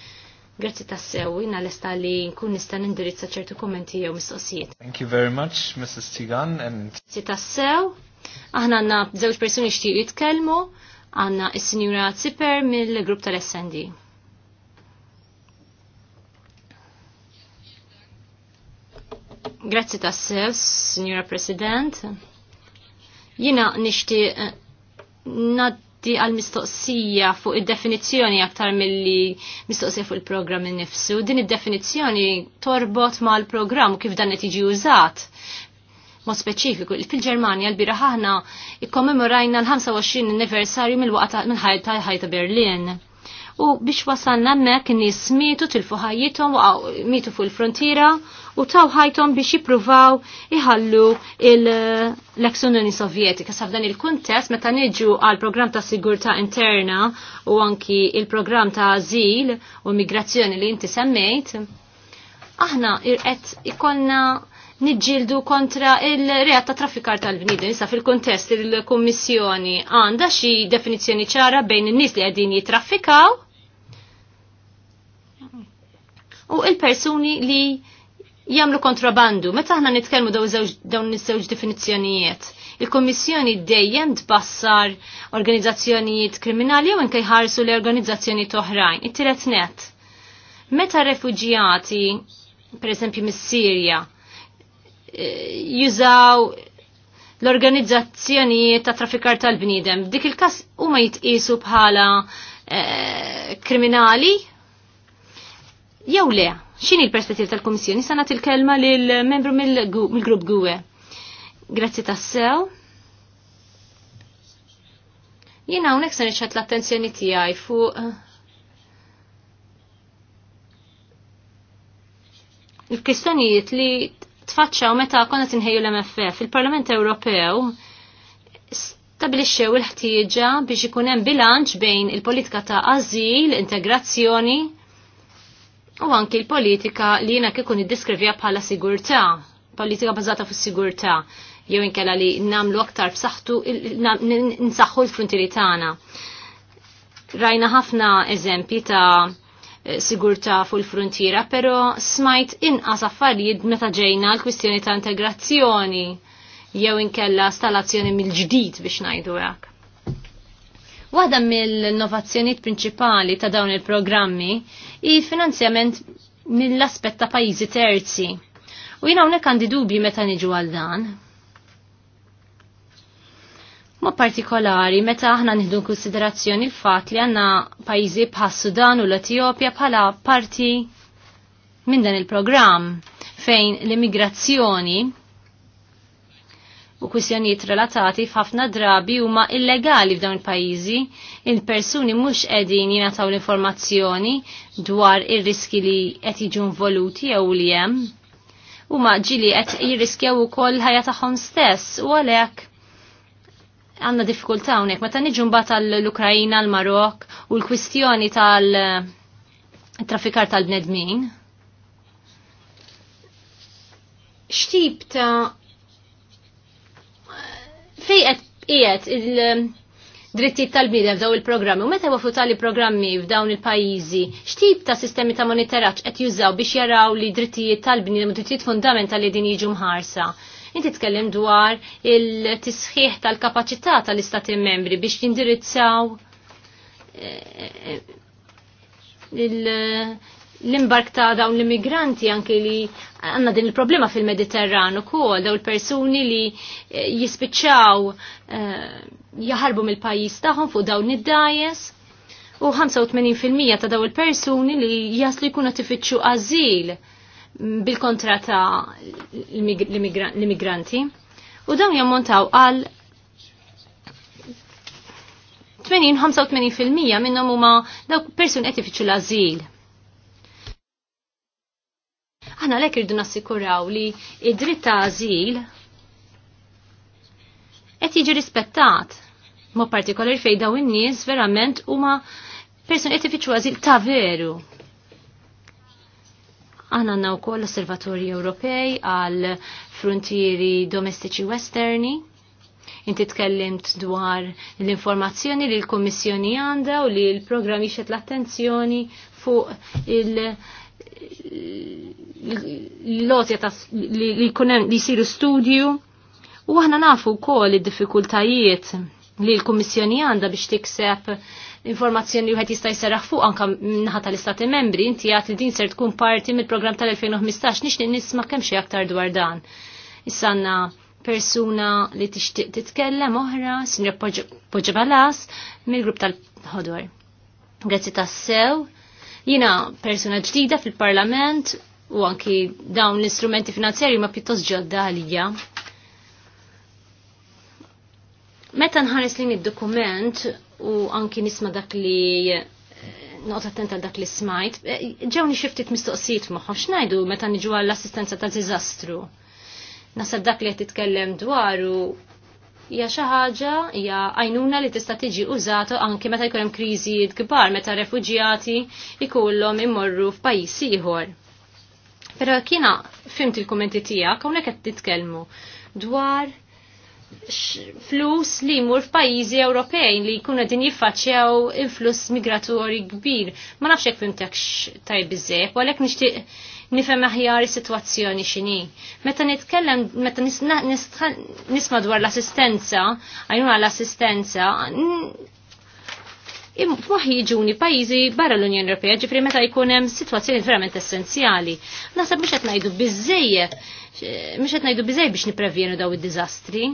Grazzi ta' sew, jina l-esta li nkun nista' nindirizza ċertu kommenti jew mistoqsijiet. Thank you very much, Mrs. Tigan. Grazzi ta' sew, aħna għanna zewġ persuni xtiju jitkellmu, għanna il sinjura Ziper mill-grupp tal-SND. Grazzi ta' sew, Signora President. Jina nishti naddi għal-mistoqsija fuq id-definizzjoni aktar milli mistoqsija fuq il-programm innifsu. Din id-definizzjoni torbot ma' l-programm kif dan qed jiġi użat. Mo speċifiku, fil-Ġermanja l-bira ħahna ikkommemorajna l-25 anniversarju mill-waqt mill-ħajt tal-ħajta Berlin u biex wasalna mek nis mitu tilfu ħajjitom mitu fuq il-frontiera u taw ħajtom biex jippruvaw iħallu eh, l-eksonjoni Sovjetika. Sa f'dan il-kuntest meta niġu għal programm ta' sigurtà interna u anki il-programm ta' azil u migrazzjoni li inti semmejt, aħna irqet ikonna nidġildu kontra il-reat ta' traffikar tal-bnidin. Issa fil-kontest il-Kommissjoni għanda xi definizzjoni ċara bejn in-nies li qegħdin jitraffikaw u il-persuni li jamlu kontrabandu. Meta aħna nitkellmu dawn iż-żewġ definizzjonijiet, il-Kommissjoni dejjem tbassar organizzazzjonijiet kriminali jew anke jħarsu l organizzazzjoni oħrajn. It-tielet net. Meta refuġjati, pereżempju mis-Sirja, eh, jużaw l-organizzazzjonijiet ta' traffikar tal-bniedem, dik il-każ huma jitqisu bħala eh, kriminali jew le X'inhi l-perspettiva tal komissjoni Sa nagħti il-kelma l membru mill-grupp GUE. Grazzi tassew. Jiena hawnhekk se niċċed l-attenzjoni tiegħi fuq eh, il-kwistjonijiet li tfaċċaw meta konna tinħejju l-MFF. Il-Parlament Ewropew stabilixxew il-ħtieġa biex ikun hemm bilanċ bejn il-politika ta' ażil, integrazzjoni u anki l-politika li jina kikun id-diskrivja bħala sigurtà, politika bazzata fis sigurtà jew inkella li namlu aktar b'saħħtu nsaħħu l-frontieri tagħna. Rajna ħafna eżempji ta' sigurtà fuq il-frontiera, però smajt inqas affarijiet meta ġejna l-kwistjoni ta' integrazzjoni jew inkella stalazzjoni mill-ġdid biex ngħidu hekk. Waħda mill-innovazzjoniet prinċipali ta' dawn il-programmi i finanzjament mill-aspett ta' pajjiżi terzi. U jina hawnhekk għandi dubji meta niġu għal dan. Ma partikolari meta aħna nieħdu konsiderazzjoni l fat li għandna pajjiżi bħas Sudan u l-Etjopja bħala parti minn dan il-programm fejn l-immigrazzjoni u kwistjonijiet relatati f'ħafna drabi huma illegali f'dawn il-pajjiżi, il-persuni mhux qegħdin jingħataw l-informazzjoni dwar ir-riski li qed jiġu involuti jew li hemm. Huma ġili qed jirriskjaw ukoll ħajja tagħhom stess u għalhekk għandna diffikultà hawnhekk meta niġu mbagħad tal-Ukrajina, l-Marok u l-kwistjoni tal-traffikar tal-bnedmin. Xtib ta' fejqet qiegħed il-drittijiet um, tal-bniedem f'daw il-programmi u meta wafu tal-programmi f'dawn il-pajjiżi, x'tip ta' sistemi ta' monitoraġġ qed jużaw biex jaraw li drittijiet tal-bniedem u drittijiet fundamentali din jiġu mħarsa. Inti tkellem dwar il-tisħiħ tal-kapaċità tal-istati membri biex jindirizzaw eh, eh, il- l-imbark ta' dawn l-immigranti anke li għanna din il-problema fil mediterranu kol, daw il-persuni li eh, jispiċċaw jaharbu eh, jaħarbu mill-pajjiż tagħhom fuq dawn id-dajes u 85% ta' daw il-persuni li jaslu jkunu tifittxu għażil bil-kontra ta' l-immigranti u dawn jammontaw għal 80-85% minnhom huma daw persuni qed ifittxu l-għażil Aħna lek irdu nassikuraw li id-dritt ta' azil qed jiġi rispettat. Mo partikolari fejn daw in-nies verament huma persuni qed ifittxu għażil ta' veru. Aħna għandna wkoll osservatorji Ewropej għal frontieri domestiċi westerni. Inti tkellimt dwar l-informazzjoni li l-Kommissjoni għandha u li l programmi jixet l-attenzjoni fuq il- l-lotja li kunem li siru studju u aħna nafu wkoll id-diffikultajiet li l-Kummissjoni għandha biex tikseb informazzjoni li wieħed jista' jserraħ fuq anke minnaħa tal-Istati Membri, inti għat li din ser tkun parti mill-programm tal-2015 li nisma' kemm xi aktar dwar dan. Issa għandna persuna li tixtieq titkellem oħra, sinja poġabalas mill-grupp tal ħodwar Grazzi tassew. Jina persuna ġdida fil-Parlament, u anki dawn l-istrumenti finanzjari ma pjuttost ġodda għalija. Meta nħares li dokument u anki nisma dak li eh, nota attenta dak li smajt, eh, ġewni xiftit mistoqsijiet magħhom x'ngħidu meta niġu għall-assistenza ta' diżastru. Nasab dak li qed titkellem dwaru hija xi ħaġa hija għajnuna li tista' tiġi użato anke meta jkun hemm kriżijiet kbar meta refuġjati jkollhom imorru f'pajjiż ieħor. Pero kiena fimt il-kommenti tija, kawna kett titkelmu dwar flus li jmur f'pajjiżi Ewropej li jkunu din jiffaċċjaw influss migratori kbir. Ma nafx hekk fimtekx tajb iżejjed, u għalhekk nixtieq nifhem aħjar is-sitwazzjoni x'inhi. Meta nitkellem meta nisma' dwar l-assistenza, għajnuna l-assistenza, f'moħħi jiġuni pajjiżi barra l-Unjoni Ewropea, ġifri meta jkun hemm sitwazzjoni verament essenzjali. Naħseb mhux qed ngħidu biżejjed, eh, mhux qed ngħidu biżejjed biex niprevjenu daw id-diżastri.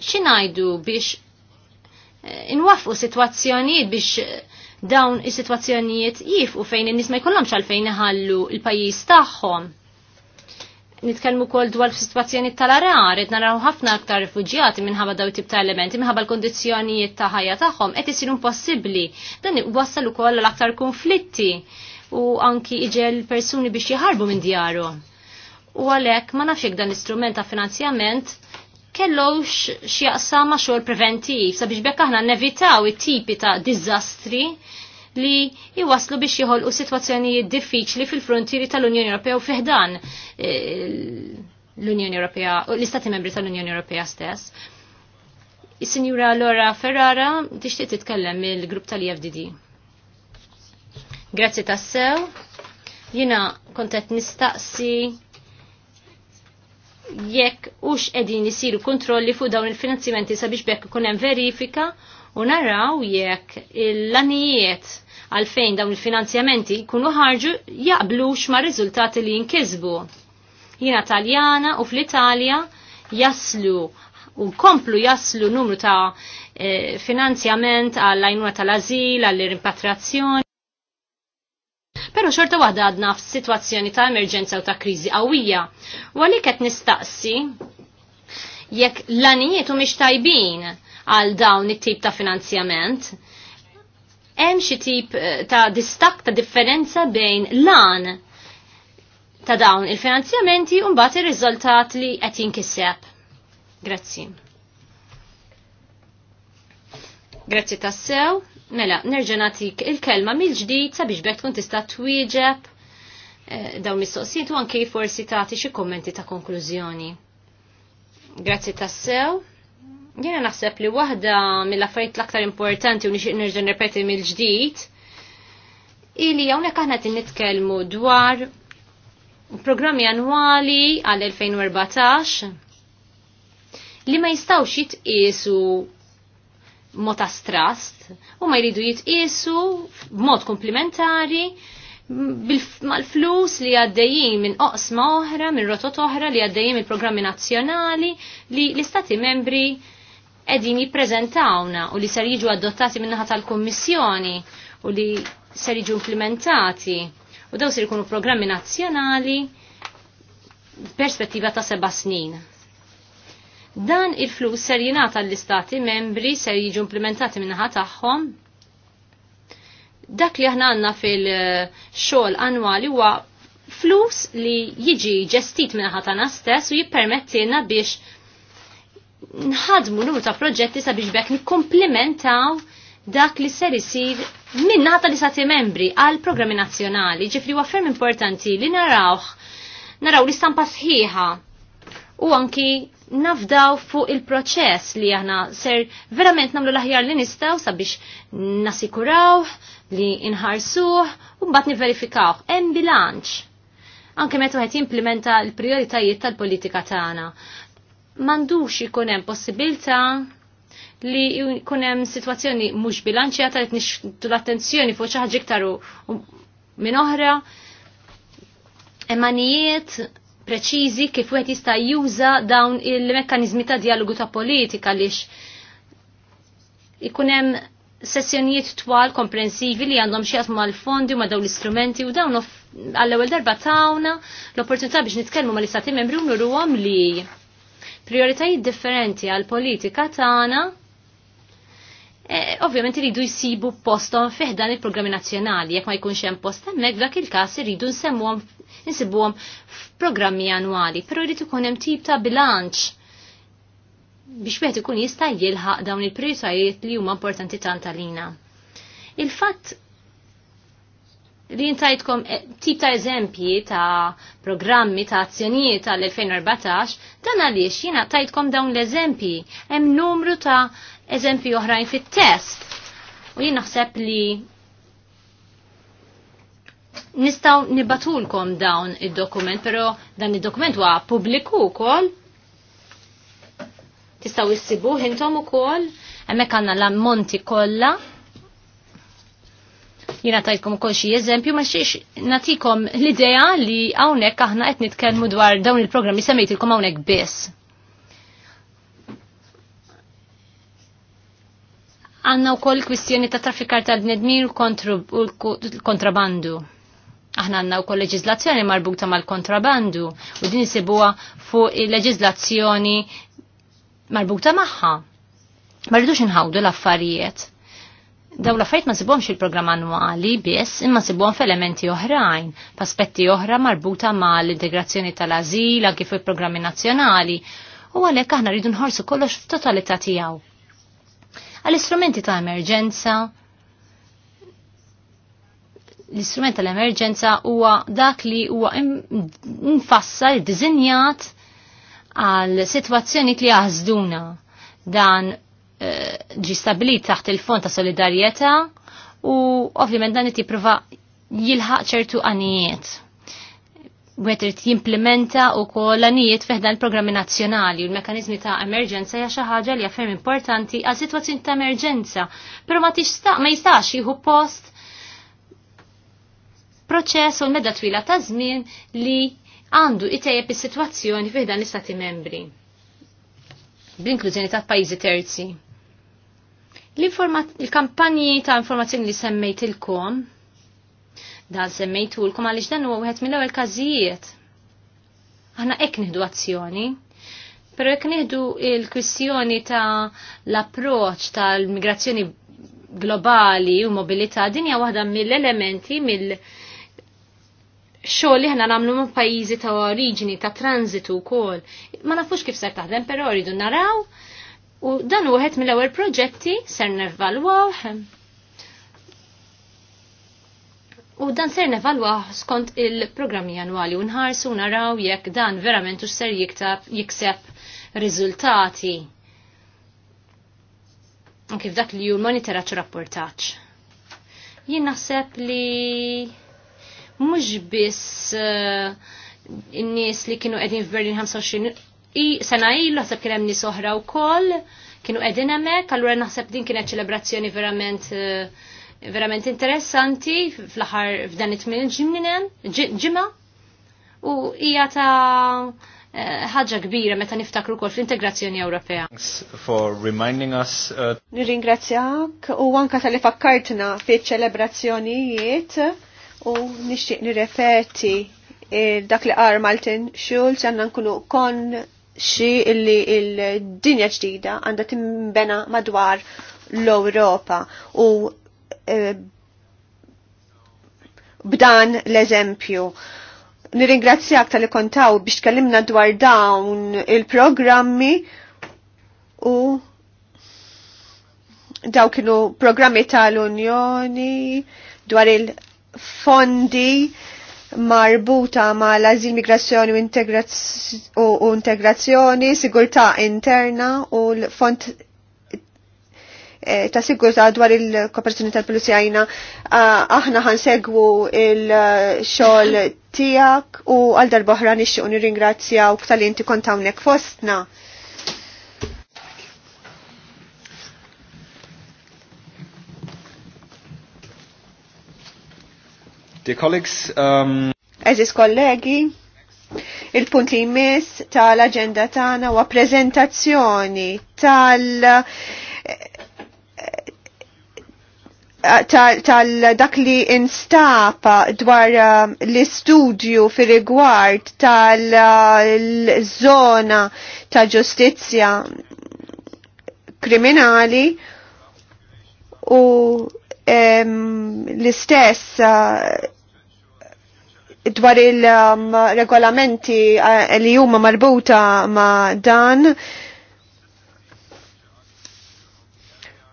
Xi ngħidu biex eh, inwaffqu sitwazzjonijiet biex eh, dawn is-sitwazzjonijiet jifqu fejn in-nies ma jkollhomx għalfejn iħallu l-pajjiż tagħhom nitkellmu kol dwar situazzjoni tal-arar, etna naraw ħafna aktar rifuġjati minħabba daw tip ta' elementi, minħabba l-kondizzjonijiet ta' ħajja tagħhom qed isiru impossibbli. Dan iwassal ukoll l-aktar konflitti u anki iġel persuni biex jħarbu minn djaru. U għalhekk ma nafx dan l-istrument ta' finanzjament kellowx x'jaqsam ma' xogħol preventiv sabiex bekk aħna nevitaw it-tipi ta' diżastri li jwaslu biex u situazzjonijiet diffiċli fil-frontieri tal-Unjoni Ewropea u fiħdan eh, l-Unjoni Ewropea u l-Istati Membri tal-Unjoni Ewropea stess. Is-Sinjura Laura Ferrara tixtieq titkellem mill-grupp tal-EFDD. Grazzi tassew. Jina kontet nistaqsi jekk ux edin jisiru kontrolli fuq dawn il finanzimenti sabiex bekk ikun hemm verifika u naraw jekk il-lanijiet għalfejn dawn il-finanzjamenti jkunu ħarġu jaqblux ma' riżultati li jinkisbu. Jina Taljana u fl-Italja jaslu u komplu jaslu numru ta' eh, finanzjament għall-għajnuna tal-azil, għall-rimpatrazzjoni. Pero xorta waħda għadna f-situazzjoni ta' emerġenza u ta' krizi għawija. U għalik qed nistaqsi jekk l-anijiet u miex tajbin għal dawn it-tip ta' finanzjament, hemm xi tip eh, ta' distak ta' differenza bejn lan ta' dawn il-finanzjamenti u mbagħad ir-riżultat li qed jinkiseb. Grazzi. Grazzi tassew. Mela, nerġa' nagħtik il-kelma mill-ġdid sabiex bekk tkun tista' twieġeb eh, dawn mistoqsijiet u anke forsi tagħti xi kummenti ta' konklużjoni. Grazzi tassew. Jena naħseb li waħda mill-affarijiet l-aktar importanti u nixtieq nerġa' nirrepeti mill-ġdid ili hawnhekk aħna qed nitkellmu dwar programmi annwali għal 2014 li ma jistawx jitqisu mod strast u ma jridu jitqiesu b'mod komplementari mal-flus li għaddejjin minn oqsma oħra, minn rotot oħra li għaddejjin il programmi nazzjonali li l-istati membri edin jippreżentawna u li ser jiġu adottati minnaħa tal-Kommissjoni u li ser jiġu implementati u daw ser ikunu programmi nazzjonali perspettiva ta' seba' snin. Dan il-flus ser jingħata l-istati membri ser jiġu implementati minnaħa tagħhom dak li aħna għanna fil-xogħol annwali huwa flus li jiġi ġestit minnaħa tagħna stess u jippermettilna biex nħadmu numru ta' proġetti sabiex bekk nikkomplementaw dak li ser isir minna ħata li sati membri għal programmi nazzjonali, ġifri huwa ferm importanti li narawh naraw li stampa sħiħa u anki nafdaw fuq il-proċess li aħna ser verament namlu l-aħjar li nistaw sabiex nasikuraw li inħarsuħ u mbagħad niverifikaw hemm bilanċ anke meta għet jimplementa l-prijoritajiet tal-politika tagħna mandux ikun hemm possibilità li jkun hemm sitwazzjoni mhux bilanċjata li tnixtu l-attenzjoni fuq xi ħaġa iktar minn oħra emanijiet preċiżi kif wieħed jista' juża dawn il mekkanizmi ta' dialogu ta' politika għaliex ikun hemm sessjonijiet twal komprensivi li għandhom xi ma' l fondi u ma' dawn l-istrumenti u dawn għall-ewwel darba tawna l-opportunità biex nitkellmu mal-istati membri u nurruhom li prioritajiet differenti għal politika tagħna eh, ovvjament iridu jsibu postom fih dan il-programmi nazzjonali jekk ma jkunx hemm post hemmhekk dak il-każ iridu nsemmuhom nsibuhom f'programmi annwali, però jrid ikun hemm tip ta' bilanċ biex wieħed ikun jista' jilħaq dawn il prioritajiet li huma importanti tant għalina. Il-fatt li jintajtkom eh, tip ta' eżempji ta' programmi ta' azzjonijiet tal-2014, dan għaliex jina tajtkom dawn l-eżempji. Hemm numru ta' eżempji oħrajn fit-test. U jien naħseb li nistaw nibatulkom dawn id-dokument, pero dan id-dokument huwa pubbliku wkoll. Tistaw issibuh intom ukoll, hemmhekk għandna l-ammonti kollha Jina tajtkom ukoll xi eżempju ma xiex natikom l-idea li hawnhekk aħna qed nitkellmu dwar dawn il-programmi semmejtilkom hawnhekk biss. Għanna u koll kwistjoni ta' traffikar ta' d-nedmir u l-kontrabandu. Aħna għanna u koll leġizlazzjoni marbuta mal-kontrabandu u din sibuwa fuq il-leġizlazzjoni marbuta maħħa. Marridux nħawdu l-affarijiet. Daw la fajt ma sibomx il-programm annuali biss imma sibom f'elementi oħrajn, f'aspetti oħra marbuta ma l-integrazzjoni tal-azil anke fuq il-programmi nazzjonali u għalhekk aħna rridu nħorsu kollox f'totalità tiegħu. Għall-istrumenti ta' emerġenza, l-istrument tal-emerġenza huwa dak li huwa infassal, dizinjat għal situazzjoni li jaħżduna. Dan Eh, ġi stabilit taħt il-Fond ta' Solidarjetà u ovvjament dan it jipprova jilħaq ċertu għanijiet. Wet irid jimplementa u kol għanijiet feħdan il-programmi nazzjonali u l-mekanizmi ta' emerġenza hija xi ħaġa li għafem importanti għal sitwazzjoni ta' emerġenza, però ma tista' ma jistax jieħu post proċess u l-medda twila ta' żmien li għandu itejjeb is-sitwazzjoni fiħdan l-istati membri bl ta' pajjiżi terzi. Il-kampanji ta' informazzjoni li semmejt il-kom, dan semmejtu l-kom għalix dan huwa wieħed mill-ewwel każijiet. Aħna hekk nieħdu azzjoni, però ek nieħdu il-kwistjoni ta' l-approċċ tal-migrazzjoni globali u mobilità din hija waħda mill-elementi mill xogħol li ħna nagħmlu ma' pajjiżi ta' oriġini ta' transitu wkoll. Ma nafux kif ser taħdem, però rridu naraw U dan u għet mill-ewel proġetti ser nevalwaw. U dan ser nevalwaw skont il-programmi annwali u nħarsu naraw jekk dan verament u ser jiktab jikseb riżultati. Kif dak li ju monitoraċ rapportaċ. Jien naħseb li mhux biss uh, in-nies li kienu qegħdin f'Berlin 25 i sena il ħseb kien hemm nies oħra wkoll kienu edin hemmhekk, allura naħseb din kienet ċelebrazzjoni verament eh, verament interessanti fl-aħħar f'dan it ġimninen, ġimma u hija ta' eh, ħaġa kbira meta niftakru kol fl-integrazzjoni Ewropea. Thanks for reminding us. Uh, Nirringrazzjak u anka tal-li fakkartna fi ċelebrazzjonijiet u nixtieq nirrepeti eh, dak li qar Maltin Schulz għanna nkunu kon xi illi il-dinja ġdida għandha timbena madwar l-Ewropa u e, b'dan l-eżempju. Nirringrazzjak tal kontaw biex tkellimna dwar dawn il-programmi u daw kienu programmi tal-Unjoni dwar il-fondi marbuta ma l-azil migrazzjoni u integrazzjoni, sigurtà interna u l-font eh, ta' sigurtà dwar il-kooperazzjoni tal-Polizija jina ah, aħna ħansegwu il-xogħol tiegħek u għal darba oħra nixtieq nirringrazzjaw tal-inti kont hawnhekk fostna. Dear colleagues, um... Eżis kollegi, il-punt li jmiss tal-agenda tagħna huwa prezentazzjoni tal- tal, dak li instapa dwar um, l-istudju fir rigward tal-zona ta' ġustizja kriminali u l-istess dwar il-regolamenti um, eh, li huma marbuta ma' dan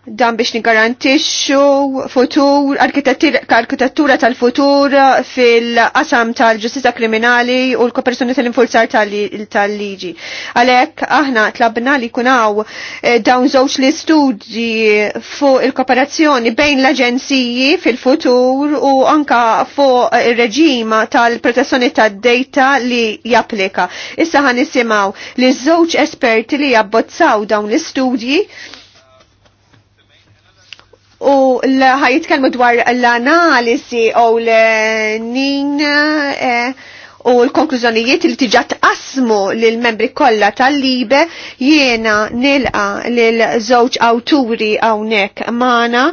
dan biex nigarantixxu futur arkitettura tal-futur fil-qasam tal-ġustizja kriminali u l-kooperazzjoni tal-infurzar tal-liġi. Għalhekk aħna tlabna li kunaw eh, dawn żewġ li studji fuq il-kooperazzjoni bejn l-aġenziji fil-futur u anka fuq ir-reġim tal-protezzjoni tad-data li japplika. Issa ħanisimgħu li żewġ esperti li jabbozzaw dawn l-istudji u l ħajitkellmu dwar l-analisi u l-nin eh, u l-konklużjonijiet li tiġat tqasmu lill membri kollha tal-libe jiena nilqa lil żewġ awturi hawnhekk Mana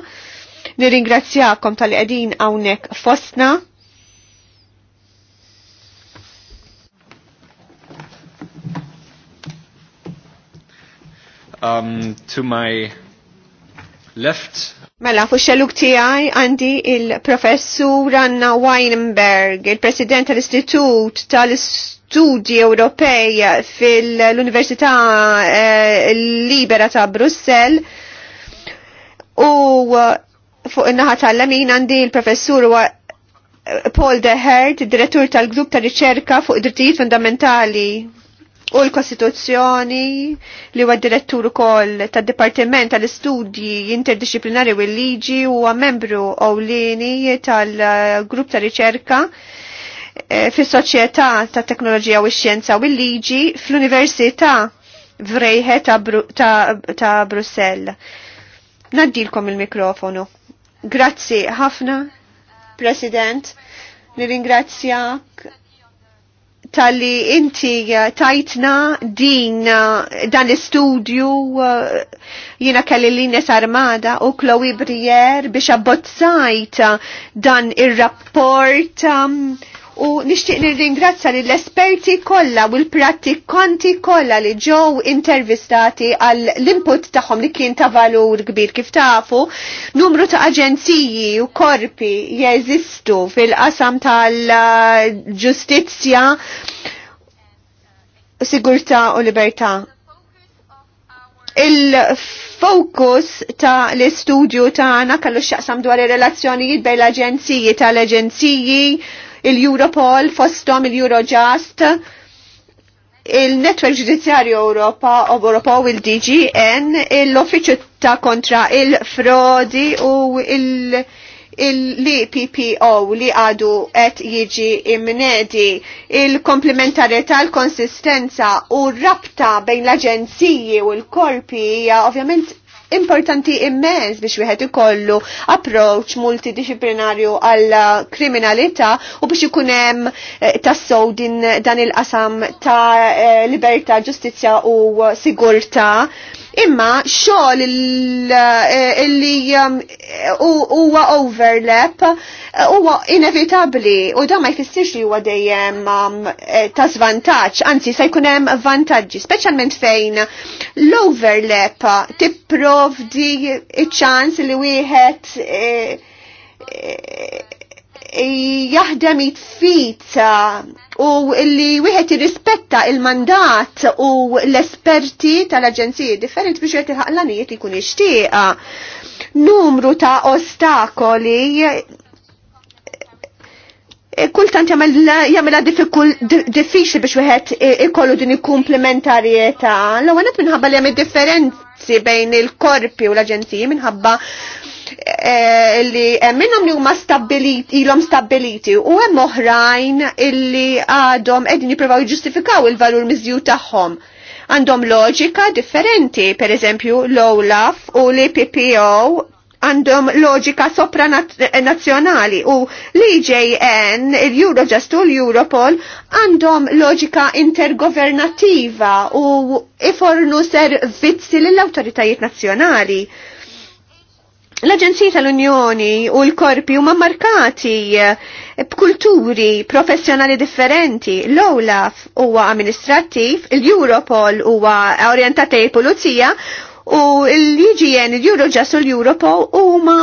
Nirringrazzjakom tal-qegħdin hawnhekk fostna. Um, to my left Mela, fu xelluk tijaj għandi il-professur Anna Weinberg, il-president tal-Istitut tal-Studi Ewropej fil-Università eh, Libera ta' Brussel u eh, fuq in-naħa tal lamin għandi il-professur Paul Dehert, direttur tal-grupp ta' riċerka fuq id-drittijiet fundamentali u l-Kostituzzjoni li huwa direttur ukoll tad-Dipartiment tal-Istudji Interdisciplinari u l-Liġi huwa membru ewlieni tal-Grupp ta' Riċerka eh, fis soċjetà ta' Teknoloġija u x-Xjenza u l-Liġi fl-Università Vrejhe ta', Bru ta, ta Brussell. Naddilkom il-mikrofonu. Grazzi ħafna, President. Nirringrazzjak tal-li inti eh, tajtna din eh, dan istudju eh, jina kelli Lines Armada u Chloe Brier biex abbozzajt dan il-rapport um, u nixtieq li lill esperti kollha u l-prattikanti kollha li ġew intervistati għal l-input tagħhom li kien ta' valur kbir kif tafu numru ta' aġenziji u korpi jeżistu fil-qasam tal-ġustizzja sigurtà u libertà il-fokus ta' l-istudju ta' għana kallu xaqsam dwar il-relazzjonijiet bej l-aġenziji tal-aġenziji il-Europol fostom il-Eurojust il-Network Ġudizzjarju Europa u Europow il-DGN l-Offiċju ta' kontra il-Frodi u il- l-PPO li għadu qed jiġi imnedi il-komplementarietà, l-konsistenza u r-rabta bejn l-aġenziji u l-korpi hija ovvjament importanti immens biex wieħed ikollu approach multidisciplinarju għall kriminalità u biex ikun hemm eh, tassow din dan il-qasam ta' eh, libertà, ġustizzja u sigurtà Imma xogħol eh, li um, huwa overlap eh, huwa inevitabbli u da ma jfissirx li huwa dejjem um, eh, ta' żvantaġġ, anzi se jkun hemm vantaġġi, speċjalment fejn l-overlap tipprovdi iċ-ċans li wieħed jaħdem jitfit uh, u li wieħed jirrispetta il-mandat u l-esperti tal-aġenziji differenti biex wieħed il-ħaqlanijiet ikun ixtieqa. Numru ta' ostakoli eh, kultant jagħmilha diffiċli biex wieħed ikollu din il-komplementarjetà. L-ewwel minħabba li hemm differenzi bejn il-korpi u l-aġenziji minħabba Eh, li minnom li huma stabiliti, ilhom stabiliti u hemm oħrajn illi għadhom qegħdin jippruvaw jġustifikaw il-valur miżju tagħhom. Għandhom loġika differenti, per eżempju l-OLAF u l-PPO għandhom loġika sopranazzjonali u l-IJN, e il-Eurojust u l-Europol għandhom loġika intergovernativa u ifornu servizzi l-autoritajiet nazzjonali. L-Aġenzija tal-Unjoni u l-korpi huma markati eh, b'kulturi professjonali differenti. L-OLAF huwa amministrattiv, l-Europol huwa orjentat pulizija u l-IGN, l-Eurojust u ma europol huma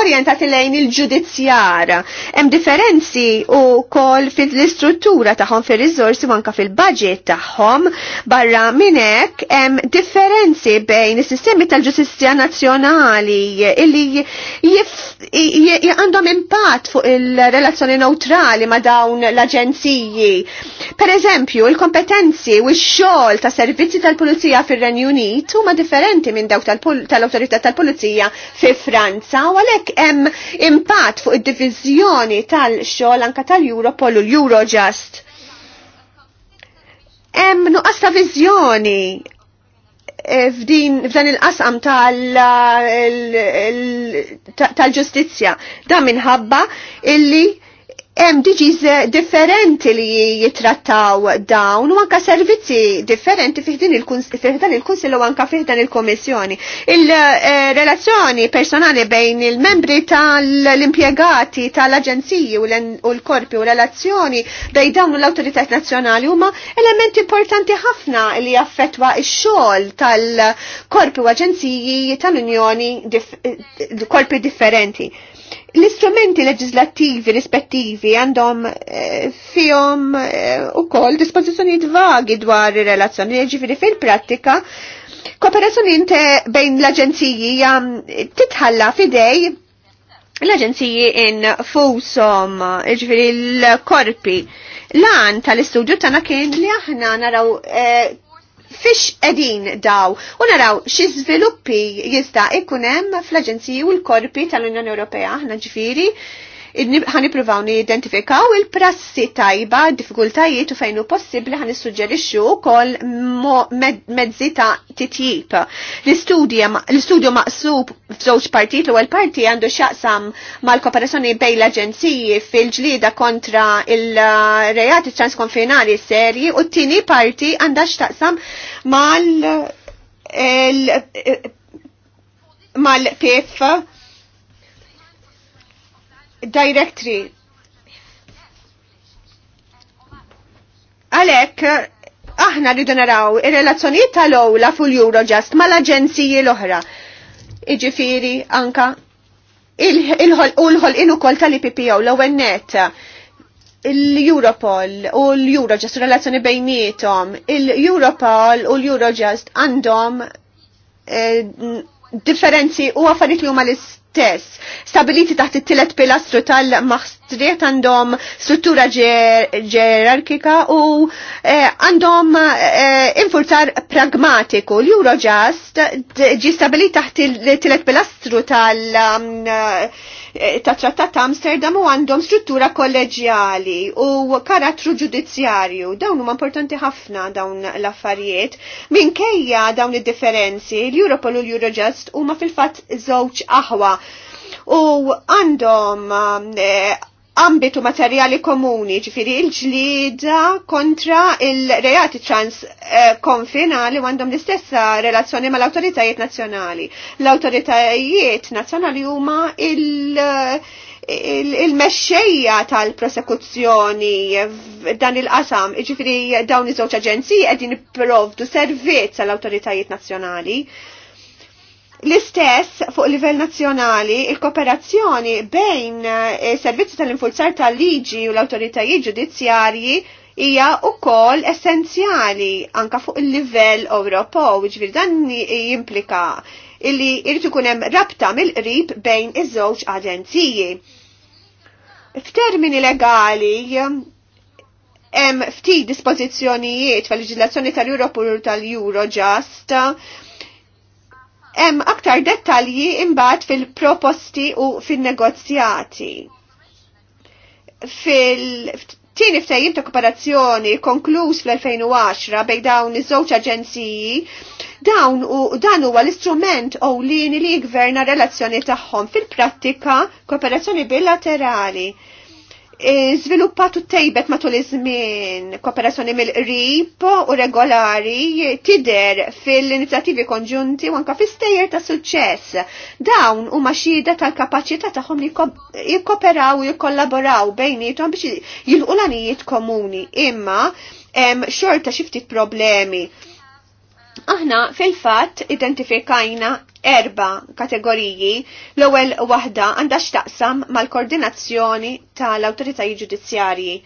orjentati lejn il-ġudizzjar. Hemm differenzi u kol fil-istruttura tagħhom fil-riżorsi u anka fil-budget tagħhom barra minn hekk hemm differenzi bejn is-sistemi tal-ġustizzja nazzjonali illi għandhom impatt fuq il-relazzjoni neutrali ma' dawn l-aġenziji. Per eżempju, il-kompetenzi u x-xogħol ta' servizzi tal-Pulizija fir-Renju Unit huma differenti minn dawk tal-autorità tal-pulizija fi Franza u għalhekk hemm impatt fuq id-diviżjoni tal-xogħol anka tal-Europol u l-Eurojust. Hemm nuqqas ta' viżjoni eh, f'dan il-qasam eh, tal-ġustizzja. Da minħabba illi hemm diġiż differenti li jitrattaw dawn u anka servizzi differenti fiħdan il-Kunsill u anka fiħdan il-Komissjoni. Il-relazzjoni personali bejn il-membri tal-impjegati tal-aġenziji u l-korpi u relazzjoni bejn dawn l-autoritajt nazzjonali huma elementi importanti ħafna li jaffetwa ix xogħol tal-korpi u aġenziji tal-Unjoni eh, korpi differenti. L-istrumenti leġislattivi rispettivi għandhom eh, fihom eh, ukoll dispożizzjonijiet vagi dwar ir-relazzjoni, jiġifieri fil-prattika kooperazzjoni bejn l-aġenziji titħalla fidej l-aġenziji in fusom, ġifieri l-korpi. Lan tal-istudju tana kien li aħna naraw eh, fix edin daw u naraw xi żviluppi jista' ikunem hemm fl-Aġenziji u l-Korpi tal-Unjoni Ewropea ħna ġifieri ħanipruvaw identifikaw il-prassi tajba, diffikultajiet u fejn hu possibbli ħan issuġġerixxu wkoll mezzi ta' titjib. L-istudju maqsub f'żewġ partit l-ewwel parti għandu x'jaqsam mal-kooperazzjoni bejn l-aġenziji fil-ġlida kontra il-rejati transkonfinali serji u t-tieni parti għandha x'taqsam mal- e- e- mal-PIF directory. Alek, aħna rridu naraw ir-relazzjonijiet tal-owla l eurojust mal-aġenziji l-oħra. Iġifiri anka il-ħol inu kol tal-IPPO l-ewwel net l-Europol u l-Eurojust relazzjoni bejnietom, il-Europol u l-Eurojust għandhom eh, differenzi u għaffariet li huma l stess. Stabiliti taħt it-tielet pilastru tal-maħstriet għandhom struttura ġerarkika u eh, għandhom eh, infurzar pragmatiku. L-Eurojust ġi stabiliti taħt it-tielet pilastru tal- um, Eh, ta' trattat ta' Amsterdam u għandhom struttura kolleġjali u karattru ġudizzjarju. Dawn huma importanti ħafna dawn l-affarijiet. Minkejja dawn id-differenzi, l-Europol u l-Eurojust huma fil-fatt żewġ aħwa u għandhom eh, ambitu materjali komuni, ġifiri il-ġlida kontra il-reati transkonfinali eh, għandhom l-istessa relazzjoni ma l-autoritajiet nazjonali. L-autoritajiet nazjonali huma il- il-mexxejja il mexxejja tal prosekuzzjoni dan il-qasam, ġifiri dawn iż-żewġ aġenziji qegħdin ipprovdu servizz għall-awtoritajiet nazzjonali. L-istess fuq livell nazzjonali, il-kooperazzjoni bejn eh, servizzi tal-infurzar tal-liġi u l-autoritajiet ġudizzjarji hija wkoll essenzjali anka fuq il-livell Ewropew, ġifier dan jimplika illi irid ikun hemm rabta mill-qrib bejn iż-żewġ aġenziji. F'termini legali hemm ftit dispożizzjonijiet fil-leġiżlazzjoni tal-Europol tal-Eurojust tal Hemm aktar dettalji imbagħad fil-proposti u fin-negozjati. Fil Tieni ftajim ta' kooperazzjoni konkluż fl-2010 bej dawn iż-żewġ aġenziji dawn u dan huwa l-istrument ewlieni li jgverna relazzjoni tagħhom fil-prattika kooperazzjoni bilaterali Zviluppat tejbet matul iż-żmien kooperazzjoni mill-qrib u regolari tider fil-inizjattivi konġunti u anka fis-stejjer ta' suċċess. Dawn huma xhieda tal-kapaċità tagħhom li jikkoperaw u jikkollaboraw bejniethom biex jilqu l komuni imma xorta xi ftit problemi aħna fil-fatt identifikajna erba kategoriji. L-ewwel waħda għandha x'taqsam mal-koordinazzjoni tal-awtoritajiet ġudizzjarji.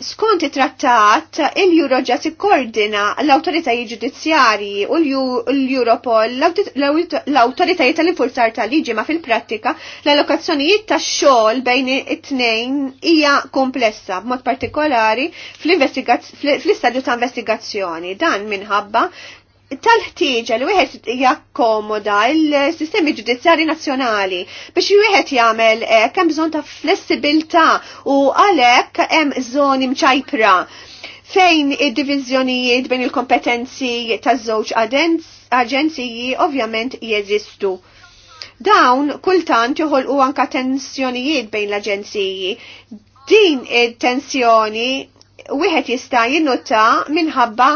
Skont it-trattat, il-Eurojust koordina l-autoritajiet ġudizzjari u l-Europol l-autoritajiet tal-infurzar tal-liġi ma fil-prattika l-allokazzjonijiet ta' xogħol bejn it-tnejn hija komplessa b'mod partikolari fl-istadju ta' investigazzjoni. Dan minħabba tal-ħtieġa li wieħed jakkomoda l-sistemi ġudizzjari nazzjonali biex wieħed jagħmel hekk hemm bżonn ta' flessibilità u għalhekk hemm żoni mċajpra fejn id-diviżjonijiet bejn il-kompetenzi taż-żewġ aġenziji ovvjament jeżistu. Dawn kultant joħolqu anka tensjonijiet bejn l-aġenziji. Din id-tensjoni wieħed jista' jinnuta minħabba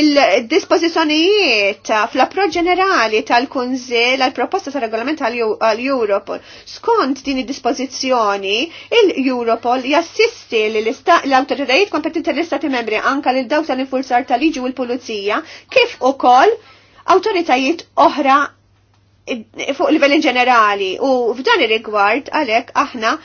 il-dispożizzjonijiet fl-approċ ġenerali tal-Kunżill għal proposta ta' regolament għal Europol. Skont din id-dispożizzjoni, il-Europol jassisti l-awtoritajiet kompetenti l-Istati membri anka lil dawk tal-infurzar tal-liġi u l-pulizija kif ukoll awtoritajiet oħra fuq livell ġenerali u f'dan ir-rigward għalhekk aħna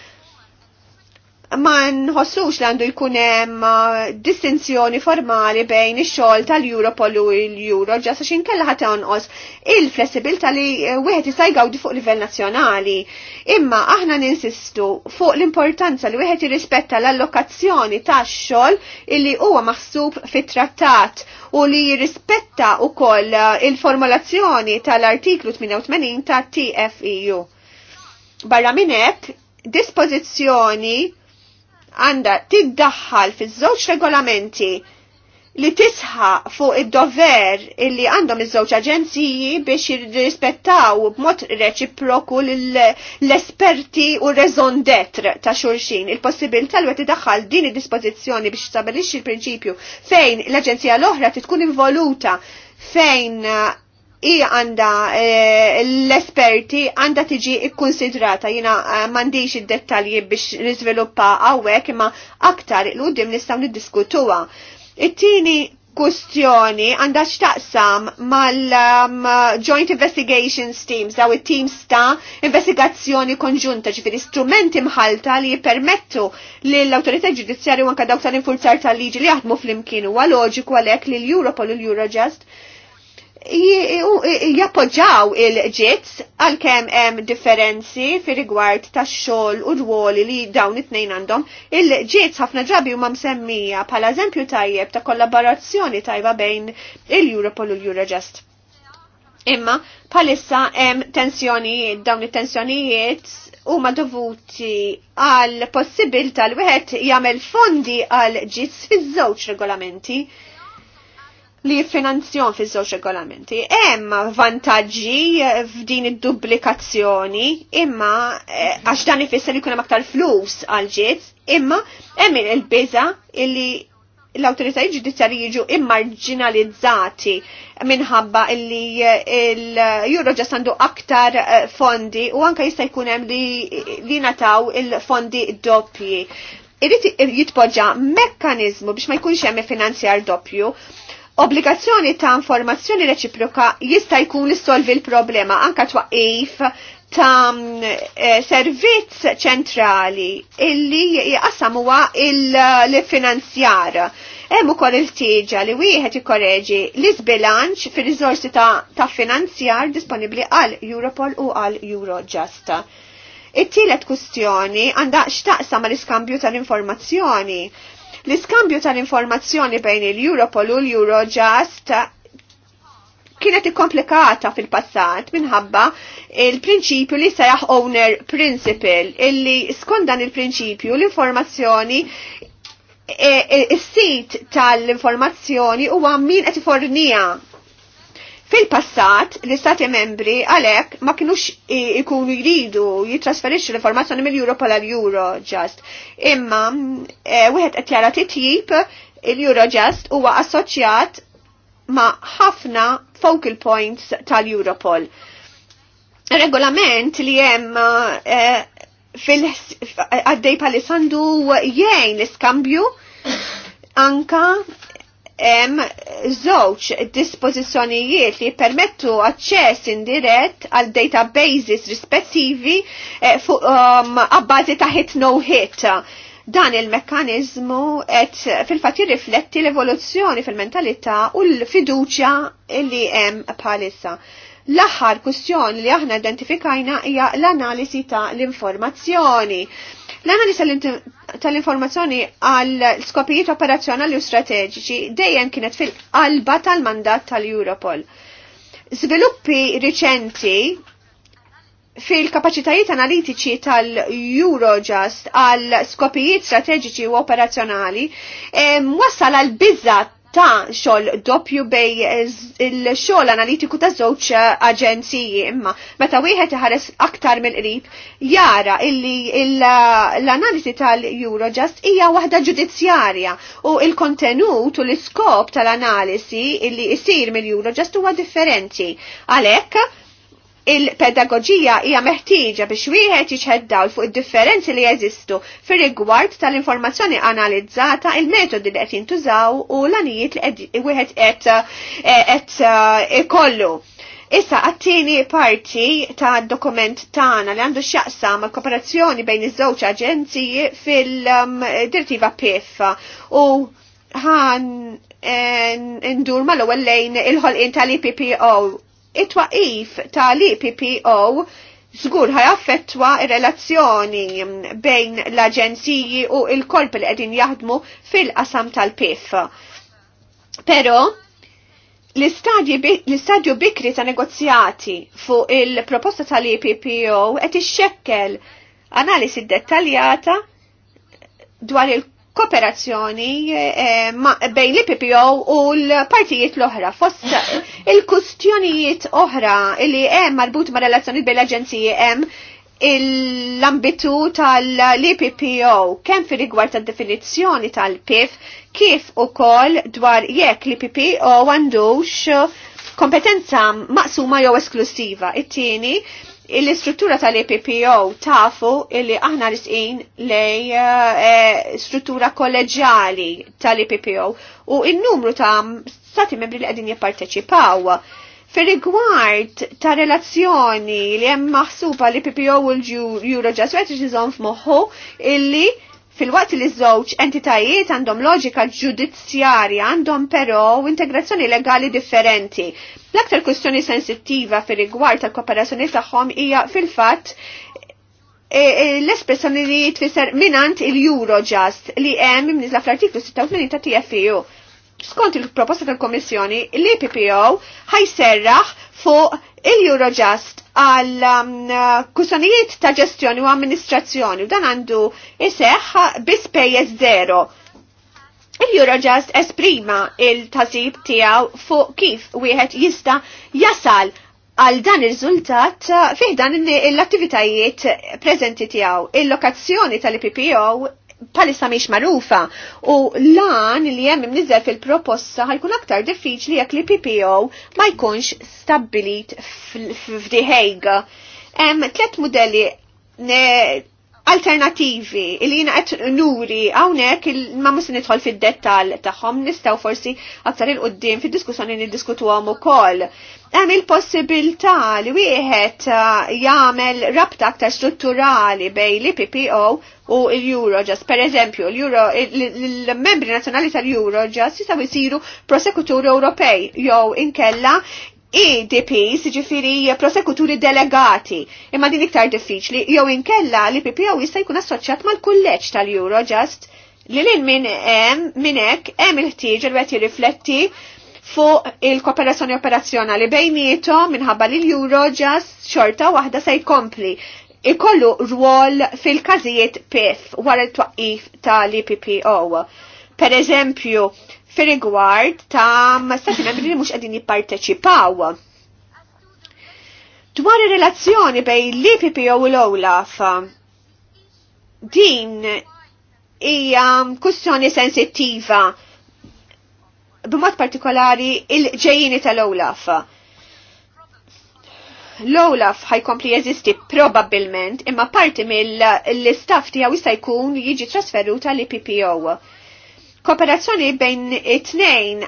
ma nħossux li għandu jkun hemm uh, distinzjoni formali bejn ix-xogħol tal-Europol u l-Euro ġas għax inkella ħadd tonqos il-flessibilità li uh, wieħed jista' jgawdi fuq livell nazzjonali. Imma aħna ninsistu fuq l-importanza li wieħed jirrispetta l-allokazzjoni tax-xogħol illi huwa maħsub fit-trattat u li jirrispetta wkoll uh, il-formulazzjoni tal-artiklu 88 tat-TFEU. Barra minn hekk dispożizzjoni għanda tiddaħħal fi żewġ regolamenti li tisħa fuq id-dover illi għandhom iż-żewġ aġenziji biex jirrispettaw b'mod reċiproku l-esperti u reżon detr ta' xulxin. Il-possibilità li għati daħħal din id-dispożizzjoni biex stabilixxi il-prinċipju fejn l-aġenzija l-oħra titkun involuta fejn i għanda eh, l-esperti għanda tiġi ikkonsidrata jina eh, mandiġi id-dettalji biex nizviluppa għawek imma aktar l-għoddim nistaw nid-diskutuwa. It-tini kustjoni għanda xtaqsam mal-Joint um, Investigations Teams daw it-teams ta' investigazzjoni konġunta ġifiri strumenti mħalta li jipermettu li l-autorità ġudizzjarju għanka dawk tal-infurzar tal-liġi li jaħdmu fl-imkien huwa loġiku għalhekk li l-Europol u l-Eurojust jappoġġaw il-ġitz għalkemm hemm differenzi fi rigward tax-xogħol u rwoli li dawn it-tnejn għandhom. Il-ġitz ħafna drabi huma msemmija bħala eżempju tajjeb ta' kollaborazzjoni tajba bejn il-Europol u l-Eurojust. Imma bħalissa hemm tensjonijiet dawn it-tensjonijiet huma dovuti għal possibilità l wieħed jagħmel fondi għal ġitz fiż-żewġ regolamenti li jiffinanzjon fi żewġ regolamenti. Hemm vantaġġi eh, f'din id-dublikazzjoni, imma eh, għax dan ifisser li jkun hemm aktar flus għal ġiet, imma hemm il-biża illi l-autoritajiet ġudizzjarji jiġu immarġinalizzati minħabba illi eh, il juro ġasandu aktar fondi u anka jista' jkun hemm li, li nataw il-fondi doppji. Irrid jitpoġġa mekkanizmu biex ma jkunx hemm finanzjar doppju obbligazzjoni ta' informazzjoni reċiproka jista' jkun l solvi l-problema anka twaqif ta' mm, eh, servizz ċentrali illi jqassam huwa l-finanzjar. Hemm ukoll il-tieġa li wieħed ikkoreġi l-isbilanċ fir-riżorsi ta', ta finanzjar disponibbli għal Europol u għal Eurojust. It-tielet kustjoni għandha x'taqsam mal-iskambju tal-informazzjoni L-iskambju tal-informazzjoni bejn il-Europol u l-Eurojust kienet ikkomplikata fil-passat minħabba il-prinċipju li sejjaħ owner principle illi skont dan il-prinċipju l-informazzjoni is-sit e, e, tal-informazzjoni u min qed ifornija Fil-passat, l-istati membri għalek ma kienux ikunu jridu jitrasferixxu l-informazzjoni mill-Europa l-Euro just. Imma, eh, wieħed qed jara titjib il-Eurojust huwa assoċjat ma' ħafna focal points tal-Europol. Regolament li hemm eh, għaddej għaddej sandu jgħin l skambju anka hemm żewġ dispożizzjonijiet li permettu aċċess indirett għal databases rispettivi eh, fuq um, abbażi ta' hit no hit. Dan il-mekkanizmu qed fil-fatt jirrifletti l-evoluzzjoni fil-mentalità u l-fiduċja li hemm bħalissa. L-aħħar kwistjoni li aħna identifikajna hija l-analisi ta' l-informazzjoni. L-analisi tal-informazzjoni għal skopijiet operazzjonali u strateġiċi dejjem kienet fil-qalba tal-mandat tal-Europol. Sviluppi riċenti fil-kapacitajiet analitiċi tal-Eurojust għal skopijiet strateġiċi u operazzjonali eh, wassal għal bizzat ta' xogħol doppju bej il-xogħol analitiku ta' żewġ aġenziji imma meta wieħed iħares aktar mill-qrib jara illi l analisi tal-Eurojust hija waħda ġudizzjarja u il-kontenut u l-iskop tal-analisi illi jsir mill-Eurojust huwa differenti. Għalhekk Il-pedagogija hija meħtieġa biex wieħed jiċħeddaw fuq id-differenzi li jeżistu fir rigward tal-informazzjoni analizzata, il-metodi li qed jintużaw u l-anijiet li wieħed qed ikollu. Issa għattini parti ta' dokument tagħna li għandu x'jaqsam mal kooperazzjoni bejn iż-żewġ aġenziji fil-direttiva PIF u ħan ndur mal-ewwel lejn il-ħolqien tal-IPPO it-twaqif tal-IPPO Zgur ħajaffettwa relazzjoni bejn l-aġenziji u il-korp li qegħdin jaħdmu fil-qasam tal-PIF. Però l-istadju bikri ta' negozjati fuq il-proposta tal-EPPO qed ixxekkel analisi dettaljata dwar il kooperazzjoni eh, bejn l-PPO u l-partijiet l-oħra. Fost il-kustjonijiet oħra li hemm marbut ma' relazzjoni bejn l-aġenziji hemm l-ambitu tal-LPPO kemm fi rigward ta' definizzjoni tal-PIF kif ukoll dwar jekk l-PPO għandux kompetenza maqsuma jew esklusiva. It-tieni l-istruttura tal-EPPO tafu illi aħna risqin lej e, struttura kolleġjali tal-EPPO u il-numru ta' stati membri li għedin jipparteċipaw. Fil-rigward ta' relazzjoni li hemm maħsuba l e PPO u l-Eurojust, għet iġizom f'moħħu illi Fil-waqt li żewġ entitajiet għandhom loġika ġudizzjarja għandhom però integrazzjoni legali differenti. L-aktar kwestjoni sensittiva fir rigward tal-kooperazzjoni tagħhom hija fil-fatt e, e, l-espressjoni li tfisser minant il-Eurojust li hemm imniżla fl-artiklu 86 ta' TFU skont il-proposta tal-Komissjoni, l-EPPO ħajserraħ fuq il-Eurojust għal um, kusanijiet ta' ġestjoni u amministrazzjoni u dan għandu iseħ bispejjeż zero. Il-Eurojust esprima il tazib tijaw fuq kif wieħed jista jasal għal dan il-rizultat uh, fiħdan l-attivitajiet prezenti tijaw. Il-lokazzjoni tal-IPPO palissa miex marufa u lan li jem nizzel fil-proposta ħajkun aktar diffiċli jekk li PPO ma jkunx stabilit f'Di Hague. Hemm tliet modelli alternativi li jina qed nuri hawnhekk ma mhux nidħol fid-dettall tagħhom nistgħu forsi aktar il qoddim fid-diskussjoni niddiskutuhom ukoll hemm il-possibilità li wieħed uh, jagħmel rabta aktar strutturali bejn l-PPO u l-Eurojust. Per eżempju, l-membri nazzjonali tal-Eurojust jistgħu jsiru prosekuturi Ewropej jew inkella EDPs, ġifiri prosekuturi delegati, imma din iktar diffiċli, jew inkella li PPO jista' jkun assoċjat mal-kulleġġ tal-Eurojust li lil minn hemm minn hemm il-ħtieġ li qed jirrifletti fuq il-kooperazzjoni operazzjonali bejnietom minħabba li l-Eurojust xorta waħda se jkompli ikollu rwol fil-każijiet PIF wara t twaqif tal-IPPO. Per eżempju, fir-rigward ta' stati membri li mhux qegħdin jipparteċipaw. Dwar ir-relazzjoni bejn l-IPPO u l-OLAF, din hija kwistjoni sensittiva b'mod partikolari il-ġejjini tal-Olaf. L-Olaf ħajkompli jeżisti probabbilment imma parti mill-istaff tiegħu jista' jkun jiġi trasferuta li PPO. Kooperazzjoni bejn it-tnejn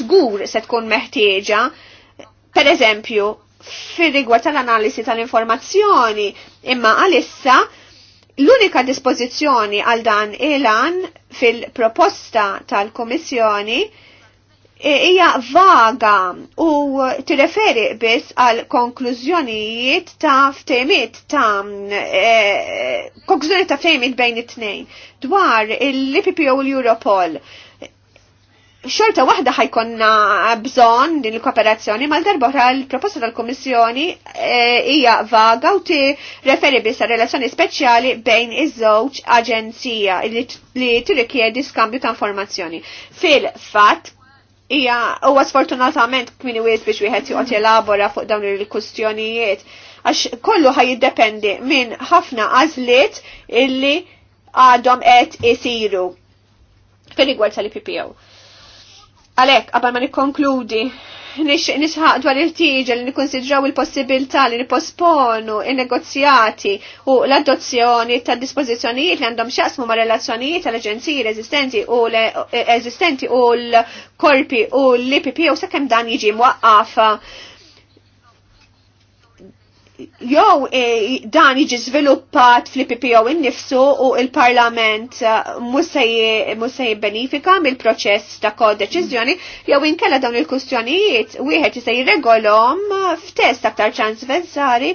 żgur se tkun meħtieġa, per eżempju, fir-rigward tal-analisi tal-informazzjoni, imma għalissa l-unika dispożizzjoni għal dan ilan fil-proposta tal-Komissjoni hija vaga u referi biss għal konklużjonijiet ta' ftehmiet ta' eh, konklużjoni ta' ftehmiet bejn it-tnejn dwar il-IPPO u l-Europol. Xorta waħda ħajkonna bżon din il-kooperazzjoni mal darboħra l-proposta tal-Komissjoni eh, hija vaga u ti referi biss għal relazzjoni speċjali bejn iż-żewġ aġenzija li tirrikjedi skambju ta' informazzjoni. Fil-fatt hija huwa sfortunatament kmini wies biex wieħed joqgħod jelabora fuq dawn il-kustjonijiet għax kollu ħaj jiddependi minn ħafna għazliet illi għadhom qed isiru fil-rigward tal-IPPO. Għalhekk qabel ma nikkonkludi nisħaq dwar il-tiġa li nikonsidraw il-possibilità li niposponu il-negozjati u l-adozzjoni ta' dispożizzjonijiet li għandhom xaqsmu ma' relazzjonijiet tal-aġenziji e-, eżistenti u l-korpi u l-IPP u sakemm dan jiġi mwaqqaf jew eh, dan jiġi żviluppat fl-PPO innifsu u il-Parlament eh, mhux se jibbenifika mill-proċess ta' kod deċiżjoni jew inkella dawn il-kustjonijiet wieħed jista' jirregolhom f'test aktar transversali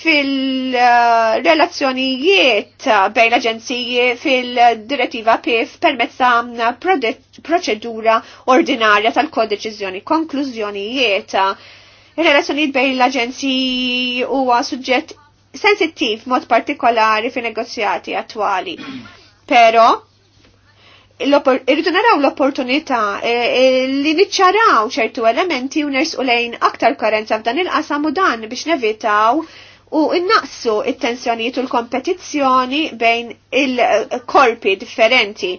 fil-relazzjonijiet bejn l-aġenziji fil-direttiva PIF permezz ta' proċedura ordinarja tal-kod Konklużjonijiet Ir-relazzjonijiet bejn l-aġenziji huwa suġġett sensittiv mod partikolari fi negozjati attwali. Pero, irridu naraw l-opportunità e, e, li niċċaraw ċertu elementi u nersu lejn aktar karenza f'dan il-qasam u dan biex nevitaw u innaqsu it-tensjonijiet u l-kompetizzjoni bejn il-korpi differenti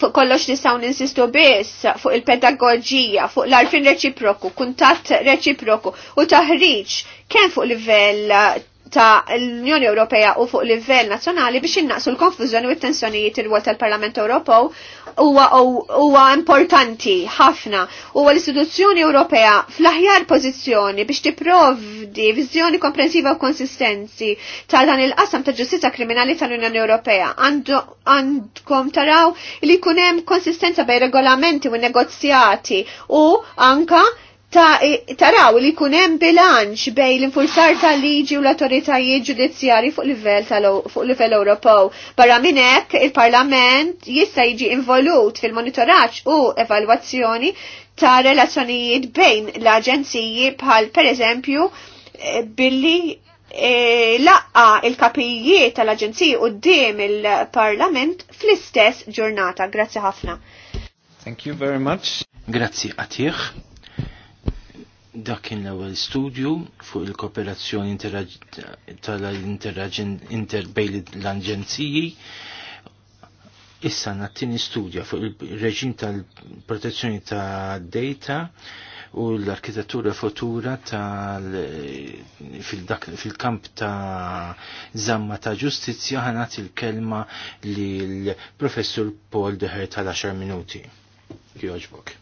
fuq kollox nistaw ninsistu biss fuq il-pedagogija, fuq l-arfin reċiproku, kuntatt reċiproku u taħriġ kemm fuq livell ta' l-Unjoni Ewropea u fuq livell nazzjonali biex innaqsu l-konfużjoni u t-tensjonijiet il-wol tal-Parlament Ewropew huwa importanti ħafna. Huwa l-istituzzjoni Ewropea fl-aħjar pożizzjoni biex tipprovdi viżjoni komprensiva u konsistenzi ta' dan il-qasam ta' ġustizza kriminali tal-Unjoni Ewropea. Għandkom taraw li jkun hemm konsistenza bej regolamenti u negozjati u anka taraw li kunem bilanċ bej l infulsar tal-liġi u l-autoritajiet ġudizzjari fuq livell fuq livell Ewropew. Barra minn hekk il-Parlament jista' jiġi involut fil-monitoraġġ u evalwazzjoni ta' relazzjonijiet bejn l-aġenziji bħal pereżempju eh, billi e, laqqa il-kapijiet tal-aġenziji d-dim il-Parlament fl-istess ġurnata. Grazzi ħafna. Thank you very much. Grazzi għatiħ dak kien l-ewwel studju fuq il-kooperazzjoni tal-inter bejn l-aġenziji. Issa nattini studja fuq il-reġim tal-protezzjoni ta' data u l-arkitettura futura fil-kamp ta' zamma ta' ġustizzja ħanat il-kelma li l-professur Paul Deher tal-10 minuti. Joġbok.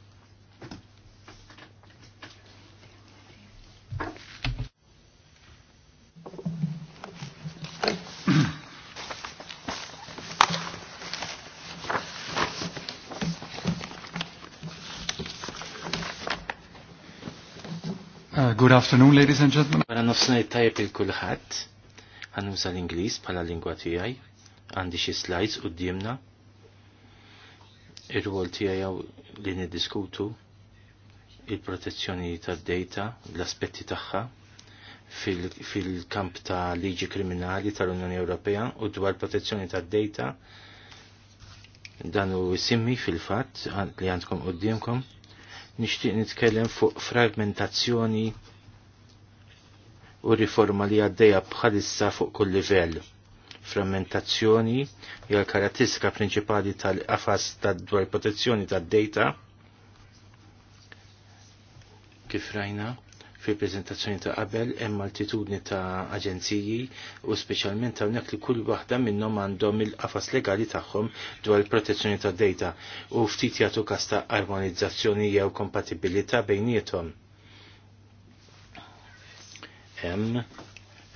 Good afternoon, ladies and gentlemen. Għana nofsna jittajb il-kulħat, għannuża l-Inglis bħala lingwa tijaj, għandi xie slides u d-diemna, ir-rwol għaw li niddiskutu il-protezzjoni tad-data, l-aspetti tagħha fil-kamp ta' liġi kriminali tal-Unjoni Ewropea u dwar protezzjoni tad-data dan u simmi fil-fatt li għandkom d-djemkom. nixtieq nitkellem fuq fragmentazzjoni u riforma li għaddeja bħalissa fuq kull livell. Frammentazzjoni hija l-karattistika prinċipali tal-qafas tad-dwar protezzjoni tad-data kif rajna fil-prezentazzjoni ta' qabel hemm altitudni ta' aġenziji u speċjalment hawnhekk li kull waħda minnhom għandhom il-qafas legali tagħhom dwar il-protezzjoni tad-data u ftit jagħtu kas ta' armonizzazzjoni jew kompatibilità bejniethom hemm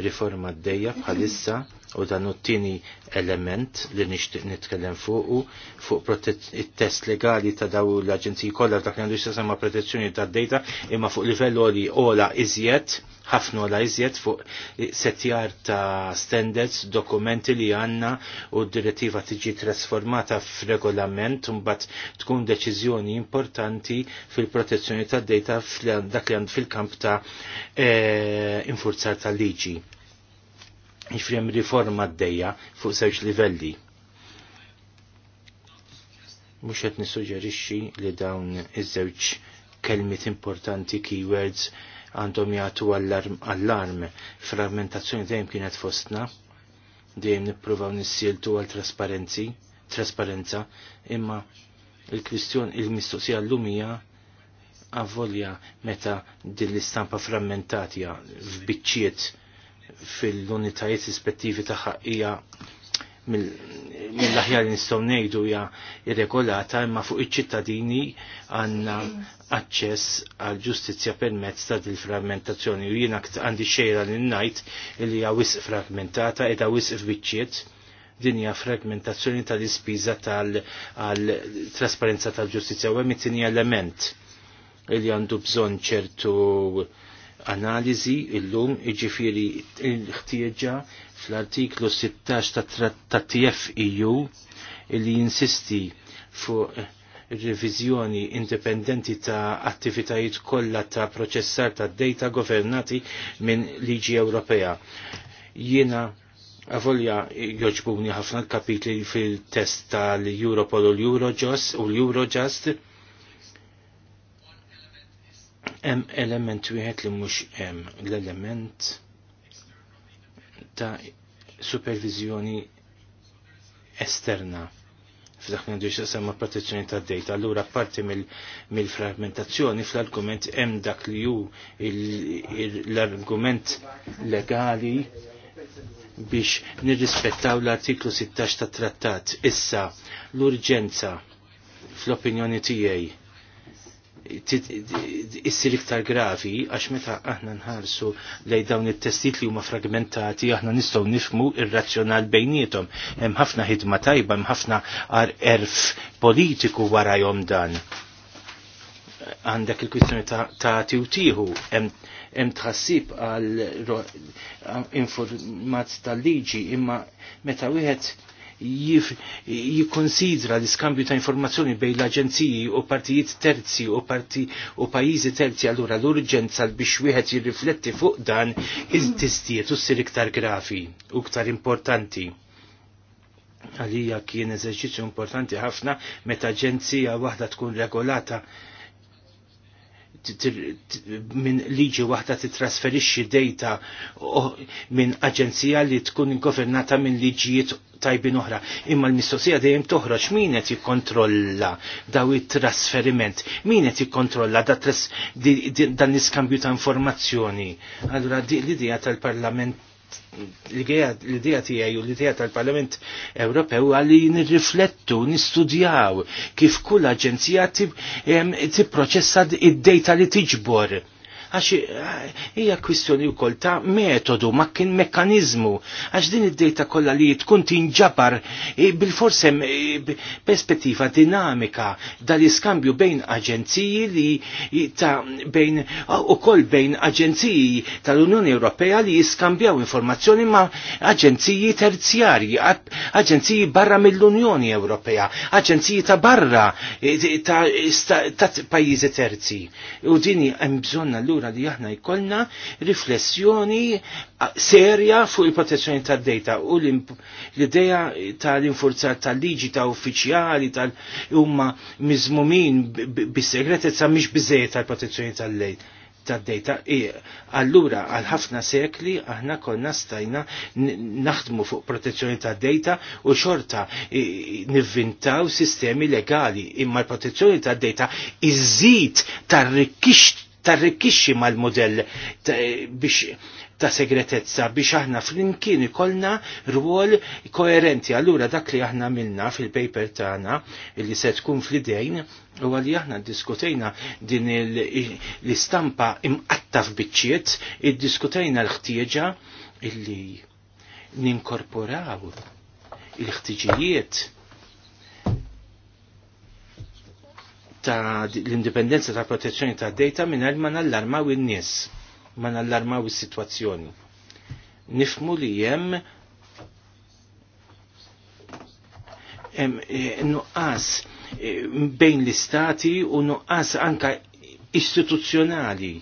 riforma d-dejja bħalissa u dan it-tieni element li nixtieq nitkellem fuqu fuq it-test legali ta' daw l-aġenziji kollha dak li għandu jistaqsam protezzjoni tad-dejta imma fuq livell li ola iżjed ħafna ola iżjed fuq setjar ta' standards, dokumenti li għanna u d-direttiva tiġi trasformata f'regolament mbagħad tkun deċiżjoni importanti fil-protezzjoni tad-dejta dak li għand fil-kamp ta' eh, infurzar tal-liġi jifrem riforma d-dejja fuq żewġ livelli. Mhux qed nissuġġerixxi li dawn iż-żewġ kelmiet importanti keywords għandhom jagħtu allarm fragmentazzjoni dejjem kienet fostna dejjem nippruvaw nissieltu għal trasparenzi, trasparenza, imma il-kwistjon il-mistoqsija l-lumija avvolja meta din l-istampa frammentatja f'biċċiet fil-unitajiet rispettivi ta' hija mill-aħjar li nistgħu ngħidu hija irregolata imma fuq iċ-ċittadini għandna aċċess għal ġustizzja permezz ta' il fragmentazzjoni u jiena għandi xejra li ngħid li hija wisq fragmentata qiegħda wisq din dinja fragmentazzjoni tal-ispiża tal-trasparenza tal-ġustizja u hemm it-tieni element li għandu bżonn ċertu analizi illum iġifiri il-ħtieġa fl-artiklu 16 ta' TFEU illi jinsisti fuq revizjoni indipendenti ta' attivitajiet kollha ta' proċessar ta' data governati minn liġi Ewropea. Jiena avolja joġbuni ħafna kapitli fil-test tal-Europol u l-Eurojust u l-Eurojust hemm element wieħed li mhux hemm l-element ta' supervizjoni esterna f'dak li għandux sema protezzjoni ta' data. Allura parti mill-fragmentazzjoni fl-argument hemm dak li hu l-argument legali biex nirrispettaw l-artiklu 16 tat trattat. Issa l-urġenza fl-opinjoni tiegħi issir iktar gravi għax meta aħna nħarsu lejn dawn it testijiet li huma fragmentati aħna nistgħu nifmu ir-razzjonal bejnietom. Hemm ħafna ħidma tajba, hemm ħafna erf politiku warajhom dan. Għandek il-kwistjoni ta', ta tiwtieħu hemm tħassib għal informat tal-liġi imma meta wieħed jikonsidra l-iskambju ta' informazzjoni bejn l-aġenziji u partijiet terzi u parti u pajjiżi terzi allura l-urġenza biex wieħed jirrifletti fuq dan iż-tistiet u ssir iktar grafi u iktar importanti għalija kien eżerċizzju importanti ħafna meta aġenzija waħda tkun regolata minn liġi waħda titrasferixxi data minn aġenzija li tkun governata minn liġijiet tajbin oħra. Imma l-mistoqsija dejjem toħroġ min qed jikkontrolla daw it-trasferiment, min qed jikkontrolla dan l-iskambju ta' informazzjoni. Allura l-idea tal-Parlament l-idea tiegħi u l-idea tal-Parlament Ewropew għalli nirriflettu, nistudjaw kif kull aġenzija tipproċessa id-dejta li tiġbor għax hija kwistjoni wkoll ta' metodu ma kien mekkaniżmu għax din id-dejta kollha li tkun tinġabar eh, bil hemm eh, perspettiva dinamika dal-iskambju bejn aġenziji li eh, ta' bejn ukoll bejn aġenziji tal-Unjoni Ewropea li jiskambjaw informazzjoni ma' aġenziji terzjarji, aġenziji barra mill-Unjoni Ewropea, aġenziji ta' barra ta' pajjiżi terzi. U dini hemm bżonn allura allura li aħna jkollna riflessjoni serja fuq il-protezzjoni tad-data u l-idea tal infurzat tal-liġi ta' uffiċjali tal-umma mizmumin bis-segretezza mhix biżejjed tal-protezzjoni tal lejt tad-data. Allura, għal ħafna sekli, aħna konna stajna naħdmu fuq protezzjoni tad-data u xorta nivvintaw sistemi legali imma l-protezzjoni tad-data iżid tar rikkixt tarrikixxi mal-modell biex ta' segretezza biex aħna flimkien ikollna rwol koerenti. Allura dak li aħna milna fil-paper tagħna li se tkun fl-idejn u għalli aħna diskutejna din l-istampa imqatta f'biċċiet, id-diskutejna l-ħtieġa illi ninkorporaw il-ħtiġijiet ta' l-indipendenza ta' protezzjoni ta' data mingħajr ma nallarmaw in-nies, ma nallarmaw is-sitwazzjoni. Nifmu li hemm e, nuqqas e, bejn l-istati u nuqqas anka istituzzjonali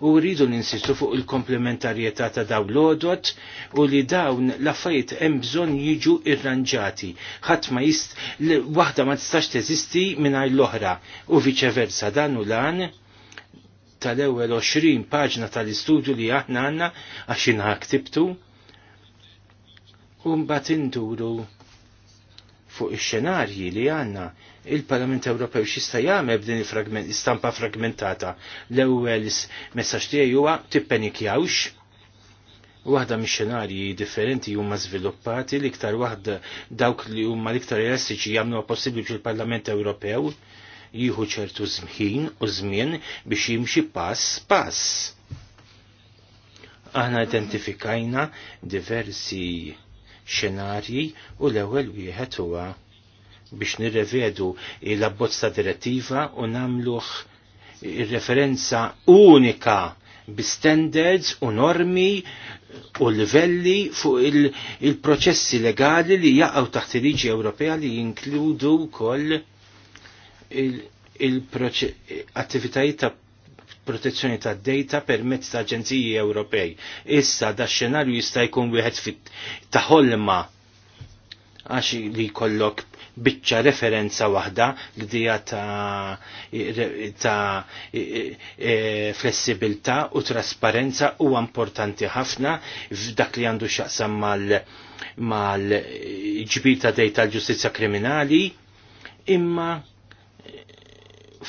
u rridu ninsistu fuq il-komplementarjetà ta' daw l-odot u li dawn l affajt hemm bżonn jiġu irranġati. Ħadd ma jist waħda ma tistax teżisti mingħajr l-oħra u viċeversa dan u lan tal-ewwel 20 paġna tal-istudju li aħna għandna għax inha ktibtu u mbagħad induru fuq ix-xenarji li għanna il-Parlament Ewropew xista jagħmel b'din il-fragment istampa fragmentata. L-ewwel messaġġ tiegħi huwa tippenikjawx. Waħda mix-xenarji differenti huma żviluppati l-iktar waħda dawk li huma l-iktar elastiċi jagħmlu possibbli fil-Parlament Ewropew jieħu ċertu żmien u żmien biex jimxi pass pass. Aħna identifikajna diversi xenarji u l-ewwel wieħed huwa biex nirrevedu l abbozza direttiva u namluħ referenza unika bi standards u normi u livelli fuq il-proċessi il legali li jaqgħu taħt il-liġi Ewropea li jinkludu wkoll il-attivitajiet il ta' protezzjoni ta' data permezz ta' aġenziji Ewropej. Issa da' xenarju jista' jkun wieħed fit ta' ħolma għax li kollok biċċa referenza waħda għdija ta', ta e, e flessibilità u trasparenza u importanti ħafna f'dak li għandu xaqsam mal, mal ta' dejta l-ġustizja kriminali imma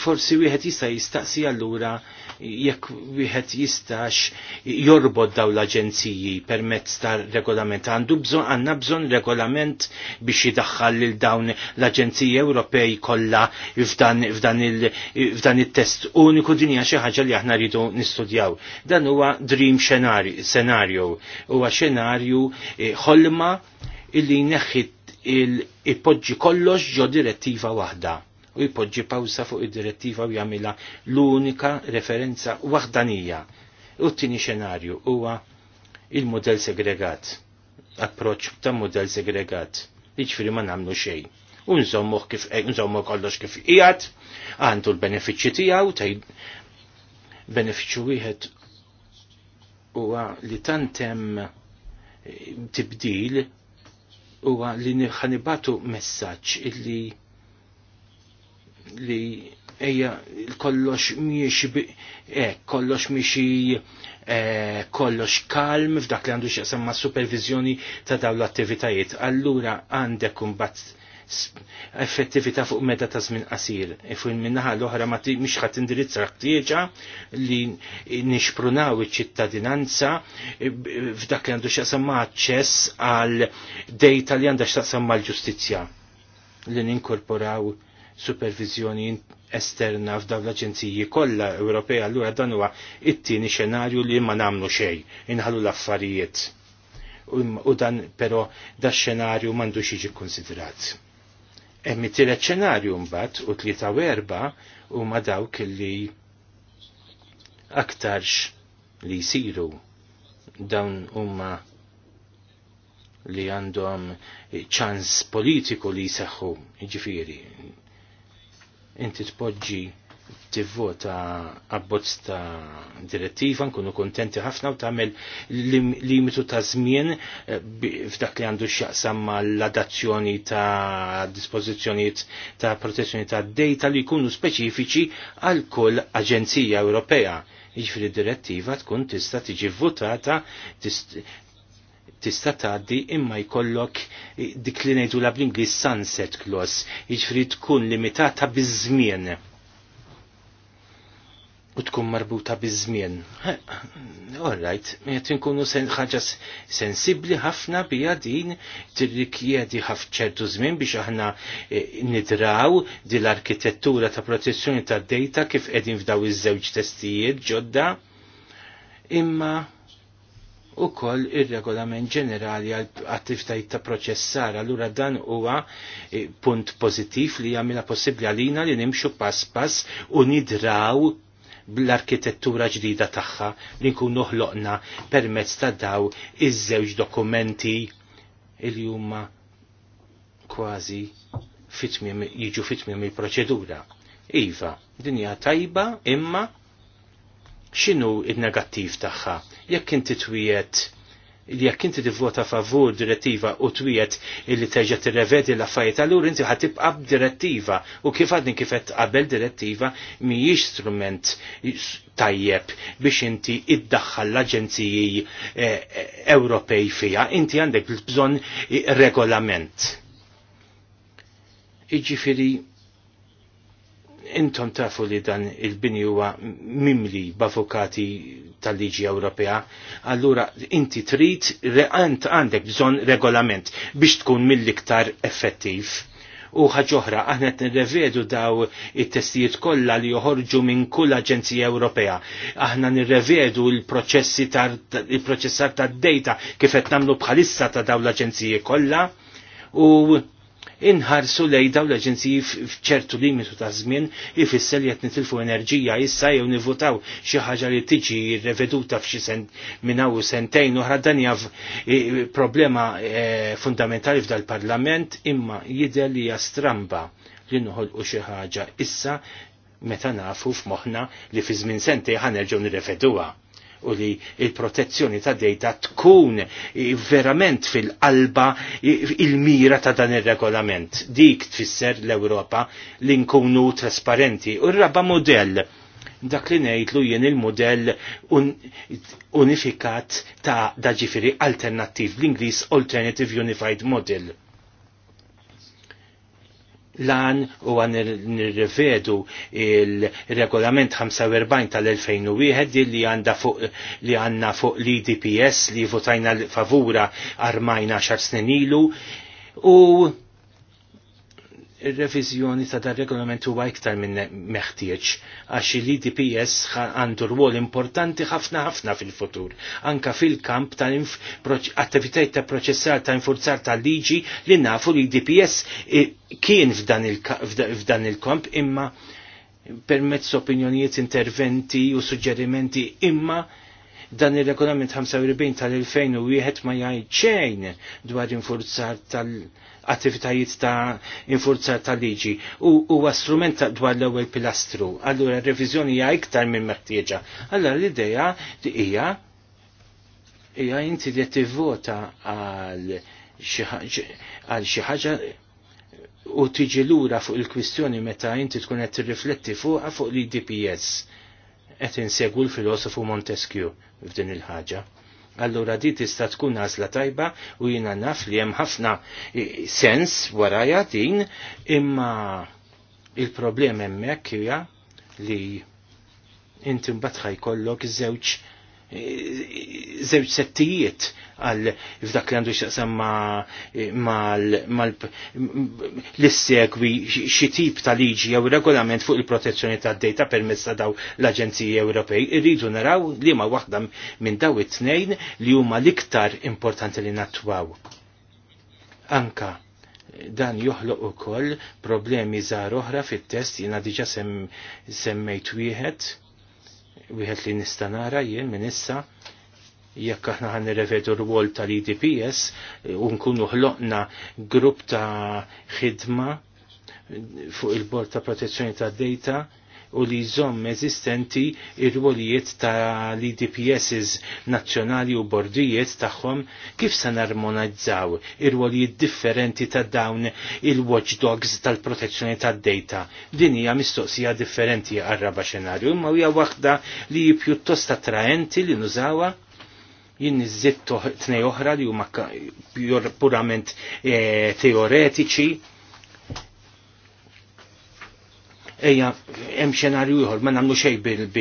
forsi wieħed jista' jistaqsi allura jekk wieħed jistax jorbod daw l-aġenziji permezz ta' regolament għandu bżon għandna bżonn regolament biex jidaħħal lil dawn l-aġenziji Ewropej kollha f'dan it-test uniku din hija xi ħaġa li aħna rridu nistudjaw. Dan huwa dream scenario, huwa xenarju eh, ħolma illi neħħit il-ipoġġi kollox ġo direttiva waħda u jpoġġi pawsa fuq id-direttiva u jagħmilha l-unika referenza waħdanija. U t-tieni xenarju huwa il-modell segregat, approċ ta' modell segregat, jiġifieri ma nagħmlu xejn. U nżommuh kif eh, nżommu kollox kif qiegħed, għandu l-benefiċċji tiegħu tgħid benefiċċju wieħed huwa li tantem eh, tibdil huwa li ħanibatu messaġġ illi li eja kollox miex e, kollox miex e, kollox kalm f'dak li għandu xieqsam ma' supervizjoni ta' dawn l-attivitajiet. Allura għandek kumbatt effettività fuq meta ta' żmien qasir. E fuq minnaħa l-oħra ma miex ħadd indirizza ħtieġa li nixprunaw iċ-ċittadinanza f'dak li għandu xieqsam ma' aċċess għal dejta li għandha ma' mal-ġustizzja li ninkorporaw supervizjoni esterna f'dawn l-aġenziji kollha Ewropea allura dan huwa it-tieni xenarju li ma nagħmlu xejn, inħallu l-affarijiet. Um, u dan però da xenarju m'għandux jiġi konsidrat. Hemm it-tielet xenarju mbagħad u tlieta u erba' huma dawk li aktarx li jsiru dawn huma li għandhom ċans politiku li jseħħu ġifiri inti tpoġġi tivvota abbozz ta' direttiva, nkunu kontenti ħafna u tagħmel limitu ta' żmien eh, f'dak li għandu x'jaqsam mal-adazzjoni ta' dispożizzjonijiet ta' protezzjoni ta' data li jkunu speċifiċi għal kull Aġenzija Ewropea. Jiġifieri direttiva tkun tista' tiġi votata tista' tgħaddi imma jkollok dik li ngħidula bl-Ingliż sunset clause, jiġri tkun limitata biż-żmien. U tkun marbuta biż-żmien. right, qed inkunu sen ħaġa sensibbli ħafna biha din tirrikjedi ċertu żmien biex aħna e, nidraw din l-arkitettura ta' protezzjoni tad-dejta kif qegħdin f'daw iż-żewġ testijiet ġodda imma u koll il-regolament ġenerali għal attivitajiet ta' proċessar. Allura dan huwa eh, punt pozittiv li jagħmilha possibbli għalina li nimxu pass pass u nidraw bl-arkitettura ġdida tagħha li nkun noħloqna permezz ta' daw iż-żewġ dokumenti li huma kważi fitmim jiġu fitmim il-proċedura. Iva, dinja tajba imma x'inhu il-negattiv tagħha? jekk inti twiet li jekk inti tivvota favur direttiva u twiet illi terġa' tirrevedi l-affarijiet allura inti ħad tibqa' direttiva u kif għadni kif qed qabel direttiva mhijiex strument tajjeb biex inti iddaħħal l-aġenziji eh, eh, Ewropej fiha, inti għandek bżonn regolament. Iġifieri intom tafu li dan il-bini huwa mimli b'avukati tal-liġi Ewropea, allura inti trid ant għandek bżonn regolament biex tkun mill-iktar effettiv. U ħaġoħra, aħna qed nirrevedu daw it-testijiet kollha li joħorġu minn kull aġenzija Ewropea. Aħna nirrevedu l-proċessi il-proċessar tad-data kif qed nagħmlu bħalissa ta' dawn l-aġenziji kollha u inħarsu lej daw l-aġenziji f'ċertu limitu ta' żmien ifisser li qed nitilfu enerġija issa jew nivvotaw xi ħaġa li tiġi reveduta f'xi sen minn hawn sentejn oħra dan hija problema e, fundamentali f'dal-Parlament imma jidher li hija stramba li noħolqu xi ħaġa issa meta nafu f'moħħna li fi żmien sentej ħanerġgħu nirreveduha u li il-protezzjoni ta' data tkun verament fil-qalba il-mira ta' dan il-regolament. Dik tfisser l-Europa li nkunu trasparenti. U r-raba modell dak li ngħidlu jien il-modell un unifikat ta' daġifiri alternattiv l-Ingliż Alternative Unified Model lan u għan nirrevedu il-regolament 45 tal-2001 li għanda fuq li għanna fuq l-IDPS li votajna favura armajna xar snenilu u ir-reviżjoni ta' dan regolament huwa iktar minn meħtieġ għax l-IDPS għandu rwol importanti ħafna ħafna fil-futur, anka fil-kamp tal-attivitajiet ta' proċessar ta' infurzar ta' liġi li nafu l-IDPS e, kien f'dan il-kamp imma permezz opinjonijiet interventi u suġġerimenti imma Dan ir-regolament 45 tal-2001 ma jgħid xejn dwar infurzar tal-attivitajiet ta' infurzar tal-liġi u huwa strument dwar l-ewwel pilastru. Allura r-reviżjoni hija iktar minn meħtieġa. Allura l-idea hija hija inti li tivvota għal xi ħaġa u tiġi lura fuq il-kwistjoni meta inti tkun qed tirrifletti fuqha fuq l-IDPS qed insegwu l-filosofu Montesquieu f'din il-ħaġa. Allura di tista' tkun għażla tajba u jiena naf li hemm ħafna sens waraja din imma il-problem hemmhekk hija li inti mbagħad ħajkollok żewġ zewġ settijiet għal f'dak li għandu xaqsam l-issegwi xi tip ta' liġi jew regolament fuq il-protezzjoni ta' data permezz ta' daw l-Aġenziji Ewropej. Irridu naraw li ma' waħda minn daw it-tnejn li huma l-iktar importanti li nattwaw. Anka dan joħloq ukoll problemi żgħar oħra fit-test jiena diġà semmejt wieħed wieħed li nista' nara jien minn issa jekk aħna ħan nirrevedu l-wol tal-IDPS u nkunu ħloqna grupp ta' ħidma fuq il-bord ta' protezzjoni ta' data u li jżomm eżistenti ir-rwolijiet ta' l-IDPSs nazzjonali u bordijiet tagħhom kif se narmonizzaw ir-rwolijiet differenti ta' dawn il-watchdogs tal-protezzjoni tad-data. Din hija mistoqsija differenti għarraba xenarju, imma hija waħda li pjuttost attraenti li nużawha jien niżitt tnej oħra li huma purament eh, teoretiċi Eja, hemm xenarju ieħor ma nagħmlu xejn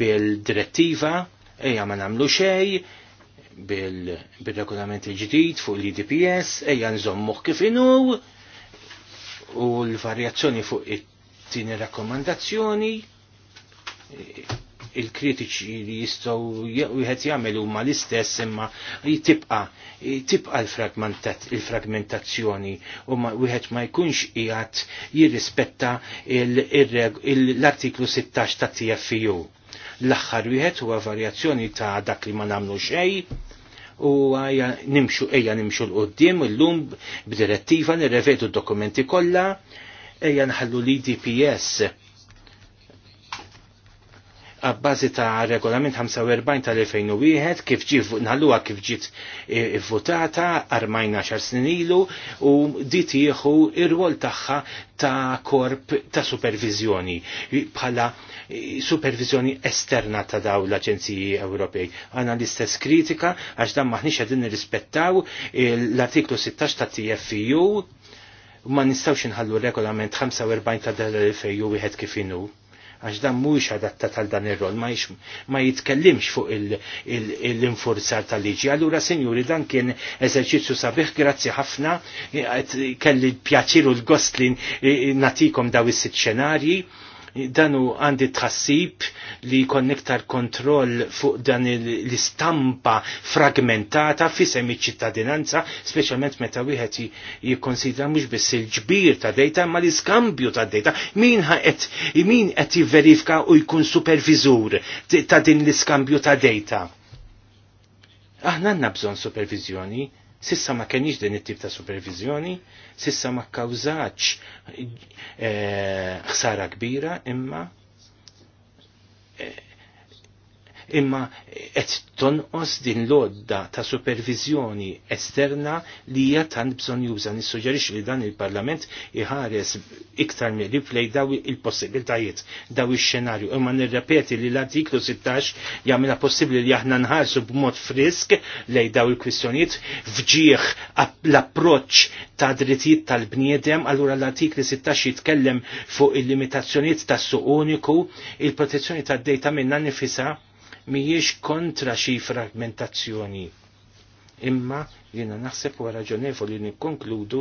bil-direttiva, eja ma nagħmlu xejn bil-regolament il-ġdid fuq l-IDPS, eja nżommuh kif inhu u l-varjazzjoni fuq it-tieni rakkomandazzjoni il-kritiċi li jistgħu wieħed jagħmel huma l-istess imma tibqa' tibqa' l-fragmentazzjoni u wieħed ma jkunx qiegħed jirrispetta l-artiklu 16 ta' TFU. L-aħħar wieħed huwa varjazzjoni ta' dak li ma nagħmlu xejn u għaja nimxu eja nimxu l-qoddim l-lum b'direttiva nirrevedu d-dokumenti kollha eja nħallu l-IDPS għabbażi ta' regolament 45 tal-2001 kif ġi nħalluha kif ġiet e, votata armajna xar snin ilu u di ir-rwol tagħha ta' korp ta' supervizjoni bħala e, supervizjoni esterna ta' daw l-Aġenziji Ewropej. Għana l-istess kritika għax dan maħniex qegħdin nirrispettaw e, l-artiklu 16 ta' TFU ma nistawx nħallu regolament 45 ta' dal-2001 kif inhu għax dan mhuwiex adattat għal dan ir-rol ma jitkellimx fuq l-infurzar tal-liġi. Allura sinjuri dan kien eżerċizzju sabiħ, grazzi ħafna, kelli l-pjaċir u l-gost li natikom daw is sit xenarji danu għandi tħassib li konnektar kontroll fuq dan l-istampa fragmentata fi semi ċittadinanza, specialment meta wieħed jikkonsidra mhux biss il-ġbir ta' dejta ma l-iskambju ta' dejta. Min qed min qed jivverifika u jkun supervizur ta' din l-iskambju ta' dejta. Aħna għandna bżonn supervizjoni Sissa ma kenix din it-tip ta' supervizjoni, sissa ma kawżax eh, ħsara kbira imma eh, imma qed tonqos din l-odda ta' supervizjoni esterna li hija tant bżonn juża nissuġġerixxi li dan il-Parlament iħares iktar mir-replay daw il-possibiltajiet daw ix-xenarju imma nirrepeti li l-artiklu 16 jagħmilha possibbli li aħna nħarsu b'mod frisk lejn daw il-kwistjonijiet fġieħ l-approċċ ta' drittijiet tal-bniedem allura l-artikli 16 jitkellem fuq il-limitazzjonijiet tas-suq uniku il-protezzjoni tad-dejta minna nifisa mhijiex kontra xi fragmentazzjoni. Imma jiena naħseb u raġonevoli nikkonkludu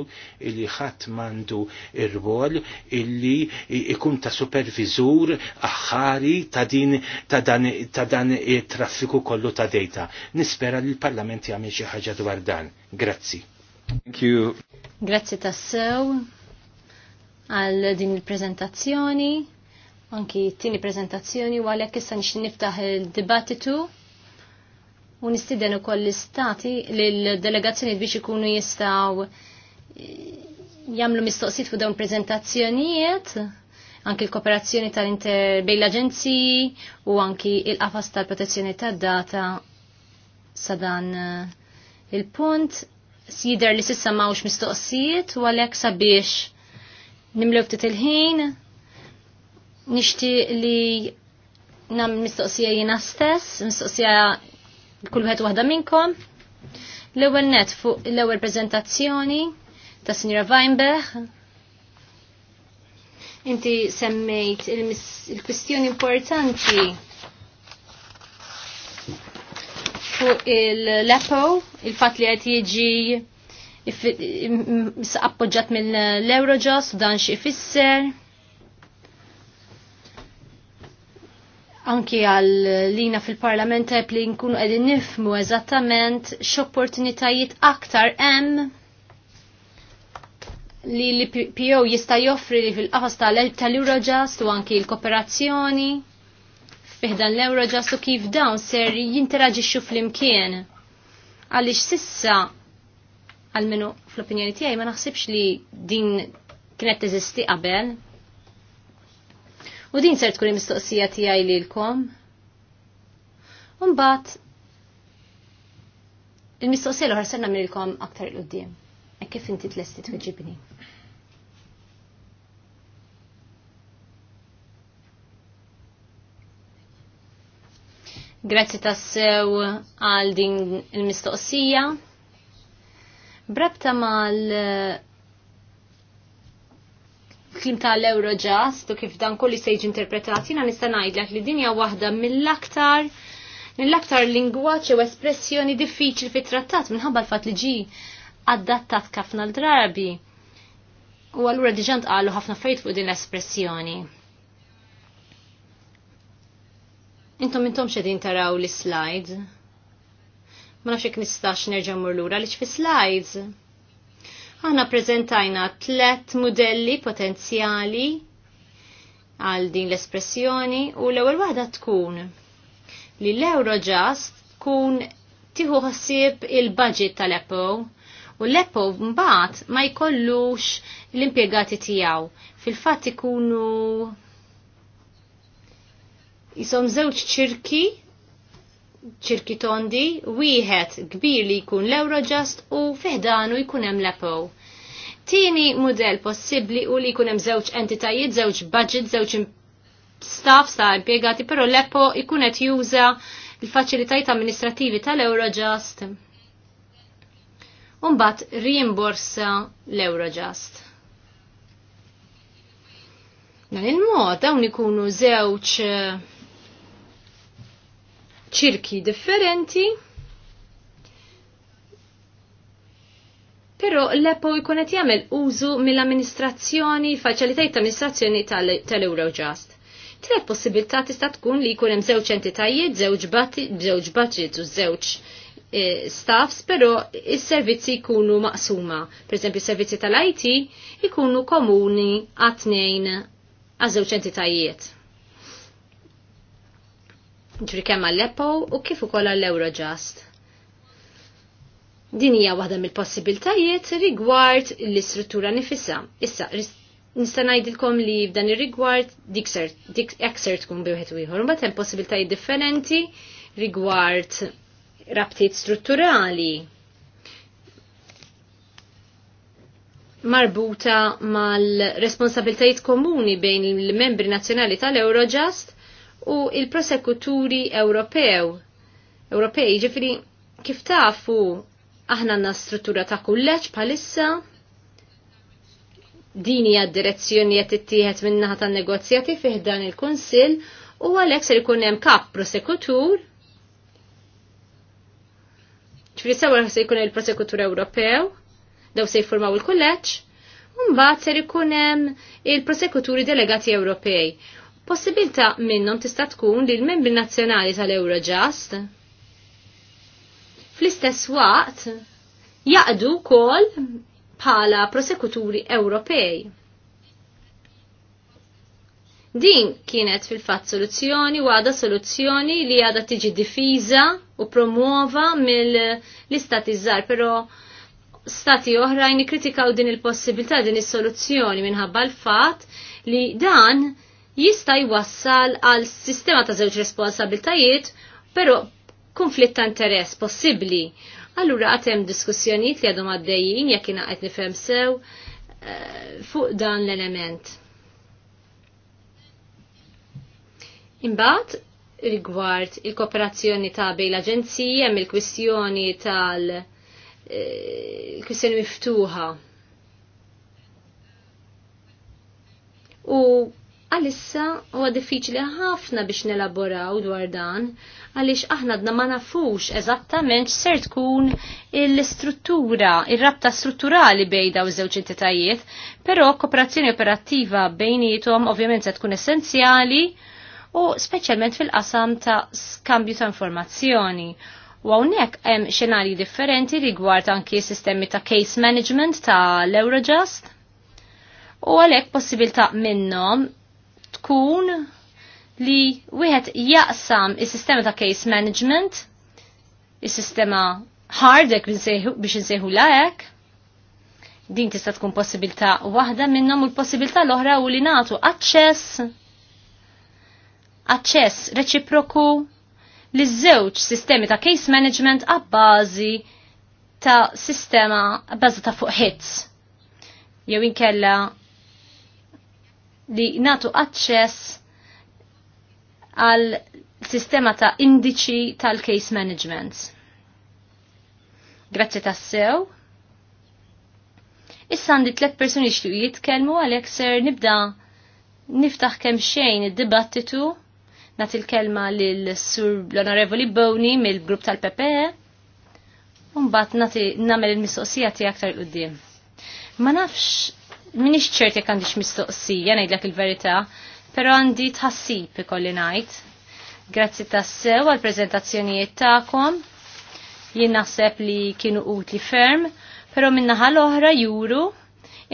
li ħadd mandu ir-rwol illi ikun ta' supervizur aħħari ta' din ta' dan traffiku kollu ta' dejta. Nispera li l-Parlament jagħmel xi ħaġa dwar dan. Grazzi. Thank you. Grazzi tassew għal din il-prezentazzjoni anki t-tini prezentazzjoni u għalek issa nix niftaħ il-dibattitu u nistiden u koll l-istati l-delegazzjoni biex ikunu jistaw jamlu mistoqsit fuq dawn prezentazzjonijiet anki l-kooperazzjoni tal-inter bej l-aġenziji u anki il-qafas tal-protezzjoni tad-data sadan eh, il-punt sider li sissa mawx mistoqsijiet u għalek sabiex nimlu ftit il-ħin Nishti li nam mistoqsija jina stess, mistoqsija kullħet wahda minnkom. L-ewel net fuq l-ewel prezentazzjoni ta' Sinjora Weinberg. Inti semmejt il-kwistjoni importanti fuq il-Lepo, il-fat li għet jieġi appoġġat mill-Eurojust, dan xie fisser anki għal lina fil-parlament li nkunu qegħdin nifmu eżattament x'opportunitajiet aktar hemm li l-PO jista' joffri li fil-qafas tal-Eurojust u anki l-kooperazzjoni fiħdan l-Eurojust u kif dawn ser jinteraġixxu l imkien Għaliex sissa għal menu fl-opinjoni tiegħi ma naħsibx li din kienet teżisti qabel U din ser tkun mistoqsija tiegħi lilkom. Mbagħad il-mistoqsija l-oħra ser nagħmilkom aktar il qudiem E kif inti tlesti tweġibni. Grazzi tassew għal din il-mistoqsija. Brabta mal klim tal-Eurojust u kif dan kolli sejġ interpretat, jina nista' ngħidlek li dinja waħda mill-aktar mill-aktar lingwaċ u espressjoni diffiċli fit-trattat minħabba l fat li ġi adattat ħafna l-drabi. U allura diġant qalu ħafna fejt fuq din l-espressjoni. Intom intom xedin taraw l-slides. Ma nafx nistax nerġa' l lura li fi slides. Aħna prezentajna tlet modelli potenzjali għal din l-espressjoni u l-ewwel waħda tkun li l-Eurojust tkun tieħu ħsieb il-budget tal-EPO u l-EPO mbagħad ma jkollux l-impjegati tiegħu. Fil-fatt ikunu jisom żewġ ċirki ċirki tondi, wieħed kbir li jkun l-Eurojust u fiħdanu jkun hemm l-EPO. Tieni mudell possibbli u li jkun hemm żewġ entitajiet, żewġ budget, żewġ staff sa' impjegati, però l-EPO jkun qed juża l-faċilitajiet amministrativi tal-Eurojust. Umbat rimborsa l-Eurojust. Dan il-mod dawn ikunu żewġ eh, ċirki differenti. Però l-EPO jkun qed jagħmel użu mill-amministrazzjoni, faċilitajt ta' amministrazzjoni tal-Eurojust. Tre possibilità tista' tkun li jkun hemm żewġ entitajiet, żewġ budgets u żewġ eh, staffs, però is-servizzi jkunu maqsuma. Pereżempju s-servizzi tal-IT jkunu komuni għat-tnejn għaż-żewġ entitajiet ġri kemm għall-EPO u kif ukoll għall-Eurojust. Din hija waħda mill-possibiltajiet rigward l-istruttura nifissa. Issa, nista' ngħidilkom li f'dan ir-rigward dik ser tkun bieħed ieħor, imbagħad hemm possibiltajiet differenti rigward rabtiet strutturali marbuta mal-responsabiltajiet komuni bejn il-membri nazzjonali tal-Eurojust u il-prosekuturi Ewropew. Ewropej, ġifiri, kif tafu aħna għanna struttura ta' kulleċ palissa dini għad direzzjoni għed ittieħed minna tan negozjati fih dan il konsil u għalek ser jkunem hemm kap prosekutur ċifri sewa se jkun il-prosekutur Ewropew daw se jformaw il-kulleċ Mbagħad ser ikun hemm il-prosekuturi delegati Ewropej Possibilta minnhom tista' tkun li l-membri nazzjonali tal-Eurojust fl-istess waqt jaqdu kol bħala prosekuturi Ewropej. Din kienet fil-fatt soluzzjoni u għada soluzzjoni li għada tiġi difiża u promuova mill-istati żgħar, però stati oħrajn kritikaw din il-possibilità din is-soluzzjoni minħabba l-fatt li dan jista' jwassal għal sistema ta' żewġ responsabiltajiet, però konflitt ta' interess possibbli. Allura għad hemm diskussjonijiet li għadhom għaddejjin jekk jiena qed nifhem sew eh, fuq dan l-element. Imbagħad rigward il-kooperazzjoni ta' bej l-aġenziji hemm il-kwistjoni tal- eh, kwistjoni miftuħa. U għalissa huwa diffiċli ħafna biex nelaboraw dwar dan, għaliex aħna dna ma nafux eżattament ser tkun l-istruttura, ir-rabta strutturali bejn daw żewġ entitajiet, però kooperazzjoni operattiva bejnietom ovvjament se tkun essenzjali u speċjalment fil-qasam ta' skambju ta' informazzjoni. U hawnhekk hemm xenarji differenti rigward anki sistemi ta' case management ta' l-Eurojust u għalhekk possibilta minnhom tkun li wieħed jaqsam is-sistema ta' case management, is-sistema hardek biex nsejħu lajek, din tista' tkun possibilità waħda minnhom u l-possibilità l-oħra u li nagħtu aċċess aċċess reċiproku li żewġ sistemi ta' case management għabbażi ta' sistema bbażi ta' fuq hits. Jew inkella li natu aċċess għal sistema ta' indiċi tal-case management. Grazzi tas-sew. Issa għandi tlet persuni xtu jitkelmu għalek ser nibda niftaħ kemm xejn id-dibattitu nat il-kelma lil-sur l-onorevoli Boni mill-grupp tal-PPE un bat nati namel il-mistoqsija ti aktar qoddim. Ma nafx minix ċerti jekk għandix mistoqsija ngħidlek il-verità, però għandi tħassib ikolli ngħid. Grazzi tassew għal prezentazzjonijiet tagħkom. Jien naħseb li kienu utli ferm, però minnaħa l-oħra juru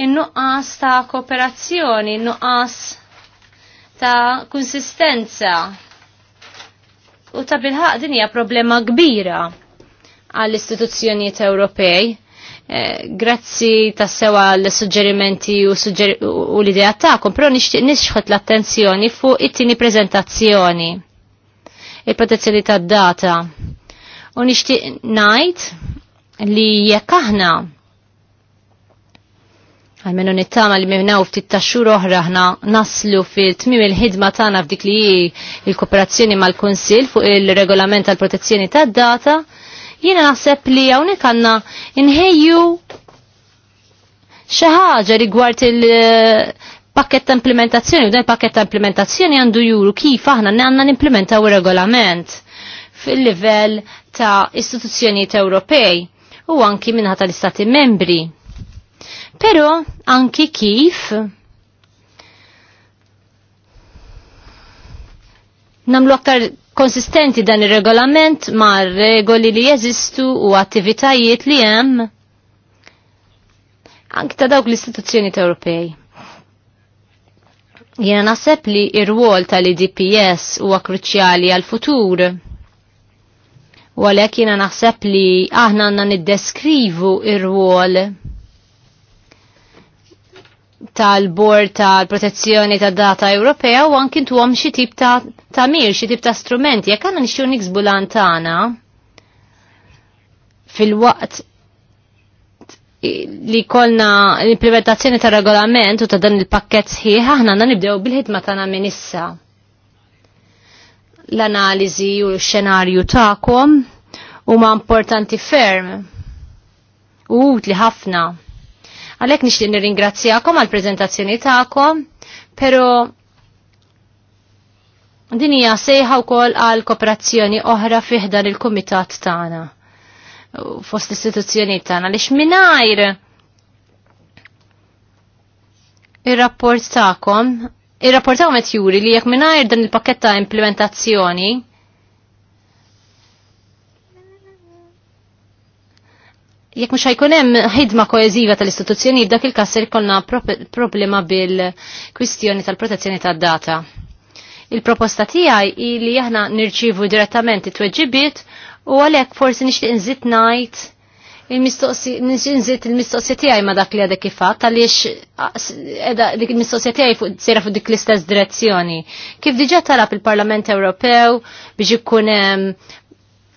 in-nuqqas ta' kooperazzjoni, in-nuqqas ta' konsistenza. U ta' bilħaq din hija problema kbira għall-istituzzjonijiet Ewropej Eh, grazzi ta' sewa l-suġġerimenti u, l-idea ta'kom, pero nixtieq nixħet l-attenzjoni fuq it-tieni prezentazzjoni il-protezzjoni tad-data. U nixtieq ngħid li jekk aħna Għalmenu nittama li minnaw ftit taxxur oħra ħna naslu fil-tmim il-ħidma tagħna f'dik li il-kooperazzjoni mal-Kunsill fuq il-regolament tal-protezzjoni tad-data, Jiena naħseb li hawnhekk għandna inħejju xi ħaġa rigward il-pakket eh, ta' implementazzjoni u dan il-pakket ta' implementazzjoni għandu juru kif aħna n-implementa ir-regolament fil-livell ta' istituzzjonijiet Ewropej u anki ta' l-istati membri. Pero anki kif namlu aktar konsistenti dan ir-regolament ma' regoli li jeżistu u attivitajiet li hemm anki ta' dawk l-istituzzjoni ta' Ewropej. Jena naħseb li ir-rwol tal-IDPS huwa kruċjali għal-futur. U għalhekk jiena naħseb li aħna għandna niddeskrivu ir-rwol tal-Bord tal-Protezzjoni ta' Data Ewropea u tu għom xi tip ta' tamir, xi tip ta' strumenti. jek għandna nixtiew niksbu lan tagħna fil-waqt li kolna l-implementazzjoni ta' regolament u ta' dan il-pakket sħiħ, aħna għandna nibdew bil-ħidma tagħna minn issa. L-analiżi u x-xenarju tagħkom huma importanti ferm u utli ħafna Għalhekk nixtieq nirringrazzjakom għall preżentazzjoni tagħkom, però din hija sejħa wkoll għal kooperazzjoni oħra fih dan il-kumitat tagħna fost l-istituzzjonijiet tagħna għaliex mingħajr ir-rapport tagħkom, ir-rapport tagħkom qed juri li jekk mingħajr dan il-pakkett ta' implementazzjoni jekk mhux ħajkun hemm ħidma koeżiva tal-istituzzjoni dak il-każ se jkollna problema bil-kwistjoni tal-protezzjoni tad-data. Il-proposta tiegħi hi li aħna nirċivu direttament it-tweġibiet u għalhekk forsi nixtieq inżid ngħid il-mistoqsijiet il-mistoqsijiet tiegħi ma dak li għadek kifatt għaliex dik il-mistoqsijiet tiegħi fuq sejra fuq dik l-istess direzzjoni. Kif diġà tara il-Parlament Ewropew biex ikun hemm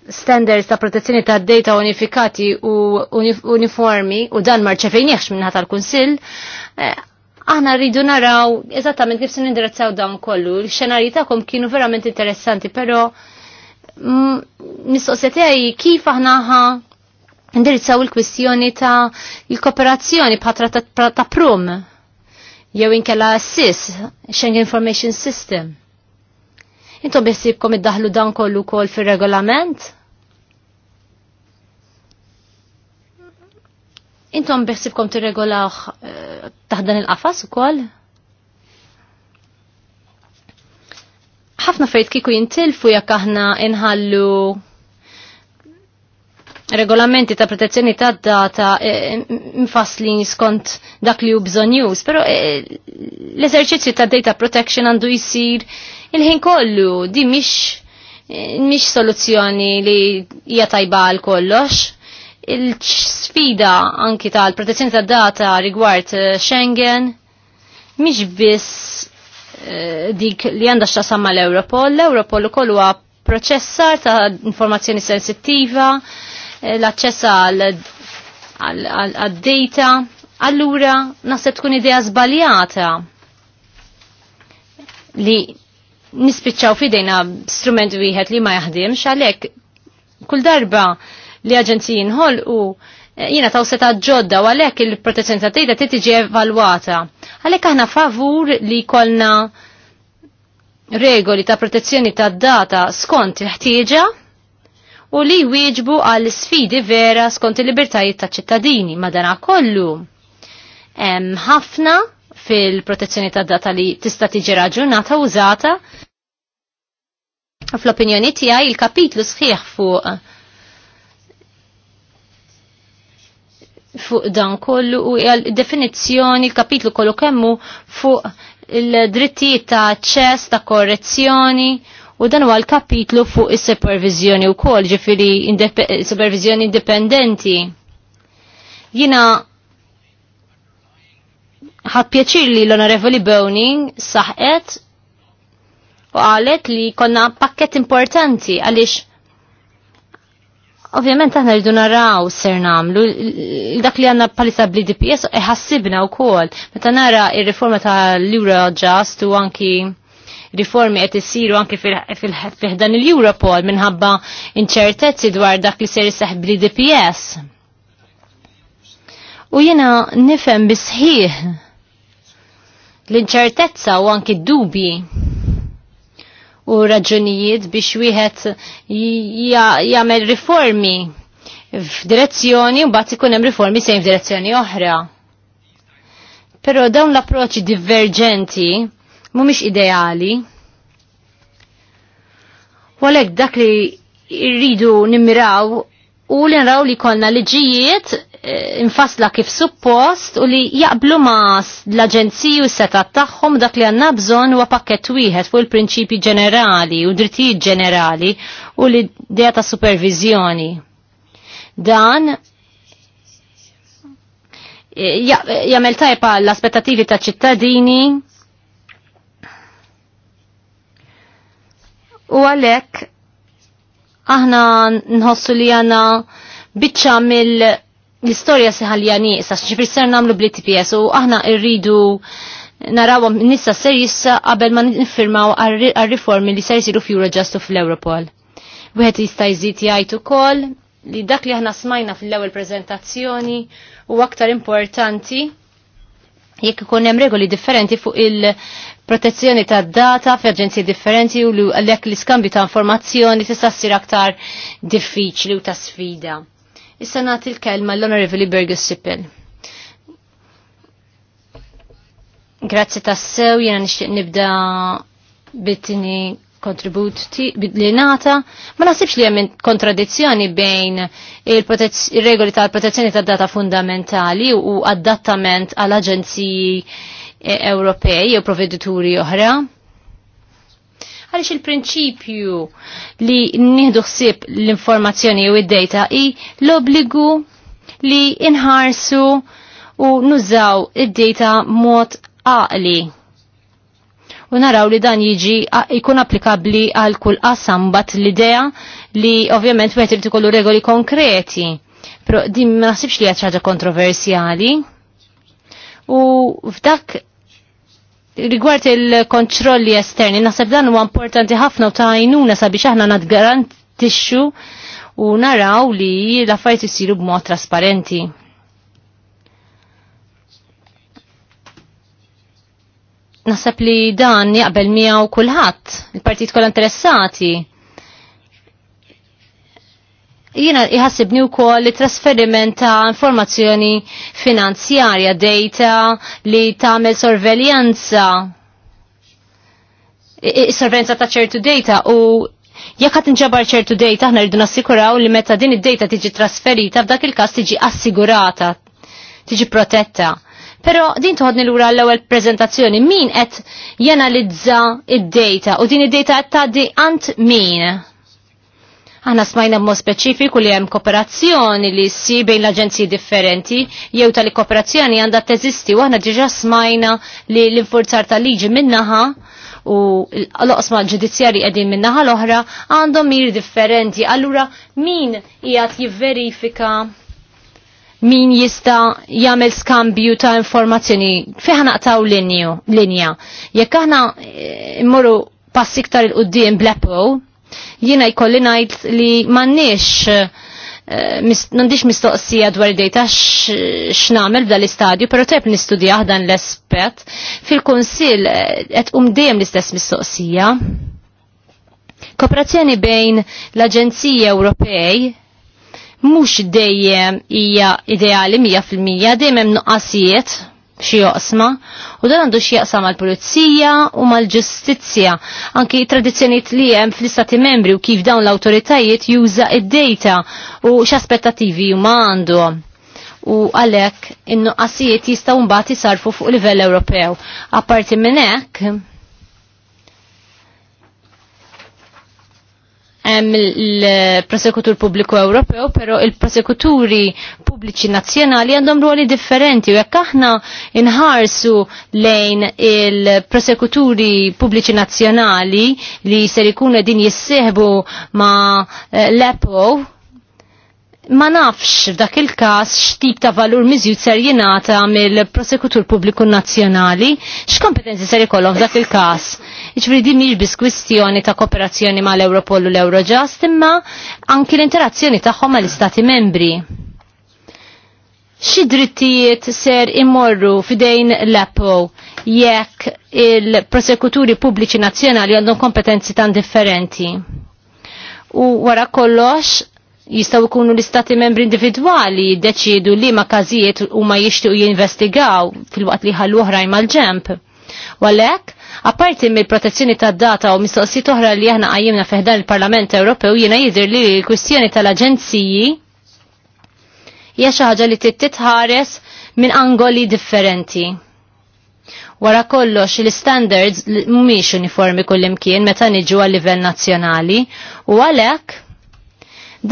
standards ta' protezzjoni ta' data unifikati u uniformi u dan marċefejniex minna tal-Kunsill, eh, aħna rridu naraw eżattament kif se nindirizzaw dawn kollu. L-xenarji tagħkom kienu verament interessanti, però mm, mistoqsetej kif aħna indirizzaw il-kwistjoni ta' il-kooperazzjoni bħatra ta' prum jew inkella SIS, Schengen Information System. Intom id iddaħlu dan kollu kol fil-regolament? Intom t tirregolaw eh, taħdan il-qafas u kol? ħafna fejt kiku jintilfu jekk aħna inħallu regolamenti ta' protezzjoni ta' data mfasslin eh, skont dak li hu bżonn już, però eh, l-eżerċizzju ta' data protection għandu jsir il-ħin kollu di mhix mish eh, soluzzjoni li hija tajba għal kollox. Il-sfida anki tal-protezzjoni tad data rigward eh, Schengen mhix biss eh, dik li għandha x'tasam mal-Europol, l-Europol ukoll huwa proċessar ta' informazzjoni sensittiva, l-aċċess għal-data, allura naħseb tkun idea żbaljata li nispiċċaw fidejna strument wieħed li ma jaħdimx għalhekk kull darba li aġenziji nħol u eh, jina taw seta ġodda u għalek il-protezzjoni ta' tejda titiġi evalwata. Għalek aħna favur li kolna regoli ta' protezzjoni ta' data skont il-ħtieġa u li jwieġbu għal sfidi vera skont il-libertajiet ta' ċittadini madana kollu. Hemm ħafna fil-protezzjoni ta' data li tista' tiġi raġunata użata fl-opinjoni tiegħi il-kapitlu sħiħ fuq fuq dan kollu u definizzjoni il-kapitlu kollu kemmu fuq il-drittijiet ta' ċess ta' korrezzjoni u dan huwa l-kapitlu fuq is-supervizjoni wkoll ġifieri indep supervizjoni indipendenti. Jina ħad li l-Onorevoli Bowning saħqet u għalet li konna pakket importanti għalix Ovvjament aħna rridu naraw ser namlu, dak li għanna palissa bli DPS iħassibna u kol. Meta nara il-riforma ta' l-Eurojust u anki riformi qed isiru anki fil-ħdan il-Europol minħabba inċertezzi dwar dak li ser jisaħ bli DPS. U jena nifem bisħiħ l-inċertezza u anki d-dubji u raġunijiet biex wieħed jagħmel riformi f'direzzjoni u mbagħad ikun hemm riformi sejn f'direzzjoni oħra. Però dawn l-approċċi diverġenti mhumiex ideali. U għalhekk dak li rridu nimmiraw u li nraw li konna liġijiet Eh, infasla kif suppost u li jaqblu ma l-aġenziju s-setat tagħhom dak li għanna bżon huwa pakket wieħed fuq il-prinċipi ġenerali u drittijiet ġenerali u li dea ta' supervizjoni. Dan eh, jagħmel tajpa l-aspettativi ta' ċittadini u għalhekk aħna nħossu li għandna biċċa mill l-istorja seħalja nieqsa, ċifri ser namlu bli tps u aħna irridu narawom nissa ser jissa qabel ma nifirmaw għal-riformi li ser jisiru f'Eurojust u fl-Europol. Wieħed jista' jizit jgħid ukoll li dak li aħna smajna fl-ewwel prezentazzjoni u aktar importanti jekk ikun hemm regoli differenti fuq il-protezzjoni tad data fi f'aġenziji differenti u għalhekk l-iskambju ta' informazzjoni tista' ssir aktar diffiċli u ta' sfida. Issa nagħti l-kelma l-Onorevoli Bergus Sippel. Grazzi tassew, jena nixtieq nibda bitni kontribut li nata, ma nasibx li hemm kontradizzjoni bejn il-regoli tal-protezzjoni tad-data fundamentali u adattament għall aġenziji eh, Ewropej jew provvedituri oħra għaliex il-prinċipju li nieħdu ħsieb l-informazzjoni u id-data i l-obligu li inħarsu u nużaw id-data mod għaqli u naraw li dan jiġi jkun applikabli għal kull qasam bat l-idea li ovvjament meħtir ikollu regoli konkreti. Pro din ma naħsibx li ħaġa kontroversjali. U f'dak rigward il-kontrolli esterni, naħseb dan huwa importanti ħafna u ta' għajnuna sabiex aħna nadgarantixxu u naraw li l-affarijiet isiru b'mod trasparenti. Naħseb li dan jaqbel miegħu kulħadd, il-partit kollha interessati Jiena jħassibni wkoll li trasferiment ta' informazzjoni finanzjarja, data li tagħmel sorveljanza Sorveljanza ta' ċertu data u jekk qed inġabar ċertu data aħna rridu nassikuraw li meta din id-data tiġi trasferita f'dak il-każ tiġi assigurata, tiġi protetta. Però din toħodni lura l-ewwel preżentazzjoni min qed jenalizza id-data u din id-data qed tgħaddi ant min Aħna smajna mmo speċifiku li hemm kooperazzjoni li ssi bejn l-aġenziji differenti jew tal kooperazzjoni għandha teżisti u aħna diġà smajna li l-infurzar tal-liġi minnaħa u l-oqsma ġudizzjari qegħdin minnaħa l-oħra għandhom miri differenti. Allura min qiegħed jivverifika min jista jagħmel skambju ta' informazzjoni fejn naqtaw linja. Jekk aħna eh, mmorru passiktar il-qudiem blepo, Jiena jkolli ngħid li m'għandniex eh, Nandix mistoqsija dwar dejta x'namel f'dan l-istadju, pero tep nistudja dan l-aspet. Fil-Kunsil qed eh, um dejjem l-istess mistoqsija. Kooperazzjoni bejn l-Aġenziji Ewropej mhux dejjem hija ideali 100% dejjem hemm nuqqasijiet xie joqsma u dan għandu joqsma mal-pulizija u mal-ġustizzja. Anki tradizzjonijiet li hemm fl-istati membri u kif dawn l-awtoritajiet juża id-dejta u x'aspettattivi huma għandu. U għalhekk in-nuqqasijiet jistgħu mbagħad sarfu fuq livell Ewropew. Apparti minn hekk, hemm il-Prosekutur Pubbliku Ewropew, però il-Prosekuturi Pubbliċi Nazzjonali għandhom ruoli differenti u jekk aħna inħarsu lejn il-Prosekuturi Pubbliċi Nazzjonali li ser ikunu din jissieħbu ma eh, l-EPO ma nafx f'dak il-każ x'tip ta' valur miżjud ser jingħata mill-Prosekutur Pubbliku Nazzjonali, x'kompetenzi ser ikollhom f'dak il-każ. Jiġifieri din mhix biss kwistjoni ta' kooperazzjoni mal-Europol u l-Eurojust imma anki l-interazzjoni tagħhom mal-Istati Membri. Xi drittijiet ser immorru f'idejn l-Appo jekk il-prosekuturi pubbliċi nazzjonali għandhom kompetenzi tan differenti. U wara kollox, jistaw ikunu l-istati membri individuali deċidu li ma kazijiet u ma jishtiqu jinvestigaw fil-waqt li ħallu oħrajn mal-ġemp. Walek, apparti mill protezzjoni ta' data u mistoqsijiet oħra li aħna qajjimna feħdan il-Parlament Ewropew jiena jidher li l-kwistjoni tal-aġenziji hija xi ħaġa li titħares minn angoli differenti. Wara kollox l-standards mhumiex uniformi kullimkien meta niġu għal livell nazzjonali u għalhekk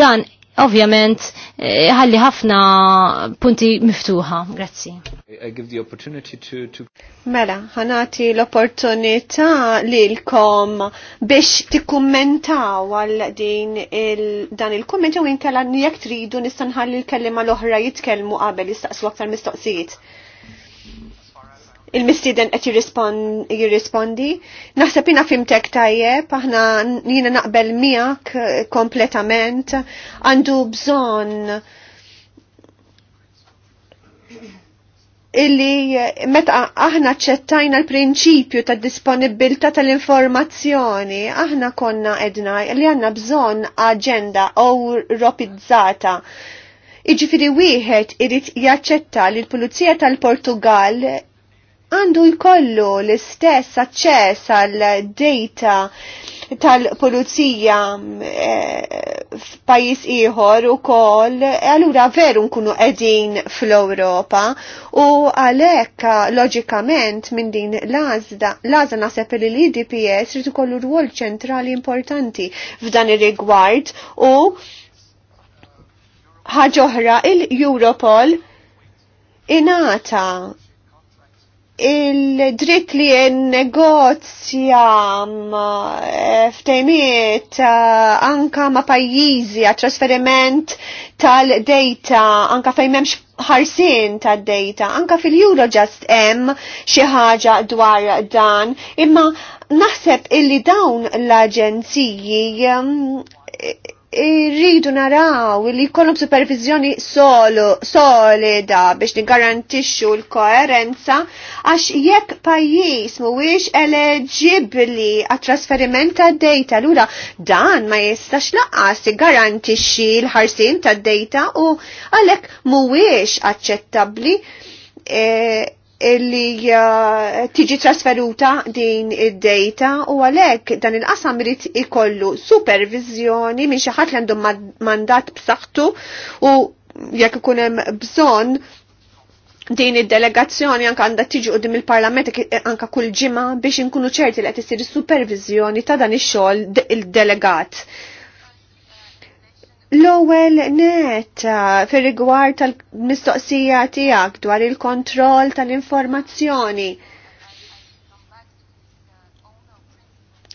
Dan ovvjament eh, ħalli ħafna punti miftuħa. Grazzi. Mela, ħanati l-opportunità lilkom biex tikkummentaw għal din il dan il-kumment jew inkella jekk tridu nistanħalli l-kellima l-oħra jitkellmu qabel jistaqsu aktar mistoqsijiet il-mistiden qed jirrispondi. Naħseb jina fimtek tajjeb, aħna jina naqbel miegħek eh, kompletament, għandu bżonn illi eh, meta aħna ċettajna l-prinċipju ta' disponibilta tal-informazzjoni, aħna konna edna li għanna bżon agenda europizzata. Iġifiri wieħed irid jaċċetta li l-Pulizija tal-Portugal għandu jkollu l-istess aċċess għal data tal-pulizija eh, f'pajjiż ieħor ukoll, e allura veru nkunu qegħdin fl-Ewropa u għalhekk loġikament minn din l-għażla l naħseb li l-IDPS rid ikollu rwol ċentrali importanti f'dan ir-rigward u ħaġa oħra il-Europol inata il-dritt li negozja mm, eh, ftejmiet eh, anka ma pajjiżi għat trasferiment tal-data anka fejn memx ħarsin tad-data anka fil juro hemm xi ħaġa dwar dan imma naħseb illi dawn l-aġenziji mm, irridu naraw li jkollhom supervizjoni solo, solida biex nigarantixxu l-koerenza għax jekk pajjiż mhuwiex eleġibbli għat trasferiment tad-dejta lura dan ma jistax laqas garantixxi l-ħarsin tad-dejta u għalhekk mhuwiex aċċettabbli eh, li tiġi trasferuta din id-data u għalhekk dan il-qasam irid ikollu supervizjoni minn xi ħadd li għandhom mandat b'saħħtu u jekk ikun hemm bżonn din id-delegazzjoni anka għandha tiġi qudiem il-Parlament anka kull ġimgħa biex inkunu ċerti li qed isir is-supervizjoni ta' dan ix-xogħol il-delegat. il delegat L-ewwel net eh, fir-rigward tal-mistoqsija tiegħek dwar il-kontroll tal-informazzjoni.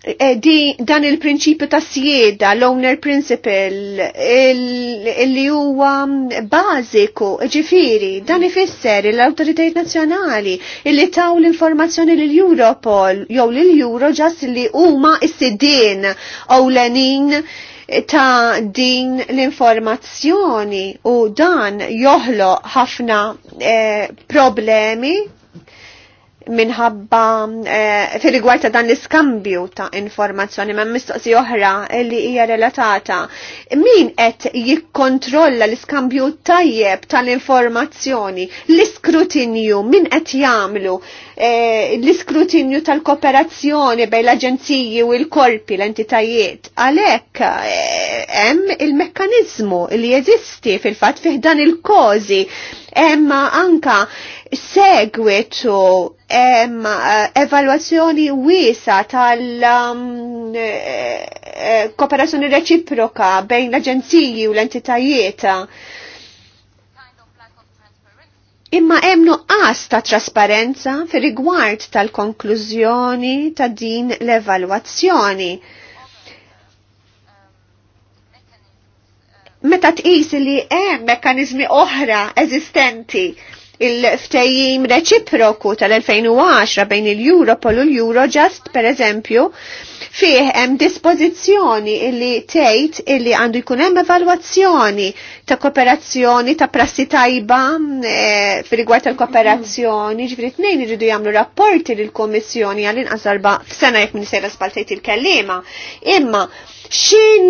Eh, di dan il-prinċipju ta' sjeda, l-owner principle, li huwa bażiku, ġifiri, dan ifisser l-autoritajiet nazzjonali illi taw l-informazzjoni l Europol jew l-Euro ġas li huma s-sidin ewlenin ta' din l-informazzjoni u dan joħloq ħafna eh, problemi minħabba eh, fil ta' dan l-iskambju ta' informazzjoni ma' mistoqsi oħra li hija relatata. Min qed jikkontrolla l-iskambju tajjeb tal-informazzjoni, l-iskrutinju, min qed jagħmlu eh, l-iskrutinju tal-kooperazzjoni bejn l-aġenziji u l-korpi l-entitajiet. Għalhekk eh, hemm eh, il-mekkaniżmu li jeżisti fil-fatt fih dan il-kozi, emma anka segwitu em, eh, evalwazzjoni wisa tal-kooperazzjoni um, eh, eh, reċiproka bejn l-aġenziji u l-entitajiet. Imma hemm nuqqas ta' trasparenza fir rigward tal-konklużjoni ta' din l-evalwazzjoni. Meta tqis li hemm mekkaniżmi oħra eżistenti il-ftejjim reċiproku tal-2010 bejn il-Europol u l-Eurojust per eżempju fih hemm dispożizzjoni illi tgħid illi għandu jkun hemm evalwazzjoni ta' kooperazzjoni ta' prassi tajba e, eh, fil-rigward tal-kooperazzjoni, ġifieri tnejn iridu jagħmlu rapporti lill-Kummissjoni għall inqas darba f'sena jekk minn sejra spaltejt il-kellima. Imma Xin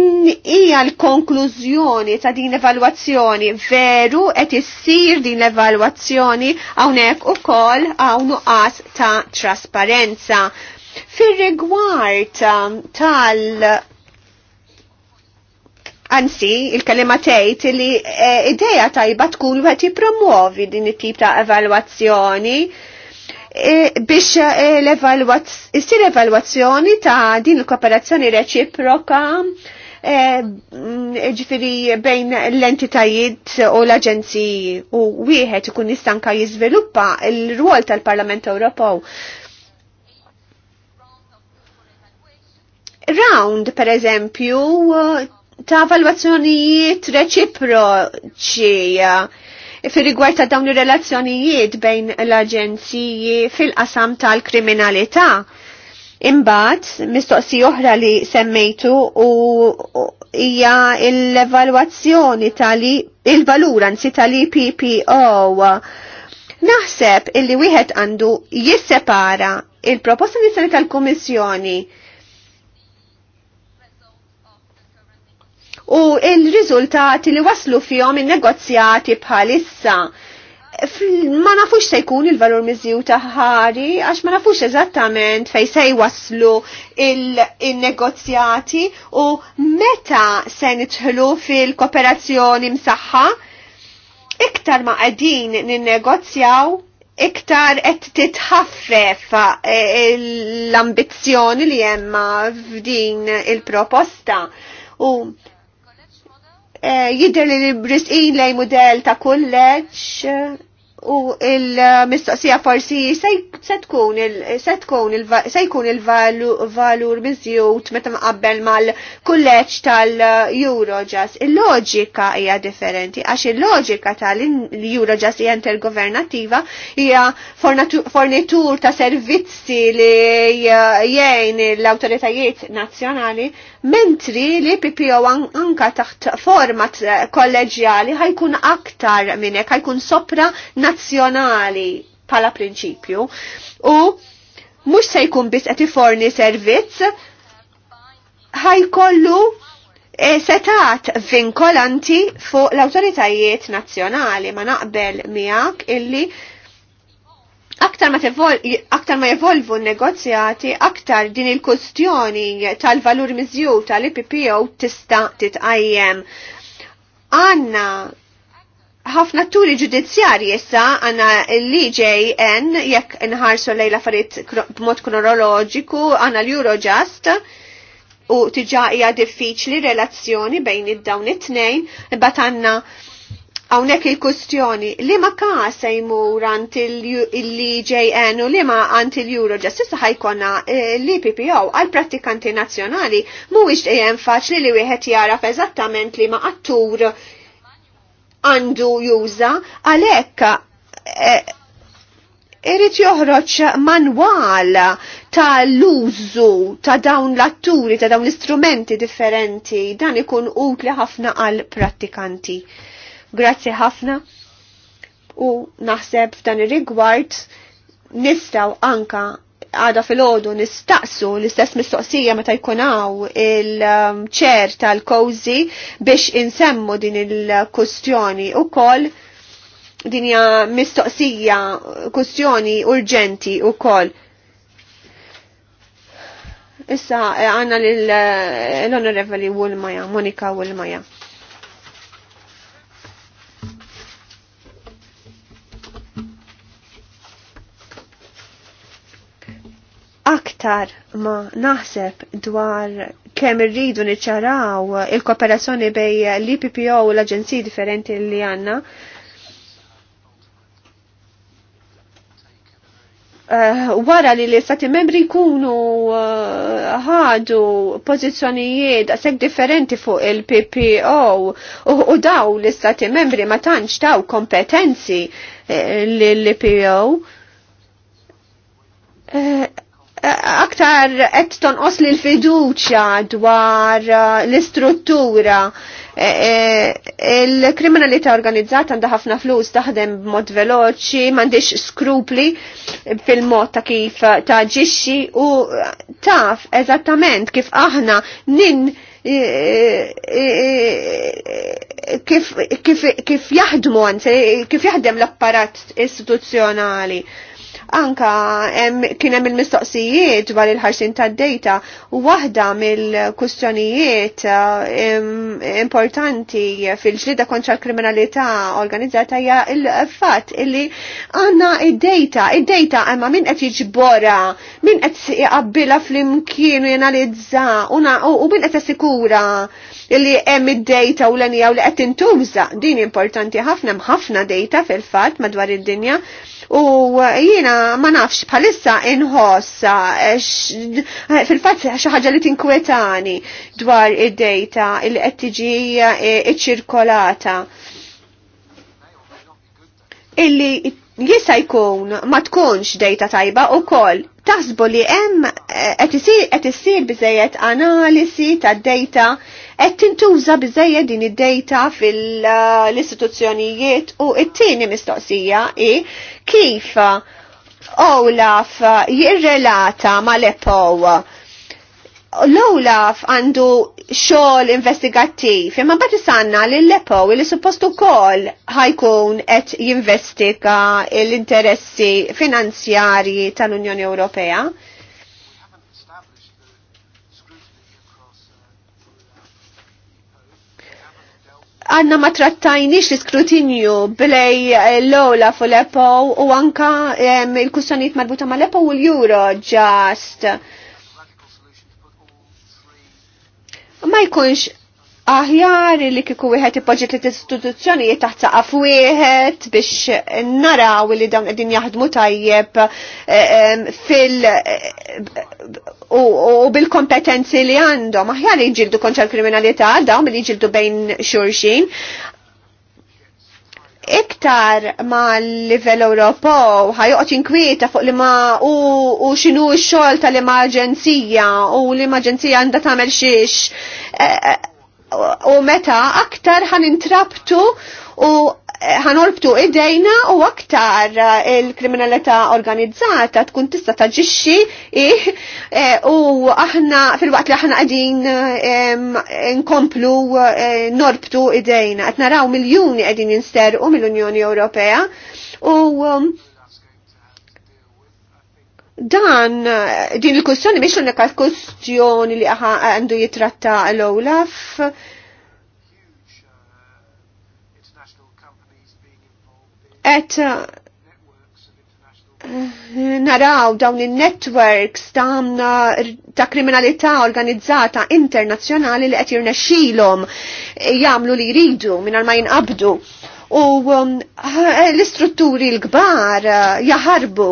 hija l-konklużjoni ta' din evalwazzjoni Veru qed issir din l-evalwazzjoni hawnhekk ukoll hawn nuqqas ta' trasparenza. Fir-rigward um, tal Anzi, il kelima tgħid li e, ideja tajba tkun wieħed jippromuovi din it-tip ta' evalwazzjoni E, biex e, l evalwazzjoni ta' din il-kooperazzjoni reċiproka e, ġifiri bejn l-entitajiet u l-aġenziji u wieħed ikun jistanka jizviluppa il-rwol tal-Parlament Ewropew. Round, per eżempju, ta' valwazzjonijiet reċiproċi fil rigward ta' dawn ir-relazzjonijiet bejn l-aġenziji fil-qasam tal-kriminalità. Imbagħad mistoqsi oħra li semmejtu u hija l-evalwazzjoni tali il-valur anzi tal-IPPO. Naħseb illi wieħed għandu jissepara il-proposta tal-Kummissjoni tal kummissjoni u il-riżultati li waslu fihom in-negozjati bħalissa ma nafux se jkun il-valur ta' taħħari, għax ma nafux eżattament fej se jwaslu il-negozjati il u meta se nitħlu fil-kooperazzjoni msaħħa, iktar ma qegħdin ninnegozjaw, iktar qed titħaffref eh, l-ambizzjoni li hemm f'din il-proposta. U Eh, jidher li l-brisqin lej mudell ta' kulleġġ eh, u il-mistoqsija forsi se tkun il-valur miżjut meta mqabbel mal-kulleġġ tal-Eurojas. Il-loġika hija differenti għax il-loġika tal-Eurojas hija intergovernattiva hija fornitur ta' servizzi li eh, jgħin l-awtoritajiet nazzjonali mentri li PPO anka taħt format eh, kolleġjali ħajkun aktar minnek, ħajkun sopra nazzjonali pala prinċipju. U mux se jkun bis qed forni servizz, ħajkollu e setat vinkolanti fuq l-autoritajiet nazzjonali ma naqbel miegħek illi aktar ma, aktar ma jevolvu negozjati, aktar din il-kustjoni tal-valur mizju tal-IPPO tista titqajjem. Għanna ħafna turi ġudizzjarji jessa għanna l-IJN jekk nħarsu lejla farit b'mod kronologiku għanna l-Eurojust u tiġa hija diffiċli relazzjoni bejn id-dawn it-tnejn, bat għanna Għawnek il-kustjoni, li ma kasa jmur għant il-LJN u li ma għant il-Eurojust, issa ħajkonna eh, l-IPPO għal-prattikanti nazjonali, mu iġt ejem faċli li wieħed jaraf eżattament li ma għattur għandu juża, għalek eh, irrit joħroċ manwal tal-użu ta' dawn l-atturi, ta' dawn l-istrumenti differenti, dan ikun utli ħafna għal-prattikanti. Grazzi ħafna u naħseb f'dan ir-rigward nistaw anka għada fil-ħodu nistaqsu l-istess mistoqsija meta jkunaw il-ċer tal-kozi biex insemmu din il-kustjoni u koll hija mistoqsija kustjoni urġenti u koll. Issa eh, għanna l-onorevoli eh, Wulmaja, Monika Wulmaja. aktar ma naħseb dwar kemm irridu niċċaraw il-kooperazzjoni bej l-IPPO u l-aġenziji differenti li għanna. Uh, wara li l-istati membri jkunu eh, ħadu uh, pozizjonijiet għasek differenti fuq il-PPO u, u daw l-istati membri ma tantx daw kompetenzi eh, l-PPO. Uh, aktar qed tonqos li l-fiduċja dwar uh, l-istruttura. E, e, il-kriminalità organizzata għandha ħafna flus taħdem b'mod veloċi, m'għandix skrupli fil-mod ta' kif taġixxi u taf eżattament kif aħna nin e, kif, kif jaħdmu kif jaħdem l-apparat istituzzjonali. Anka kien hemm il-mistoqsijiet dwar il-ħarsin tad dejta u waħda mill-kustjonijiet eh, importanti fil-ġlida kontra l-kriminalità organizzata hija il-fatt illi għandna id dejta id dejta imma min qed jiġbora, min qed iqabbilha flimkien u jenalizza u min qed assikura illi hemm id dejta u l-enija u li qed tintuża. Din importanti ħafna ħafna dejta fil-fatt madwar id-dinja U jiena ma nafx bħalissa inħossa eh, fil-fatt xi ħaġa li tinkwetani dwar id-dejta li qed tiġi eh, iċċirkolata. Illi jista' jkun ma tkunx dejta tajba u koll taħsbu li hemm eh, qed isir biżejjed analisi ta' dejta qed tintuża biżejjed din id-dejta fil-istituzzjonijiet u t tieni mistoqsija i kif Olaf jirrelata mal-EPOW l-Olaf għandu xol investigattiv, imma bat sanna li l-lepo li suppostu kol ħajkun et jinvestiga l-interessi finanzjari tal-Unjoni Ewropea. għanna ma trattajniex l-iskrutinju bilej eh, l-ola fu l-EPO u anka il-kustanijiet marbuta ma l-EPO u l-Euro ġast. Ma jkunx aħjar li kiku wieħed ipoġġet li istituzzjonijiet taħt saqaf wieħed biex naraw li dawn qegħdin jaħdmu tajjeb eh, fil u bil-kompetenzi li għandhom aħjar li kontra l-kriminalità dawn li jġildu bejn xurxin iktar ma l-livell Ewropew ħajoqgħod inkwieta fuq li ma u, u x'inhu x-xogħol tal-emerġenzija u l-emerġenzija għandha tagħmel xiex eh, eh, u meta aktar ħan intrabtu u eh, ħanorbtu idejna u aktar eh, il-kriminalità organizzata tkun tista' taġixxi eh, u aħna fil-waqt li aħna qegħdin nkomplu norbtu idejna. Qed naraw miljuni qegħdin jinsterqu mill-Unjoni Ewropea u Dan, din il-kustjoni miex l-unika kustjoni li għandu jitratta l-Olaf. Et uh, naraw dawn il-networks ta', ta kriminalità organizzata internazzjonali li qed jirnexxilhom jagħmlu li jridu mingħajr ma jinqabdu. U um, l-istrutturi l-kbar uh, jaħarbu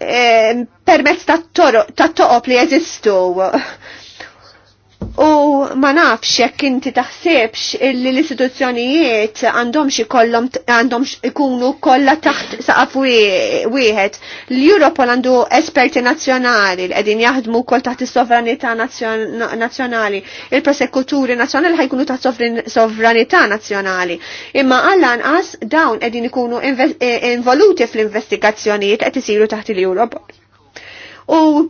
Eh, permezz ta' toqob li jeżistu U ma nafx jekk inti taħsibx li l-istituzzjonijiet għandhom kollhom għandhom ikunu kollha taħt saqaf wieħed. L-Europol għandu esperti nazzjonali li qegħdin jaħdmu wkoll taħt is-sovranità nazzjonali. Il-prosekuturi nazzjonali ħajkunu taħt sovranità nazzjonali. Imma alla anqas dawn qegħdin ikunu eh, involuti fl-investigazzjonijiet qed isiru taħt il-Europol. U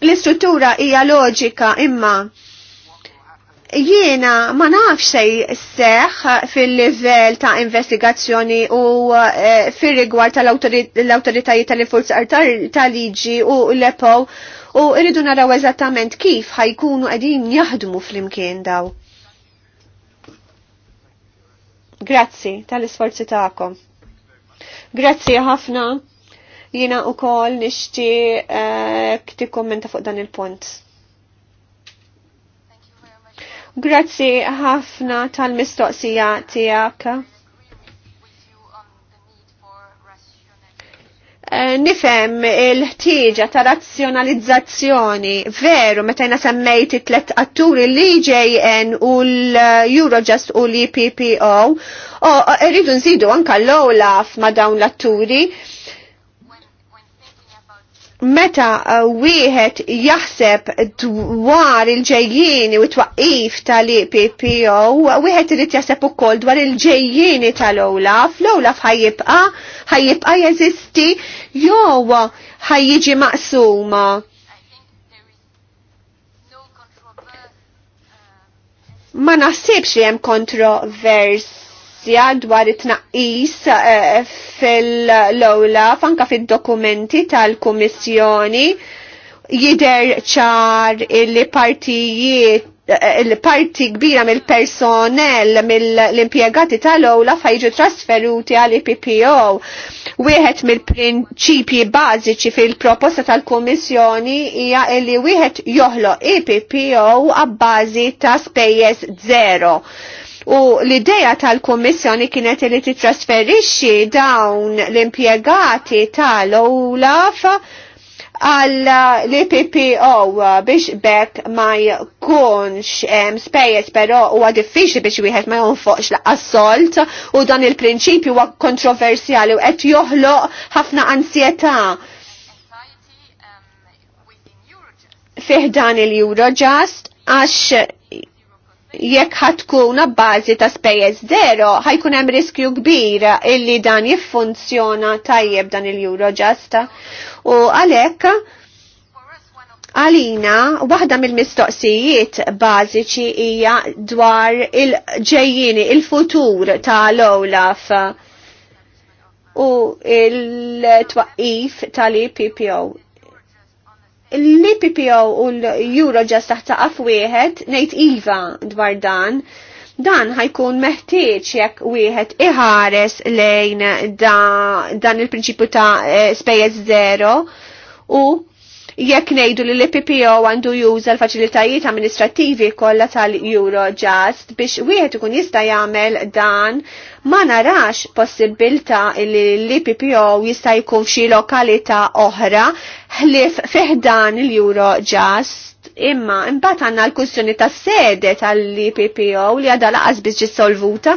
l-istruttura hija loġika imma jiena ma nafx sej seħ fil-livell ta' investigazzjoni u eh, fil-rigward tal-autoritajiet tal-forzi tal-liġi u l-EPO u rridu naraw eżattament kif ħajkunu qegħdin jaħdmu fl-imkien daw. Grazzi tal-isforzi tagħkom. Grazzi ħafna Jina u kol nishti eh, kti kommenta fuq dan il-punt. Grazzi ħafna tal-mistoqsija tijak. Eh, nifem il-ħtieġa ta' razzjonalizzazzjoni veru meta jna semmejt it-tlet atturi l-IJN u l-Eurojust u l-EPPO. Rridu nżidu anka l-OLAF ma' dawn l-atturi meta uh, wieħed jaħseb dwar il-ġejjieni u twaqif tal ippo wieħed irid jaħseb ukoll dwar il-ġejjieni tal-Olaf, l-Olaf ħajjibqa' ħajjibqa' jeżisti jew ħajjiġi maqsuma. Ma naħsibx li hemm kontrovers mistoqsija dwar it-tnaqqis eh, fil-lowla fanka fil-dokumenti tal-Kummissjoni jider ċar il partijiet eh, il-parti kbira mill-personell mill-impjegati tal-owla fajġu trasferuti għal IPPO. Wieħed mill-prinċipji bażiċi fil-proposta tal-Kummissjoni hija li wieħed joħloq IPPO għabbażi ta' spejjeż zero. U l-ideja tal-Kommissjoni kienet li titrasferixxi dawn l-impjegati tal-OLAF għal l-PPO biex bekk ma jkunx spejjeż però huwa diffiċli biex wieħed ma jonfoqx l-assolt u dan il-prinċipju huwa kontroversjali u qed joħloq ħafna ansjetà. Fih dan il-Eurojust għax jekk ħatkuna bażi ta' spejjeż zero, ħajkun hemm riskju kbir illi dan jiffunzjona tajjeb dan il juro ġasta. U għalhekk għalina waħda mill-mistoqsijiet bażiċi hija dwar il-ġejjini, il-futur ta' l-Olaf u il-twaqif tal-IPPO l-IPPO u l-Eurojust taħt taqaf wieħed ngħid iva dwar dan, dan ħajkun meħtieġ jekk wieħed iħares lejn da, dan il-prinċipju ta' eh, spejjeż zero u jekk ngħidu li l-PPO għandu juża l-faċilitajiet amministrativi kollha tal-Eurojust biex wieħed ikun jista' jagħmel dan ma narax possibilità li l-PPO jista' jkun f'xi lokalità oħra ħlif fiħdan l-Eurojust imma imbagħad għandna l-kwistjoni tas-sede tal-PPO li għadha laqas biex ġissolvuta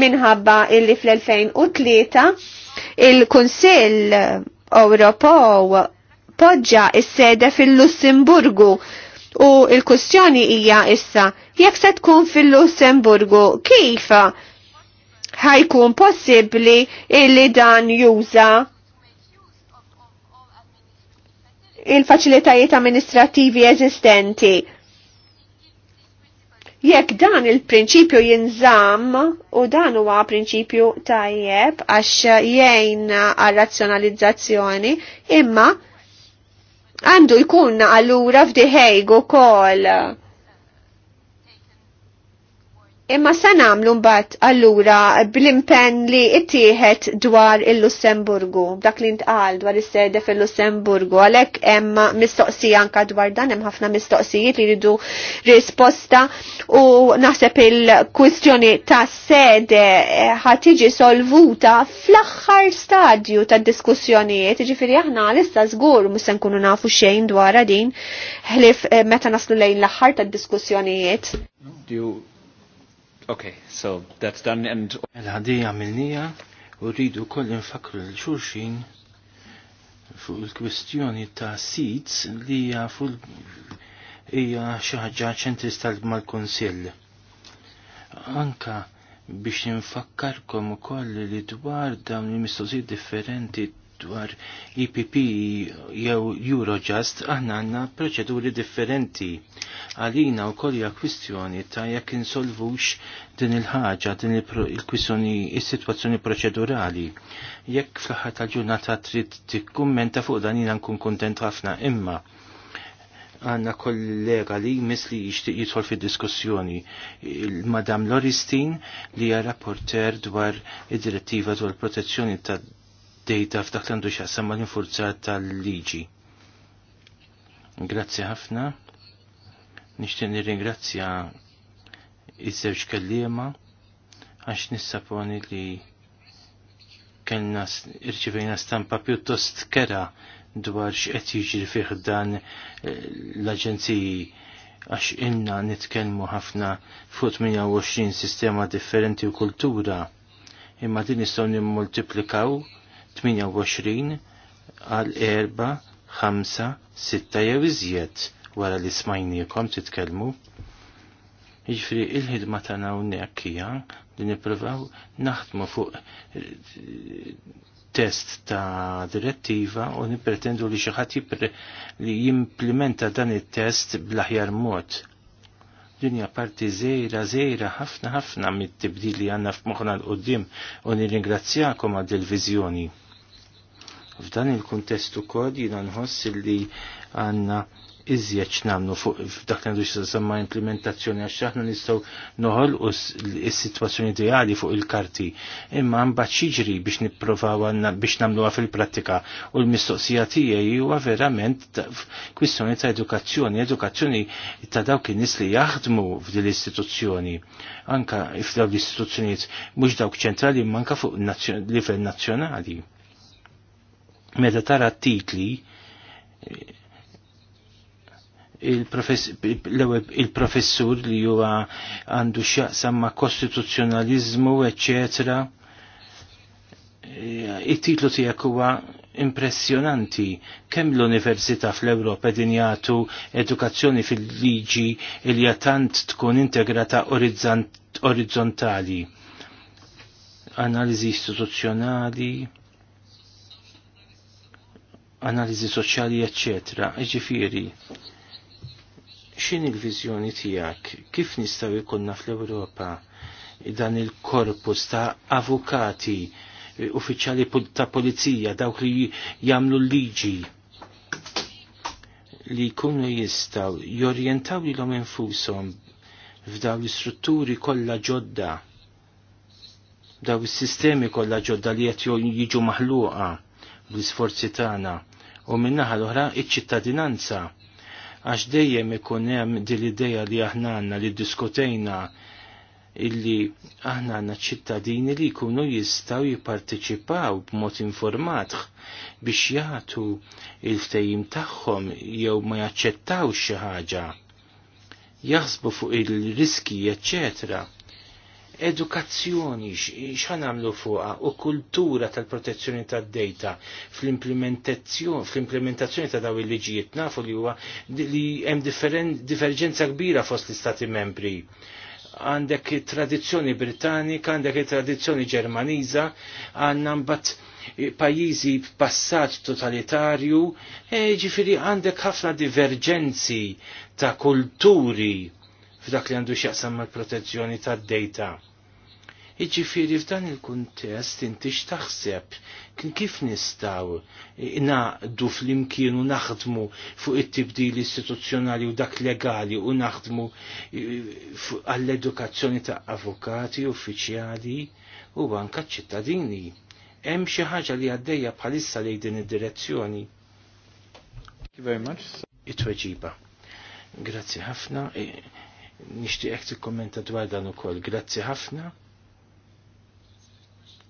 minħabba illi fl-2003 il-Kunsill Ewropew poġġa is-sede fil-Lussemburgu u il-kustjoni hija issa jekk se tkun fil-Lussemburgu kif ħajkun possibbli illi dan juża il-faċilitajiet amministrativi eżistenti jekk dan il-prinċipju jinżamm u dan huwa prinċipju tajjeb għax jgħin għal razzjonalizzazzjoni imma għandu jkun allura f'diħejgu kol. Imma se nagħmlu mbagħad allura bl-impenn li ittieħed dwar il-Lussemburgu, dak li ntqal dwar is-sede fil-Lussemburgu, għalhekk hemm mistoqsija anka dwar dan hemm ħafna mistoqsijiet li jridu risposta u naħseb il-kwistjoni tas sede eh, ħad tiġi solvuta fl-aħħar stadju tad-diskussjonijiet, jiġifieri aħna issa żgur mhux se nkunu nafu xejn dwar din ħlif eh, meta naslu lejn l-aħħar tad-diskussjonijiet. Okay, so that's done and... Il-ħadija mill u rridu koll infakru l-xurxin fuq il-kwestjoni ta' seats li hija fuq hija xi ħaġa ċentrista mal-Kunsill. Anka biex nfakkarkom ukoll li dwar dawn il-mistoqsijiet differenti dwar IPP e jew Eurojust aħna għandna proċeduri differenti. Għalina u hija kwistjoni ta' jekk insolvux din il-ħaġa, din il-kwistjoni, is-sitwazzjoni proċedurali. Jekk fl ħar tal-ġurnata trid tikkummenta fuq dan jiena nkun kuntent ħafna imma għanna kollega li misli jishtiq jitħol fi diskussjoni il-Madam Loristin li hija rapporter dwar id-direttiva dwar protezzjoni ta' data f'dak l-għandu xaqsam ma l tal-liġi. Grazzi ħafna. Nishtiq nirringrazzja iż-żewġ kellima għax nissaponi li kellna irċivejna stampa pjuttost kera dwar x'qed jiġri fih dan eh, l-aġenziji għax inna nitkellmu ħafna fuq 28 sistema differenti u kultura imma din nistgħu nimmultiplikaw 28 għal 4, 5, 6 jew iżjed wara li smajniekom titkellmu. Jiġri il-ħidma tagħna hawnhekk hija li nippruvaw naħdmu fuq eh, test ta' direttiva u nippretendu li xi ħadd li jimplementa dan it-test bl-aħjar mod. Dinja parti żejra żejra ħafna ħafna mit-tibdil li għandna f'moħħna l qoddim u nirringrazzjakom għad il-viżjoni. F'dan il-kontestu kod jina nħoss li għanna iżjed namlu fuq dak li semma implementazzjoni għax aħna nistgħu noħol u s-sitwazzjoni ideali fuq il-karti. Imma mbagħad xiġri biex nipprovaw biex nagħmluha fil-prattika u l-mistoqsija tiegħi huwa verament kwistjoni ta' edukazzjoni, edukazzjoni ta' dawk in-nies li jaħdmu f'din l-istituzzjoni. Anka f'dawn l-istituzzjonijiet mhux dawk ċentrali manka fuq livell nazzjonali meta tara titli il-professur il li huwa għandu x'jaqsam ma' kostituzzjonalizmu, eċċetera. It-titlu tiegħek huwa impressjonanti kemm l-Università fl-Ewropa din jagħtu edukazzjoni fil-liġi il tant tkun integrata orizzontali. Analiżi istituzzjonali analiżi soċjali, eccetera. Ġifiri, x'in il-viżjoni tiegħek? Kif nistgħu jkollna fl-Ewropa dan il-korpus ta' avukati, eh, uffiċjali ta' pulizija, dawk li jagħmlu l-liġi? li jkunu jistaw jorjentaw li l-om infusom f'daw l-istrutturi kollha ġodda, daw is-sistemi kollha ġodda li qed jiġu maħluqa bl-isforzi tagħna u minnaħa l-oħra iċ-ċittadinanza għax dejjem ikun hemm din l-idea li aħna għandna li diskutejna illi aħna għandna ċittadini li jkunu jistgħu jipparteċipaw b'mod informat biex jagħtu il-ftehim tagħhom jew ma jaċċettawx xi ħaġa jaħsbu fuq il-riski, eccetera edukazzjoni x'ħan għamlu fuqha u kultura tal-protezzjoni tad-data fl-implementazzjoni ta' daw il-liġijiet nafu li huwa li hemm diverġenza kbira fost l-istati membri. Għandek tradizzjoni Britannika, għandek tradizzjoni Ġermaniża, għandna mbagħad eh, pajizi passat totalitarju, e, ġifiri għandek ħafna diverġenzi ta' kulturi f'dak li għandu x'jaqsam mal-protezzjoni tad-data. Iġifiri f'dan il-kuntest inti x'taħseb kif nistaw naqdu fl-imkien u naħdmu fuq it-tibdil istituzzjonali u dak legali u naħdmu e, għall-edukazzjoni ta' avukati, uffiċjali u anka ċittadini. Hemm xi ħaġa li għaddejja bħalissa lejn din id-direzzjoni. Thank you very much. It-tweġiba. Grazzi ħafna. E, ekti kommenta dwar dan ukoll. Grazzi ħafna.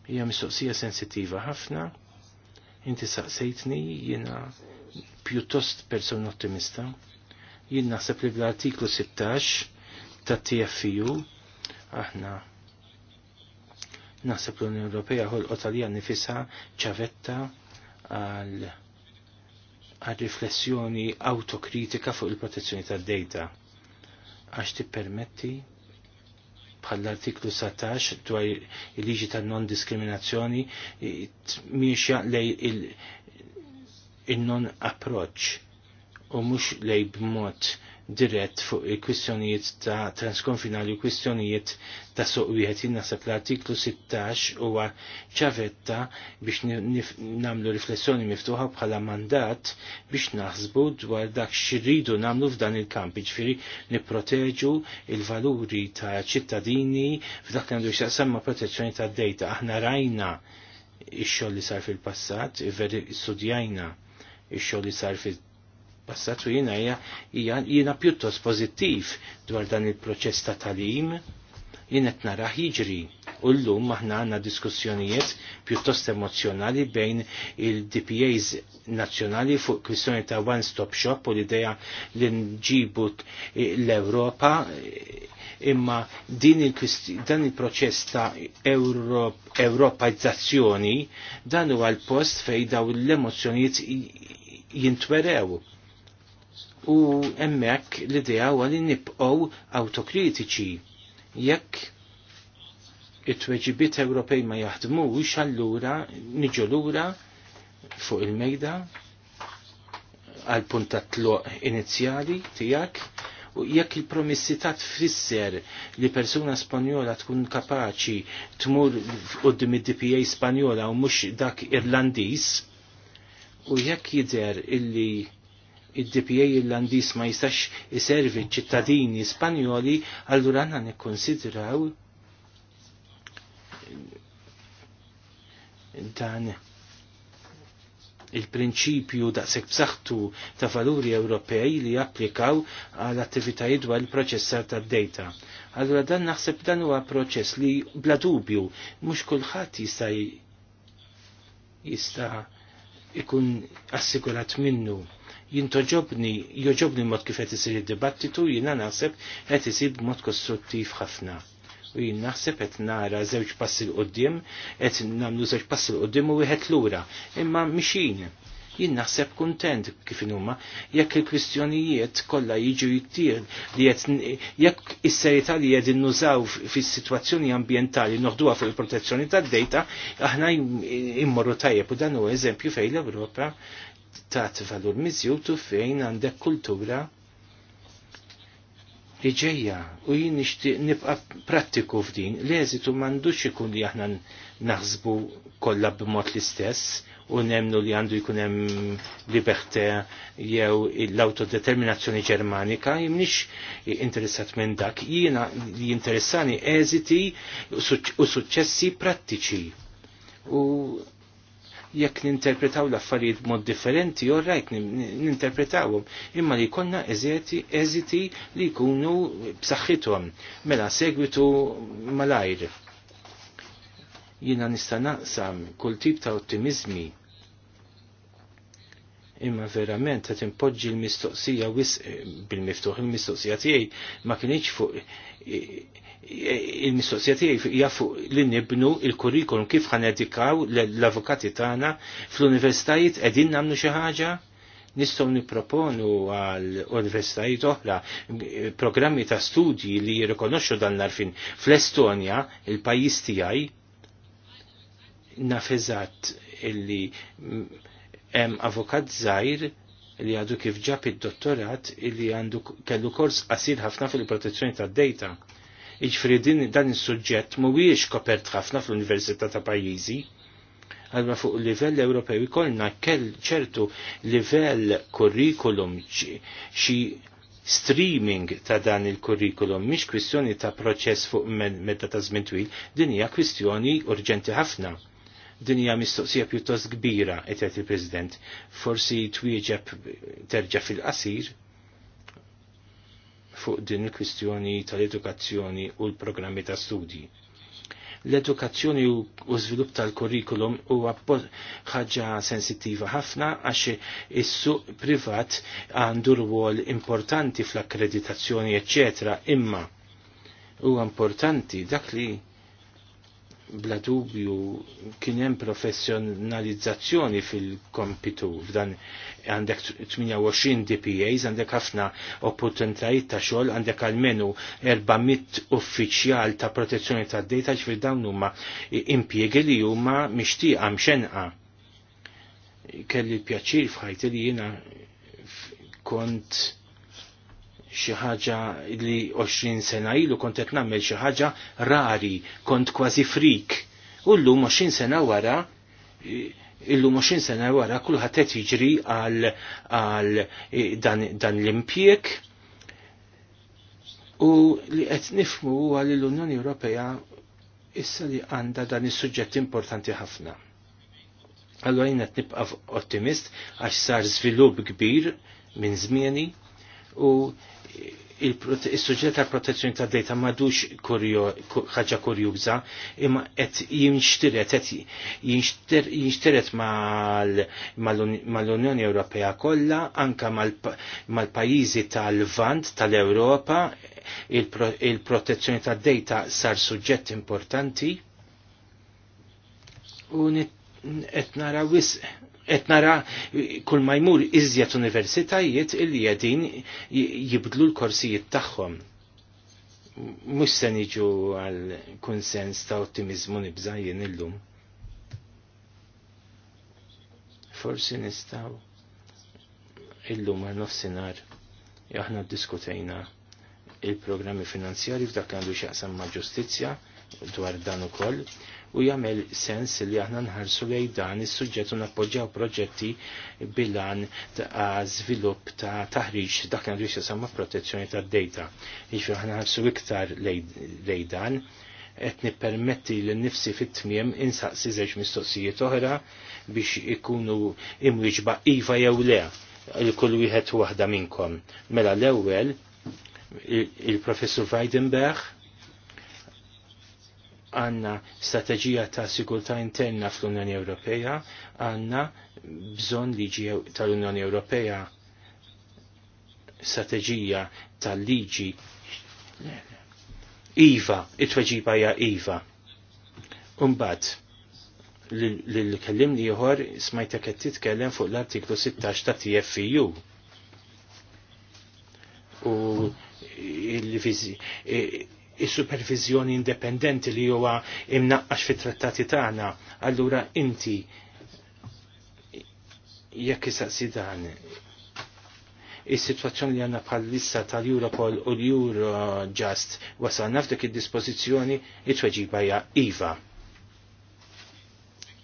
Hija mistoqsija sensitiva ħafna. Inti saqsejtni jiena pjuttost persona ottimista. Jien naħseb li bl-artiklu 16 tat TFU aħna naħseb l-Unjoni Ewropea ħolqot għalija nifisha ċavetta għal għal riflessjoni autokritika fuq il-protezzjoni tad-dejta għax tippermetti bħall-artiklu 17 dwar il-liġi ta' non-diskriminazzjoni miexja lej il non approach u mux lej b'mod dirett fuq il-kwistjonijiet ta' transkonfinali u kwistjonijiet ta' suq wieħed l-artiklu 16 huwa ċavetta biex namlu riflessjoni miftuħa bħala mandat biex naħsbu dwar dak xirridu namlu f'dan il-kamp, ġifiri nipproteġu il-valuri ta' ċittadini f'dak għandu jsemma protezzjoni ta' dejta Aħna rajna ix-xogħol li sar fil-passat, studjajna ix-xogħol li sar fil-passat passatu jina jina pjuttos pozittiv dwar dan il-proċess ta' talim jina t-nara ħiġri u l-lum maħna għanna diskussjonijiet pjuttost emozjonali bejn il-DPAs nazjonali fuq kwistjoni ta' one-stop shop u l-ideja li nġibu l-Europa imma din il dan il-proċess ta' Europazzazzjoni dan huwa l-post fejn daw l-emozjonijiet jintwerew u emmek l-idea huwa li nibqgħu autokritiċi. Jekk it-tweġibiet Ewropej ma jaħdmux allura niġu lura fuq il-mejda għal punta tluq inizjali tijak u jekk il-promissi ta' tfisser li persuna spanjola tkun kapaċi tmur qoddim id-DPA spanjola u mux dak irlandiż u jekk jider illi id-DPA irlandiż ma jistax iservi ċittadini Spanjoli, allura għanna nikkonsidraw dan il-prinċipju daqshekk b'saħħtu ta' valuri Ewropej li japplikaw għal attivitajiet dwar il-proċessar tad-data. Allura dan naħseb dan huwa proċess li bla dubju mhux kulħadd jista' jista' ikun assigurat minnu jintoġobni, joġobni mod kif qed isir id-dibattitu jiena naħseb qed isib b'mod kostruttiv ħafna. U jien naħseb qed nara żewġ passi l qoddim qed nagħmlu żewġ passi l qoddim u wieħed lura, imma mxin, Jien naħseb kuntent kif huma jekk il-kwistjonijiet kollha jiġu jittir li qed jekk is-serjetà li qegħdin nużaw fis-sitwazzjoni ambjentali noħduha fuq il-protezzjoni tad-dejta aħna immorru tajjeb u dan huwa eżempju fejn l-Ewropa tat valur miżjutu fejn għandek kultura iġeja u jien nixtieq nibqa' prattiku f'din. L-eżitu m'għandux ikun li aħna naħsbu kollha b'mod l-istess u nemnu li għandu jkun hemm libertà jew l-autodeterminazzjoni ġermanika, nix interessat minn dak, jiena li interessani eżiti u suċċessi prattiċi. U jekk ninterpretaw l-affarijiet mod differenti, all ninterpretawhom, imma li konna eżiti li jkunu b'saħħithom mela segwitu malajr. Jina nista' naqsam kull tip ta' ottimizmi imma verament qed timpoġġi l-mistoqsija bil-miftuħ il-mistoqsija tiegħi ma kienx fuq il-mistoqsija tiegħi hija fuq li nibnu il-kurrikulum kif ħanedikaw l-avukati tagħna fl-universitajiet qegħdin nagħmlu xi ħaġa nistgħu nipproponu għal universitajiet oħra programmi ta' studji li jirrikonoxxu dan l-arfin fl-Estonja, il-pajjiż tiegħi nafeżat illi hemm avukat żgħir li għadu kif ġab id-dottorat li għandu kellu kors qasir ħafna fil-protezzjoni tad-data. Iġfri din dan is-suġġett mhuwiex kopert ħafna fl-Università ta' pajjiżi. għalma fuq livell Ewropew ikollna kell ċertu livell kurrikulum xi streaming ta' dan il-kurrikulum mhix kwistjoni ta' proċess fuq medda ta' żmien twil, din hija kwistjoni urġenti ħafna dinja mistoqsija pjuttost kbira, etet il-President. Forsi twieġeb terġa fil-qasir fuq din il-kwistjoni tal-edukazzjoni u l-programmi ta' studji. L-edukazzjoni u żvilupp tal-kurrikulum huwa ħaġa sensittiva ħafna għax is-suq privat għandu rwol importanti fl-akkreditazzjoni, eċċetera, imma huwa importanti dak li bla dubju kien hemm professjonalizzazzjoni fil-kompitu f'dan għandek 28 DPAs, għandek ħafna opportunitajiet ta' xogħol, għandek almenu 400 uffiċjal ta' protezzjoni ta' data ġifier dawn huma impjegi li huma mixtieqa mxenqa. Kelli l-pjaċir f'ħajti li jiena kont xi ħaġa li 20 sena ilu kont qed nagħmel xi ħaġa rari, kont kważi frik. U llum 20 sena wara illum 20 sena wara kulħadd qed jiġri għal, għal e, dan, dan l-impjek u li qed nifmu huwa li l-Unjoni Ewropea issa li għandha dan is-suġġett importanti ħafna. Allora jina nibqa' ottimist għax sar żvilupp kbir minn żmieni u il-sujġet tal-protezzjoni ta' data madux ħaġa kurjuża imma qed jinxtiret qed jinxtiret mal-Unjoni Ewropea kollha anka mal-pajjiżi tal-Vant tal-Ewropa il-protezzjoni ta' data sar suġġett importanti u qed nara qed nara kull ma jmur iżjed universitajiet illi jadin jibdlu l-korsijiet tagħhom. Mhux se niġu għal kunsens ta' ottimiżmu nibżajjin illum. Forsi nistgħu illum għal nofsinhar aħna ddiskutejna il-programmi finanzjari f'dak għandu xaqsam ma' ġustizzja dwar dan ukoll u jagħmel sens li aħna nħarsu lejn dan is-suġġett u nappoġġjaw proġetti bilan ta' żvilupp ta' taħriġ dak se sama protezzjoni tad-dejta. Jiġri aħna nħarsu iktar lejn dan qed nippermetti li nifsi fit-tmiem insaqsi żewġ mistoqsijiet oħra biex ikunu imwiġba iva jew le il kull wieħed waħda minnkom. Mela l-ewwel il-professur Weidenberg għanna strategija ta' sigurta interna fl-Unjoni Ewropea, għanna bżon liġi tal-Unjoni Ewropea strategija tal-liġi Iva, it-tweġiba ja Iva. Umbad, l-kellim li jħor smajtek qed titkellem fuq l-artiklu 16 ta' TFU. U is-supervizjoni indipendenti li huwa imnaqqax fit-trattati tagħna, allura inti jekk isaqsi dan is-sitwazzjoni li għandna bħalissa tal-Europol u l-Eurojust wasalna f'dik id-dispożizzjoni it-tweġiba hija iva.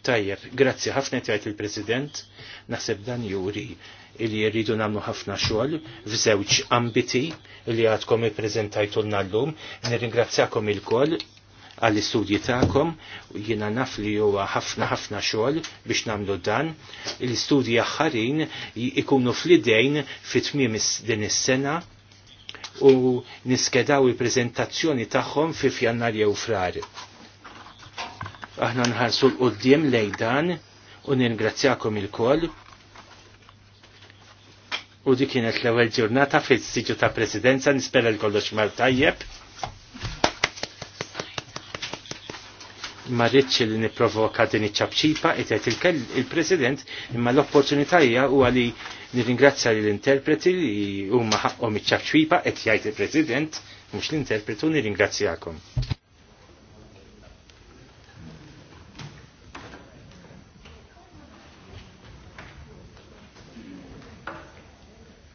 Tajjeb, grazzi ħafna tgħid il-President, naħseb dan juri illi jridu namlu ħafna xogħol f'żewġ ambiti li għadkom ippreżentajtulna llum. Nirringrazzjakom ilkoll għall-istudji tagħkom jiena naf li huwa ħafna ħafna xogħol biex nagħmlu dan. L-istudji aħħarin ikunu fl-idejn fit-tmiem din is-sena u niskedaw il-prezentazzjoni tagħhom fi fjannar jew frar. Aħna nħarsu l-qoddim lejdan u nirringrazzjakom il-koll u di kienet l-ewwel ġurnata fil-sitju ta' presidenza nispera l-kollox mar tajjeb. Ma rridx li nipprovoka din iċ-ċabċipa qed il-President imma l-opportunità hija huwa li nirringrazzja lill interpreti li huma ħaqhom iċabċipa qed jgħid il-President mhux l-interpretu nirringrazzjakom.